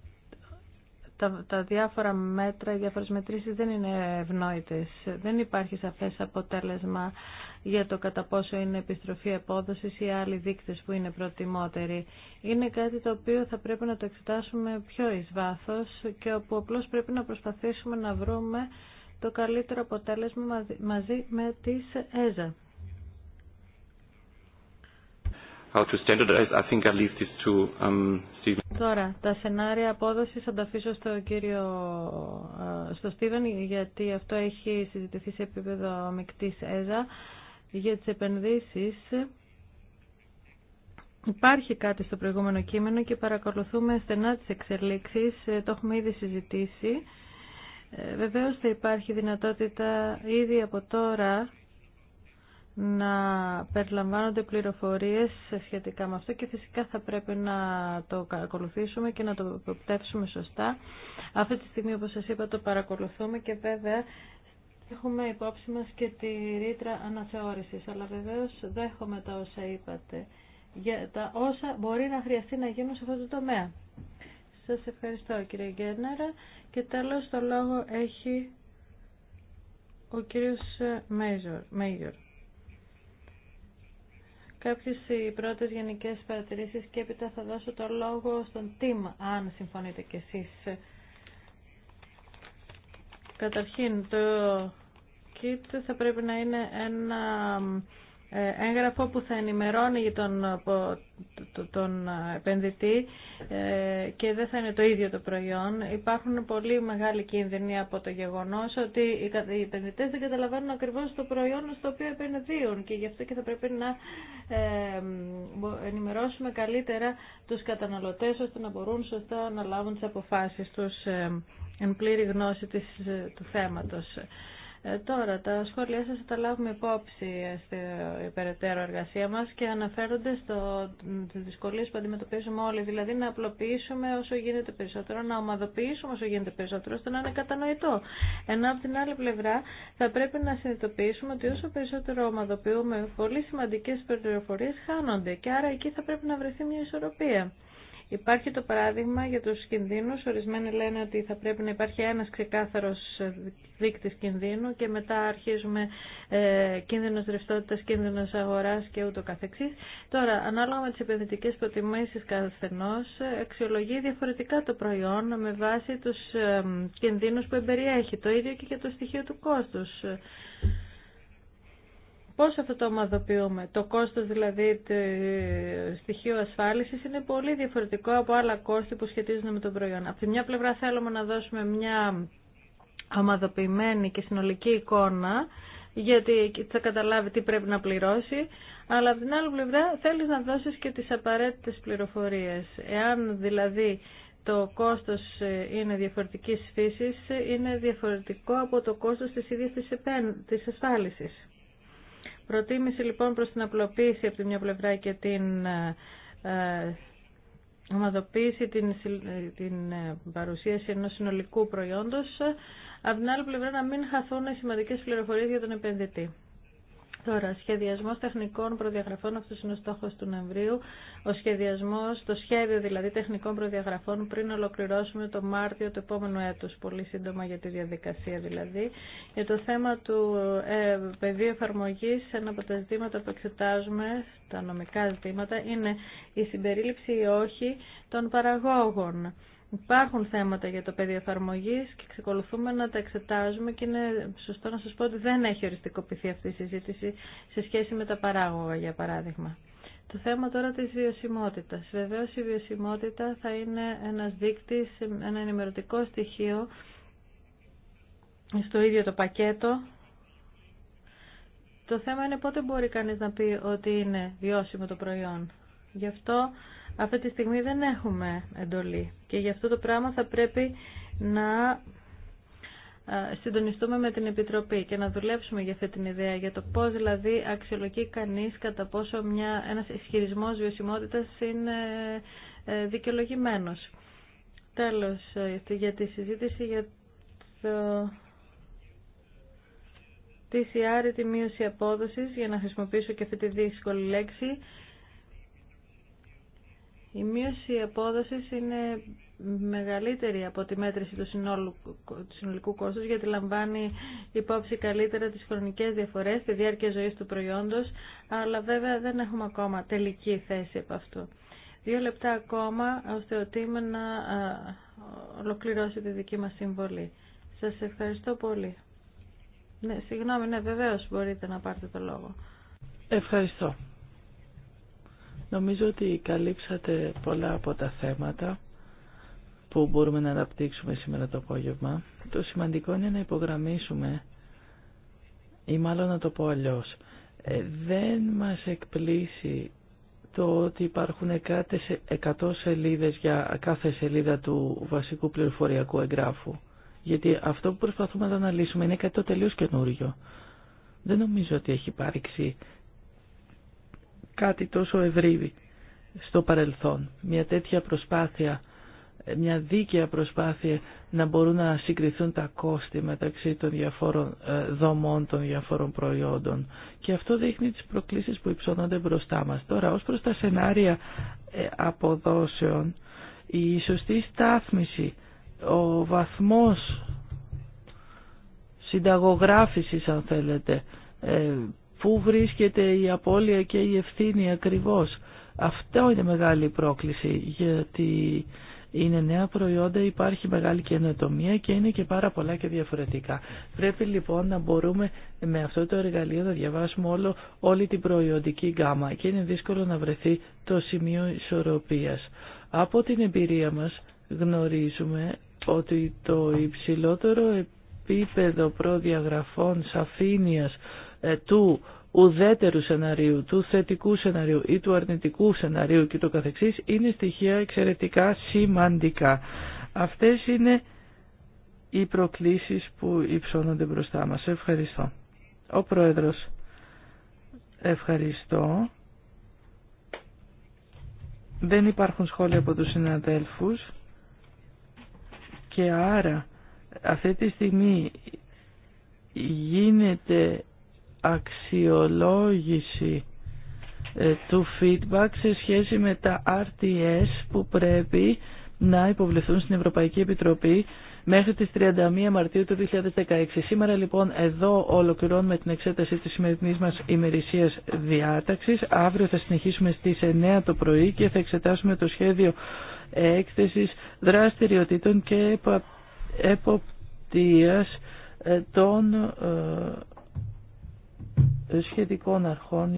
τα, τα διάφορα μέτρα, οι διάφορες μετρήσεις δεν είναι ευνόητες. Δεν υπάρχει σαφές αποτέλεσμα για το κατά πόσο είναι επιστροφή απόδοση ή άλλοι δείκτες που είναι προτιμότεροι. Είναι κάτι το οποίο θα πρέπει να το εξετάσουμε πιο ει βάθος και όπου απλώ πρέπει να προσπαθήσουμε να βρούμε το καλύτερο αποτέλεσμα μαζί με τις ΕΖΑ. Τώρα, τα σενάρια απόδοσης θα τα αφήσω στο κύριο ε, στο Στίβεν, γιατί αυτό έχει συζητηθεί σε επίπεδο μεικτή ΕΖΑ για τις επενδύσεις Υπάρχει κάτι στο προηγούμενο κείμενο και παρακολουθούμε στενά τις εξελίξεις, ε, το έχουμε ήδη συζητήσει. Ε, βεβαίως θα υπάρχει δυνατότητα ήδη από τώρα να περιλαμβάνονται πληροφορίες σχετικά με αυτό και φυσικά θα πρέπει να το ακολουθήσουμε και να το προπτεύσουμε σωστά. Αυτή τη στιγμή όπως σας είπα το παρακολουθούμε και βέβαια Έχουμε υπόψη μας και τη ρήτρα αναθεώρησης, αλλά βεβαίως δέχομαι τα όσα είπατε, για τα όσα μπορεί να χρειαστεί να γίνουν σε αυτό το τομέα. Σας ευχαριστώ κύριε Γκέρνερα και τέλος το λόγο έχει ο κύριος Μέιζορ. Κάποιες οι πρώτες γενικές παρατηρήσεις και έπειτα θα δώσω το λόγο στον Τιμ, αν συμφωνείτε κι εσείς. Καταρχήν, το KIT θα πρέπει να είναι ένα ε, έγγραφο που θα ενημερώνει τον, τον επενδυτή ε, και δεν θα είναι το ίδιο το προϊόν. Υπάρχουν πολύ μεγάλοι κίνδυνοι από το γεγονός ότι οι επενδυτές δεν καταλαβαίνουν ακριβώς το προϊόν στο οποίο επενδύουν και γι' αυτό και θα πρέπει να ε, ενημερώσουμε καλύτερα τους καταναλωτές ώστε να μπορούν σωστά να λάβουν τις αποφάσεις τους εν πλήρη γνώση του θέματος. Ε, τώρα, τα σχόλιά σας θα τα λάβουμε υπόψη στην υπεραιτέρω εργασία μας και αναφέρονται στο, στις δυσκολίες που αντιμετωπίζουμε όλοι, δηλαδή να απλοποιήσουμε όσο γίνεται περισσότερο, να ομαδοποιήσουμε όσο γίνεται περισσότερο, ώστε να είναι κατανοητό. Ενώ από την άλλη πλευρά θα πρέπει να συνειδητοποιήσουμε ότι όσο περισσότερο ομαδοποιούμε, πολύ σημαντικές πληροφορίες χάνονται και άρα εκεί θα πρέπει να βρεθεί μια ισορροπία. Υπάρχει το παράδειγμα για τους κινδύνους. Ορισμένοι λένε ότι θα πρέπει να υπάρχει ένας ξεκάθαρος δείκτης κινδύνου και μετά αρχίζουμε ε, κίνδυνος ρευστότητας, κίνδυνος αγοράς και ούτω καθεξής. Τώρα, ανάλογα με τις επενδυτικές προτιμήσεις καθενός, αξιολογεί διαφορετικά το προϊόν με βάση τους ε, κινδύνους που εμπεριέχει. Το ίδιο και για το στοιχείο του κόστους. Πώς αυτό το ομαδοποιούμε. Το κόστος δηλαδή του στοιχείου ασφάλισης είναι πολύ διαφορετικό από άλλα κόστη που σχετίζονται με το προϊόν. Από τη μια πλευρά θέλουμε να δώσουμε μια ομαδοποιημένη και συνολική εικόνα γιατί θα καταλάβει τι πρέπει να πληρώσει, αλλά από την άλλη πλευρά θέλεις να δώσεις και τις απαραίτητες πληροφορίες. Εάν δηλαδή το κόστος είναι διαφορετικής φύσης, είναι διαφορετικό από το κόστος της ίδιας της ασφάλισης. Προτίμηση λοιπόν προς την απλοποίηση από τη μια πλευρά και την ε, ε, ομαδοποίηση την, ε, την παρουσίαση ενός συνολικού προϊόντος, από την άλλη πλευρά να μην χαθούν οι σημαντικές πληροφορίες για τον επενδυτή. Τώρα, σχεδιασμός τεχνικών προδιαγραφών, αυτό είναι ο στόχο του Νοεμβρίου. Ο σχεδιασμός, το σχέδιο δηλαδή τεχνικών προδιαγραφών πριν ολοκληρώσουμε το Μάρτιο του επόμενου έτου, πολύ σύντομα για τη διαδικασία δηλαδή. Για το θέμα του ε, πεδίου εφαρμογή, ένα από τα ζητήματα που εξετάζουμε, τα νομικά ζητήματα, είναι η συμπερίληψη ή όχι των παραγόγων. Υπάρχουν θέματα για το πεδίο εφαρμογή και ξεκολουθούμε να τα εξετάζουμε και είναι σωστό να σας πω ότι δεν έχει οριστικοποιηθεί αυτή η συζήτηση σε σχέση με τα παράγωγα, για παράδειγμα. Το θέμα τώρα της βιωσιμότητας. Βεβαίως η βιωσιμότητα θα είναι ένας δείκτης, ένα ενημερωτικό στοιχείο στο ίδιο το πακέτο. Το θέμα είναι πότε μπορεί κανείς να πει ότι είναι βιώσιμο το προϊόν. Γι' αυτό αυτή τη στιγμή δεν έχουμε εντολή και γι' αυτό το πράγμα θα πρέπει να ε, συντονιστούμε με την Επιτροπή και να δουλέψουμε για αυτή την ιδέα, για το πώς δηλαδή αξιολογεί κανείς κατά πόσο μια, ένας ισχυρισμός βιωσιμότητας είναι ε, δικαιολογημένος. Τέλος, ε, για τη συζήτηση για το TCR, τη μείωση απόδοσης, για να χρησιμοποιήσω και αυτή τη δύσκολη λέξη, η μείωση απόδοση είναι μεγαλύτερη από τη μέτρηση του, συνολικού κόστου γιατί λαμβάνει υπόψη καλύτερα τις χρονικέ διαφορές, τη διάρκεια ζωή του προϊόντος, αλλά βέβαια δεν έχουμε ακόμα τελική θέση από αυτό. Δύο λεπτά ακόμα ώστε ο Τίμ να ολοκληρώσει τη δική μα συμβολή. Σα ευχαριστώ πολύ. Ναι, συγγνώμη, ναι, βεβαίω μπορείτε να πάρετε το λόγο. Ευχαριστώ. Νομίζω ότι καλύψατε πολλά από τα θέματα που μπορούμε να αναπτύξουμε σήμερα το απόγευμα. Το σημαντικό είναι να υπογραμμίσουμε ή μάλλον να το πω αλλιώς. Ε, δεν μας εκπλήσει το ότι υπάρχουν 100 σελίδες για κάθε σελίδα του βασικού πληροφοριακού εγγράφου. Γιατί αυτό που προσπαθούμε να αναλύσουμε είναι κάτι το τελείως καινούριο. Δεν νομίζω ότι έχει υπάρξει κάτι τόσο ευρύβη στο παρελθόν. Μια τέτοια προσπάθεια, μια δίκαια προσπάθεια να μπορούν να συγκριθούν τα κόστη μεταξύ των διαφόρων ε, δομών, των διαφόρων προϊόντων. Και αυτό δείχνει τις προκλήσεις που υψώνονται μπροστά μας. Τώρα, ως προς τα σενάρια ε, αποδόσεων, η σωστή στάθμιση, ο βαθμός συνταγογράφησης, αν θέλετε, ε, Πού βρίσκεται η απώλεια και η ευθύνη ακριβώς. Αυτό είναι μεγάλη πρόκληση γιατί είναι νέα προϊόντα, υπάρχει μεγάλη καινοτομία και είναι και πάρα πολλά και διαφορετικά. Πρέπει λοιπόν να μπορούμε με αυτό το εργαλείο να διαβάσουμε όλο, όλη την προϊόντική γκάμα και είναι δύσκολο να βρεθεί το σημείο ισορροπίας. Από την εμπειρία μας γνωρίζουμε ότι το υψηλότερο επίπεδο προδιαγραφών σαφήνειας ε, του ουδέτερου σενάριου, του θετικού σενάριου ή του αρνητικού σενάριου και το καθεξής είναι στοιχεία εξαιρετικά σημαντικά. Αυτές είναι οι προκλήσεις που υψώνονται μπροστά μας. Ευχαριστώ. Ο Πρόεδρος, ευχαριστώ. Δεν υπάρχουν σχόλια από τους συναδέλφους και άρα αυτή τη στιγμή γίνεται αξιολόγηση ε, του feedback σε σχέση με τα RTS που πρέπει να υποβληθούν στην Ευρωπαϊκή Επιτροπή μέχρι τις 31 Μαρτίου του 2016. Σήμερα λοιπόν εδώ ολοκληρώνουμε την εξέταση της σημερινής μας ημερησίας διάταξης. Αύριο θα συνεχίσουμε στις 9 το πρωί και θα εξετάσουμε το σχέδιο έκθεσης δραστηριοτήτων και εποπτείας ε, των ε, σχετικών αρχών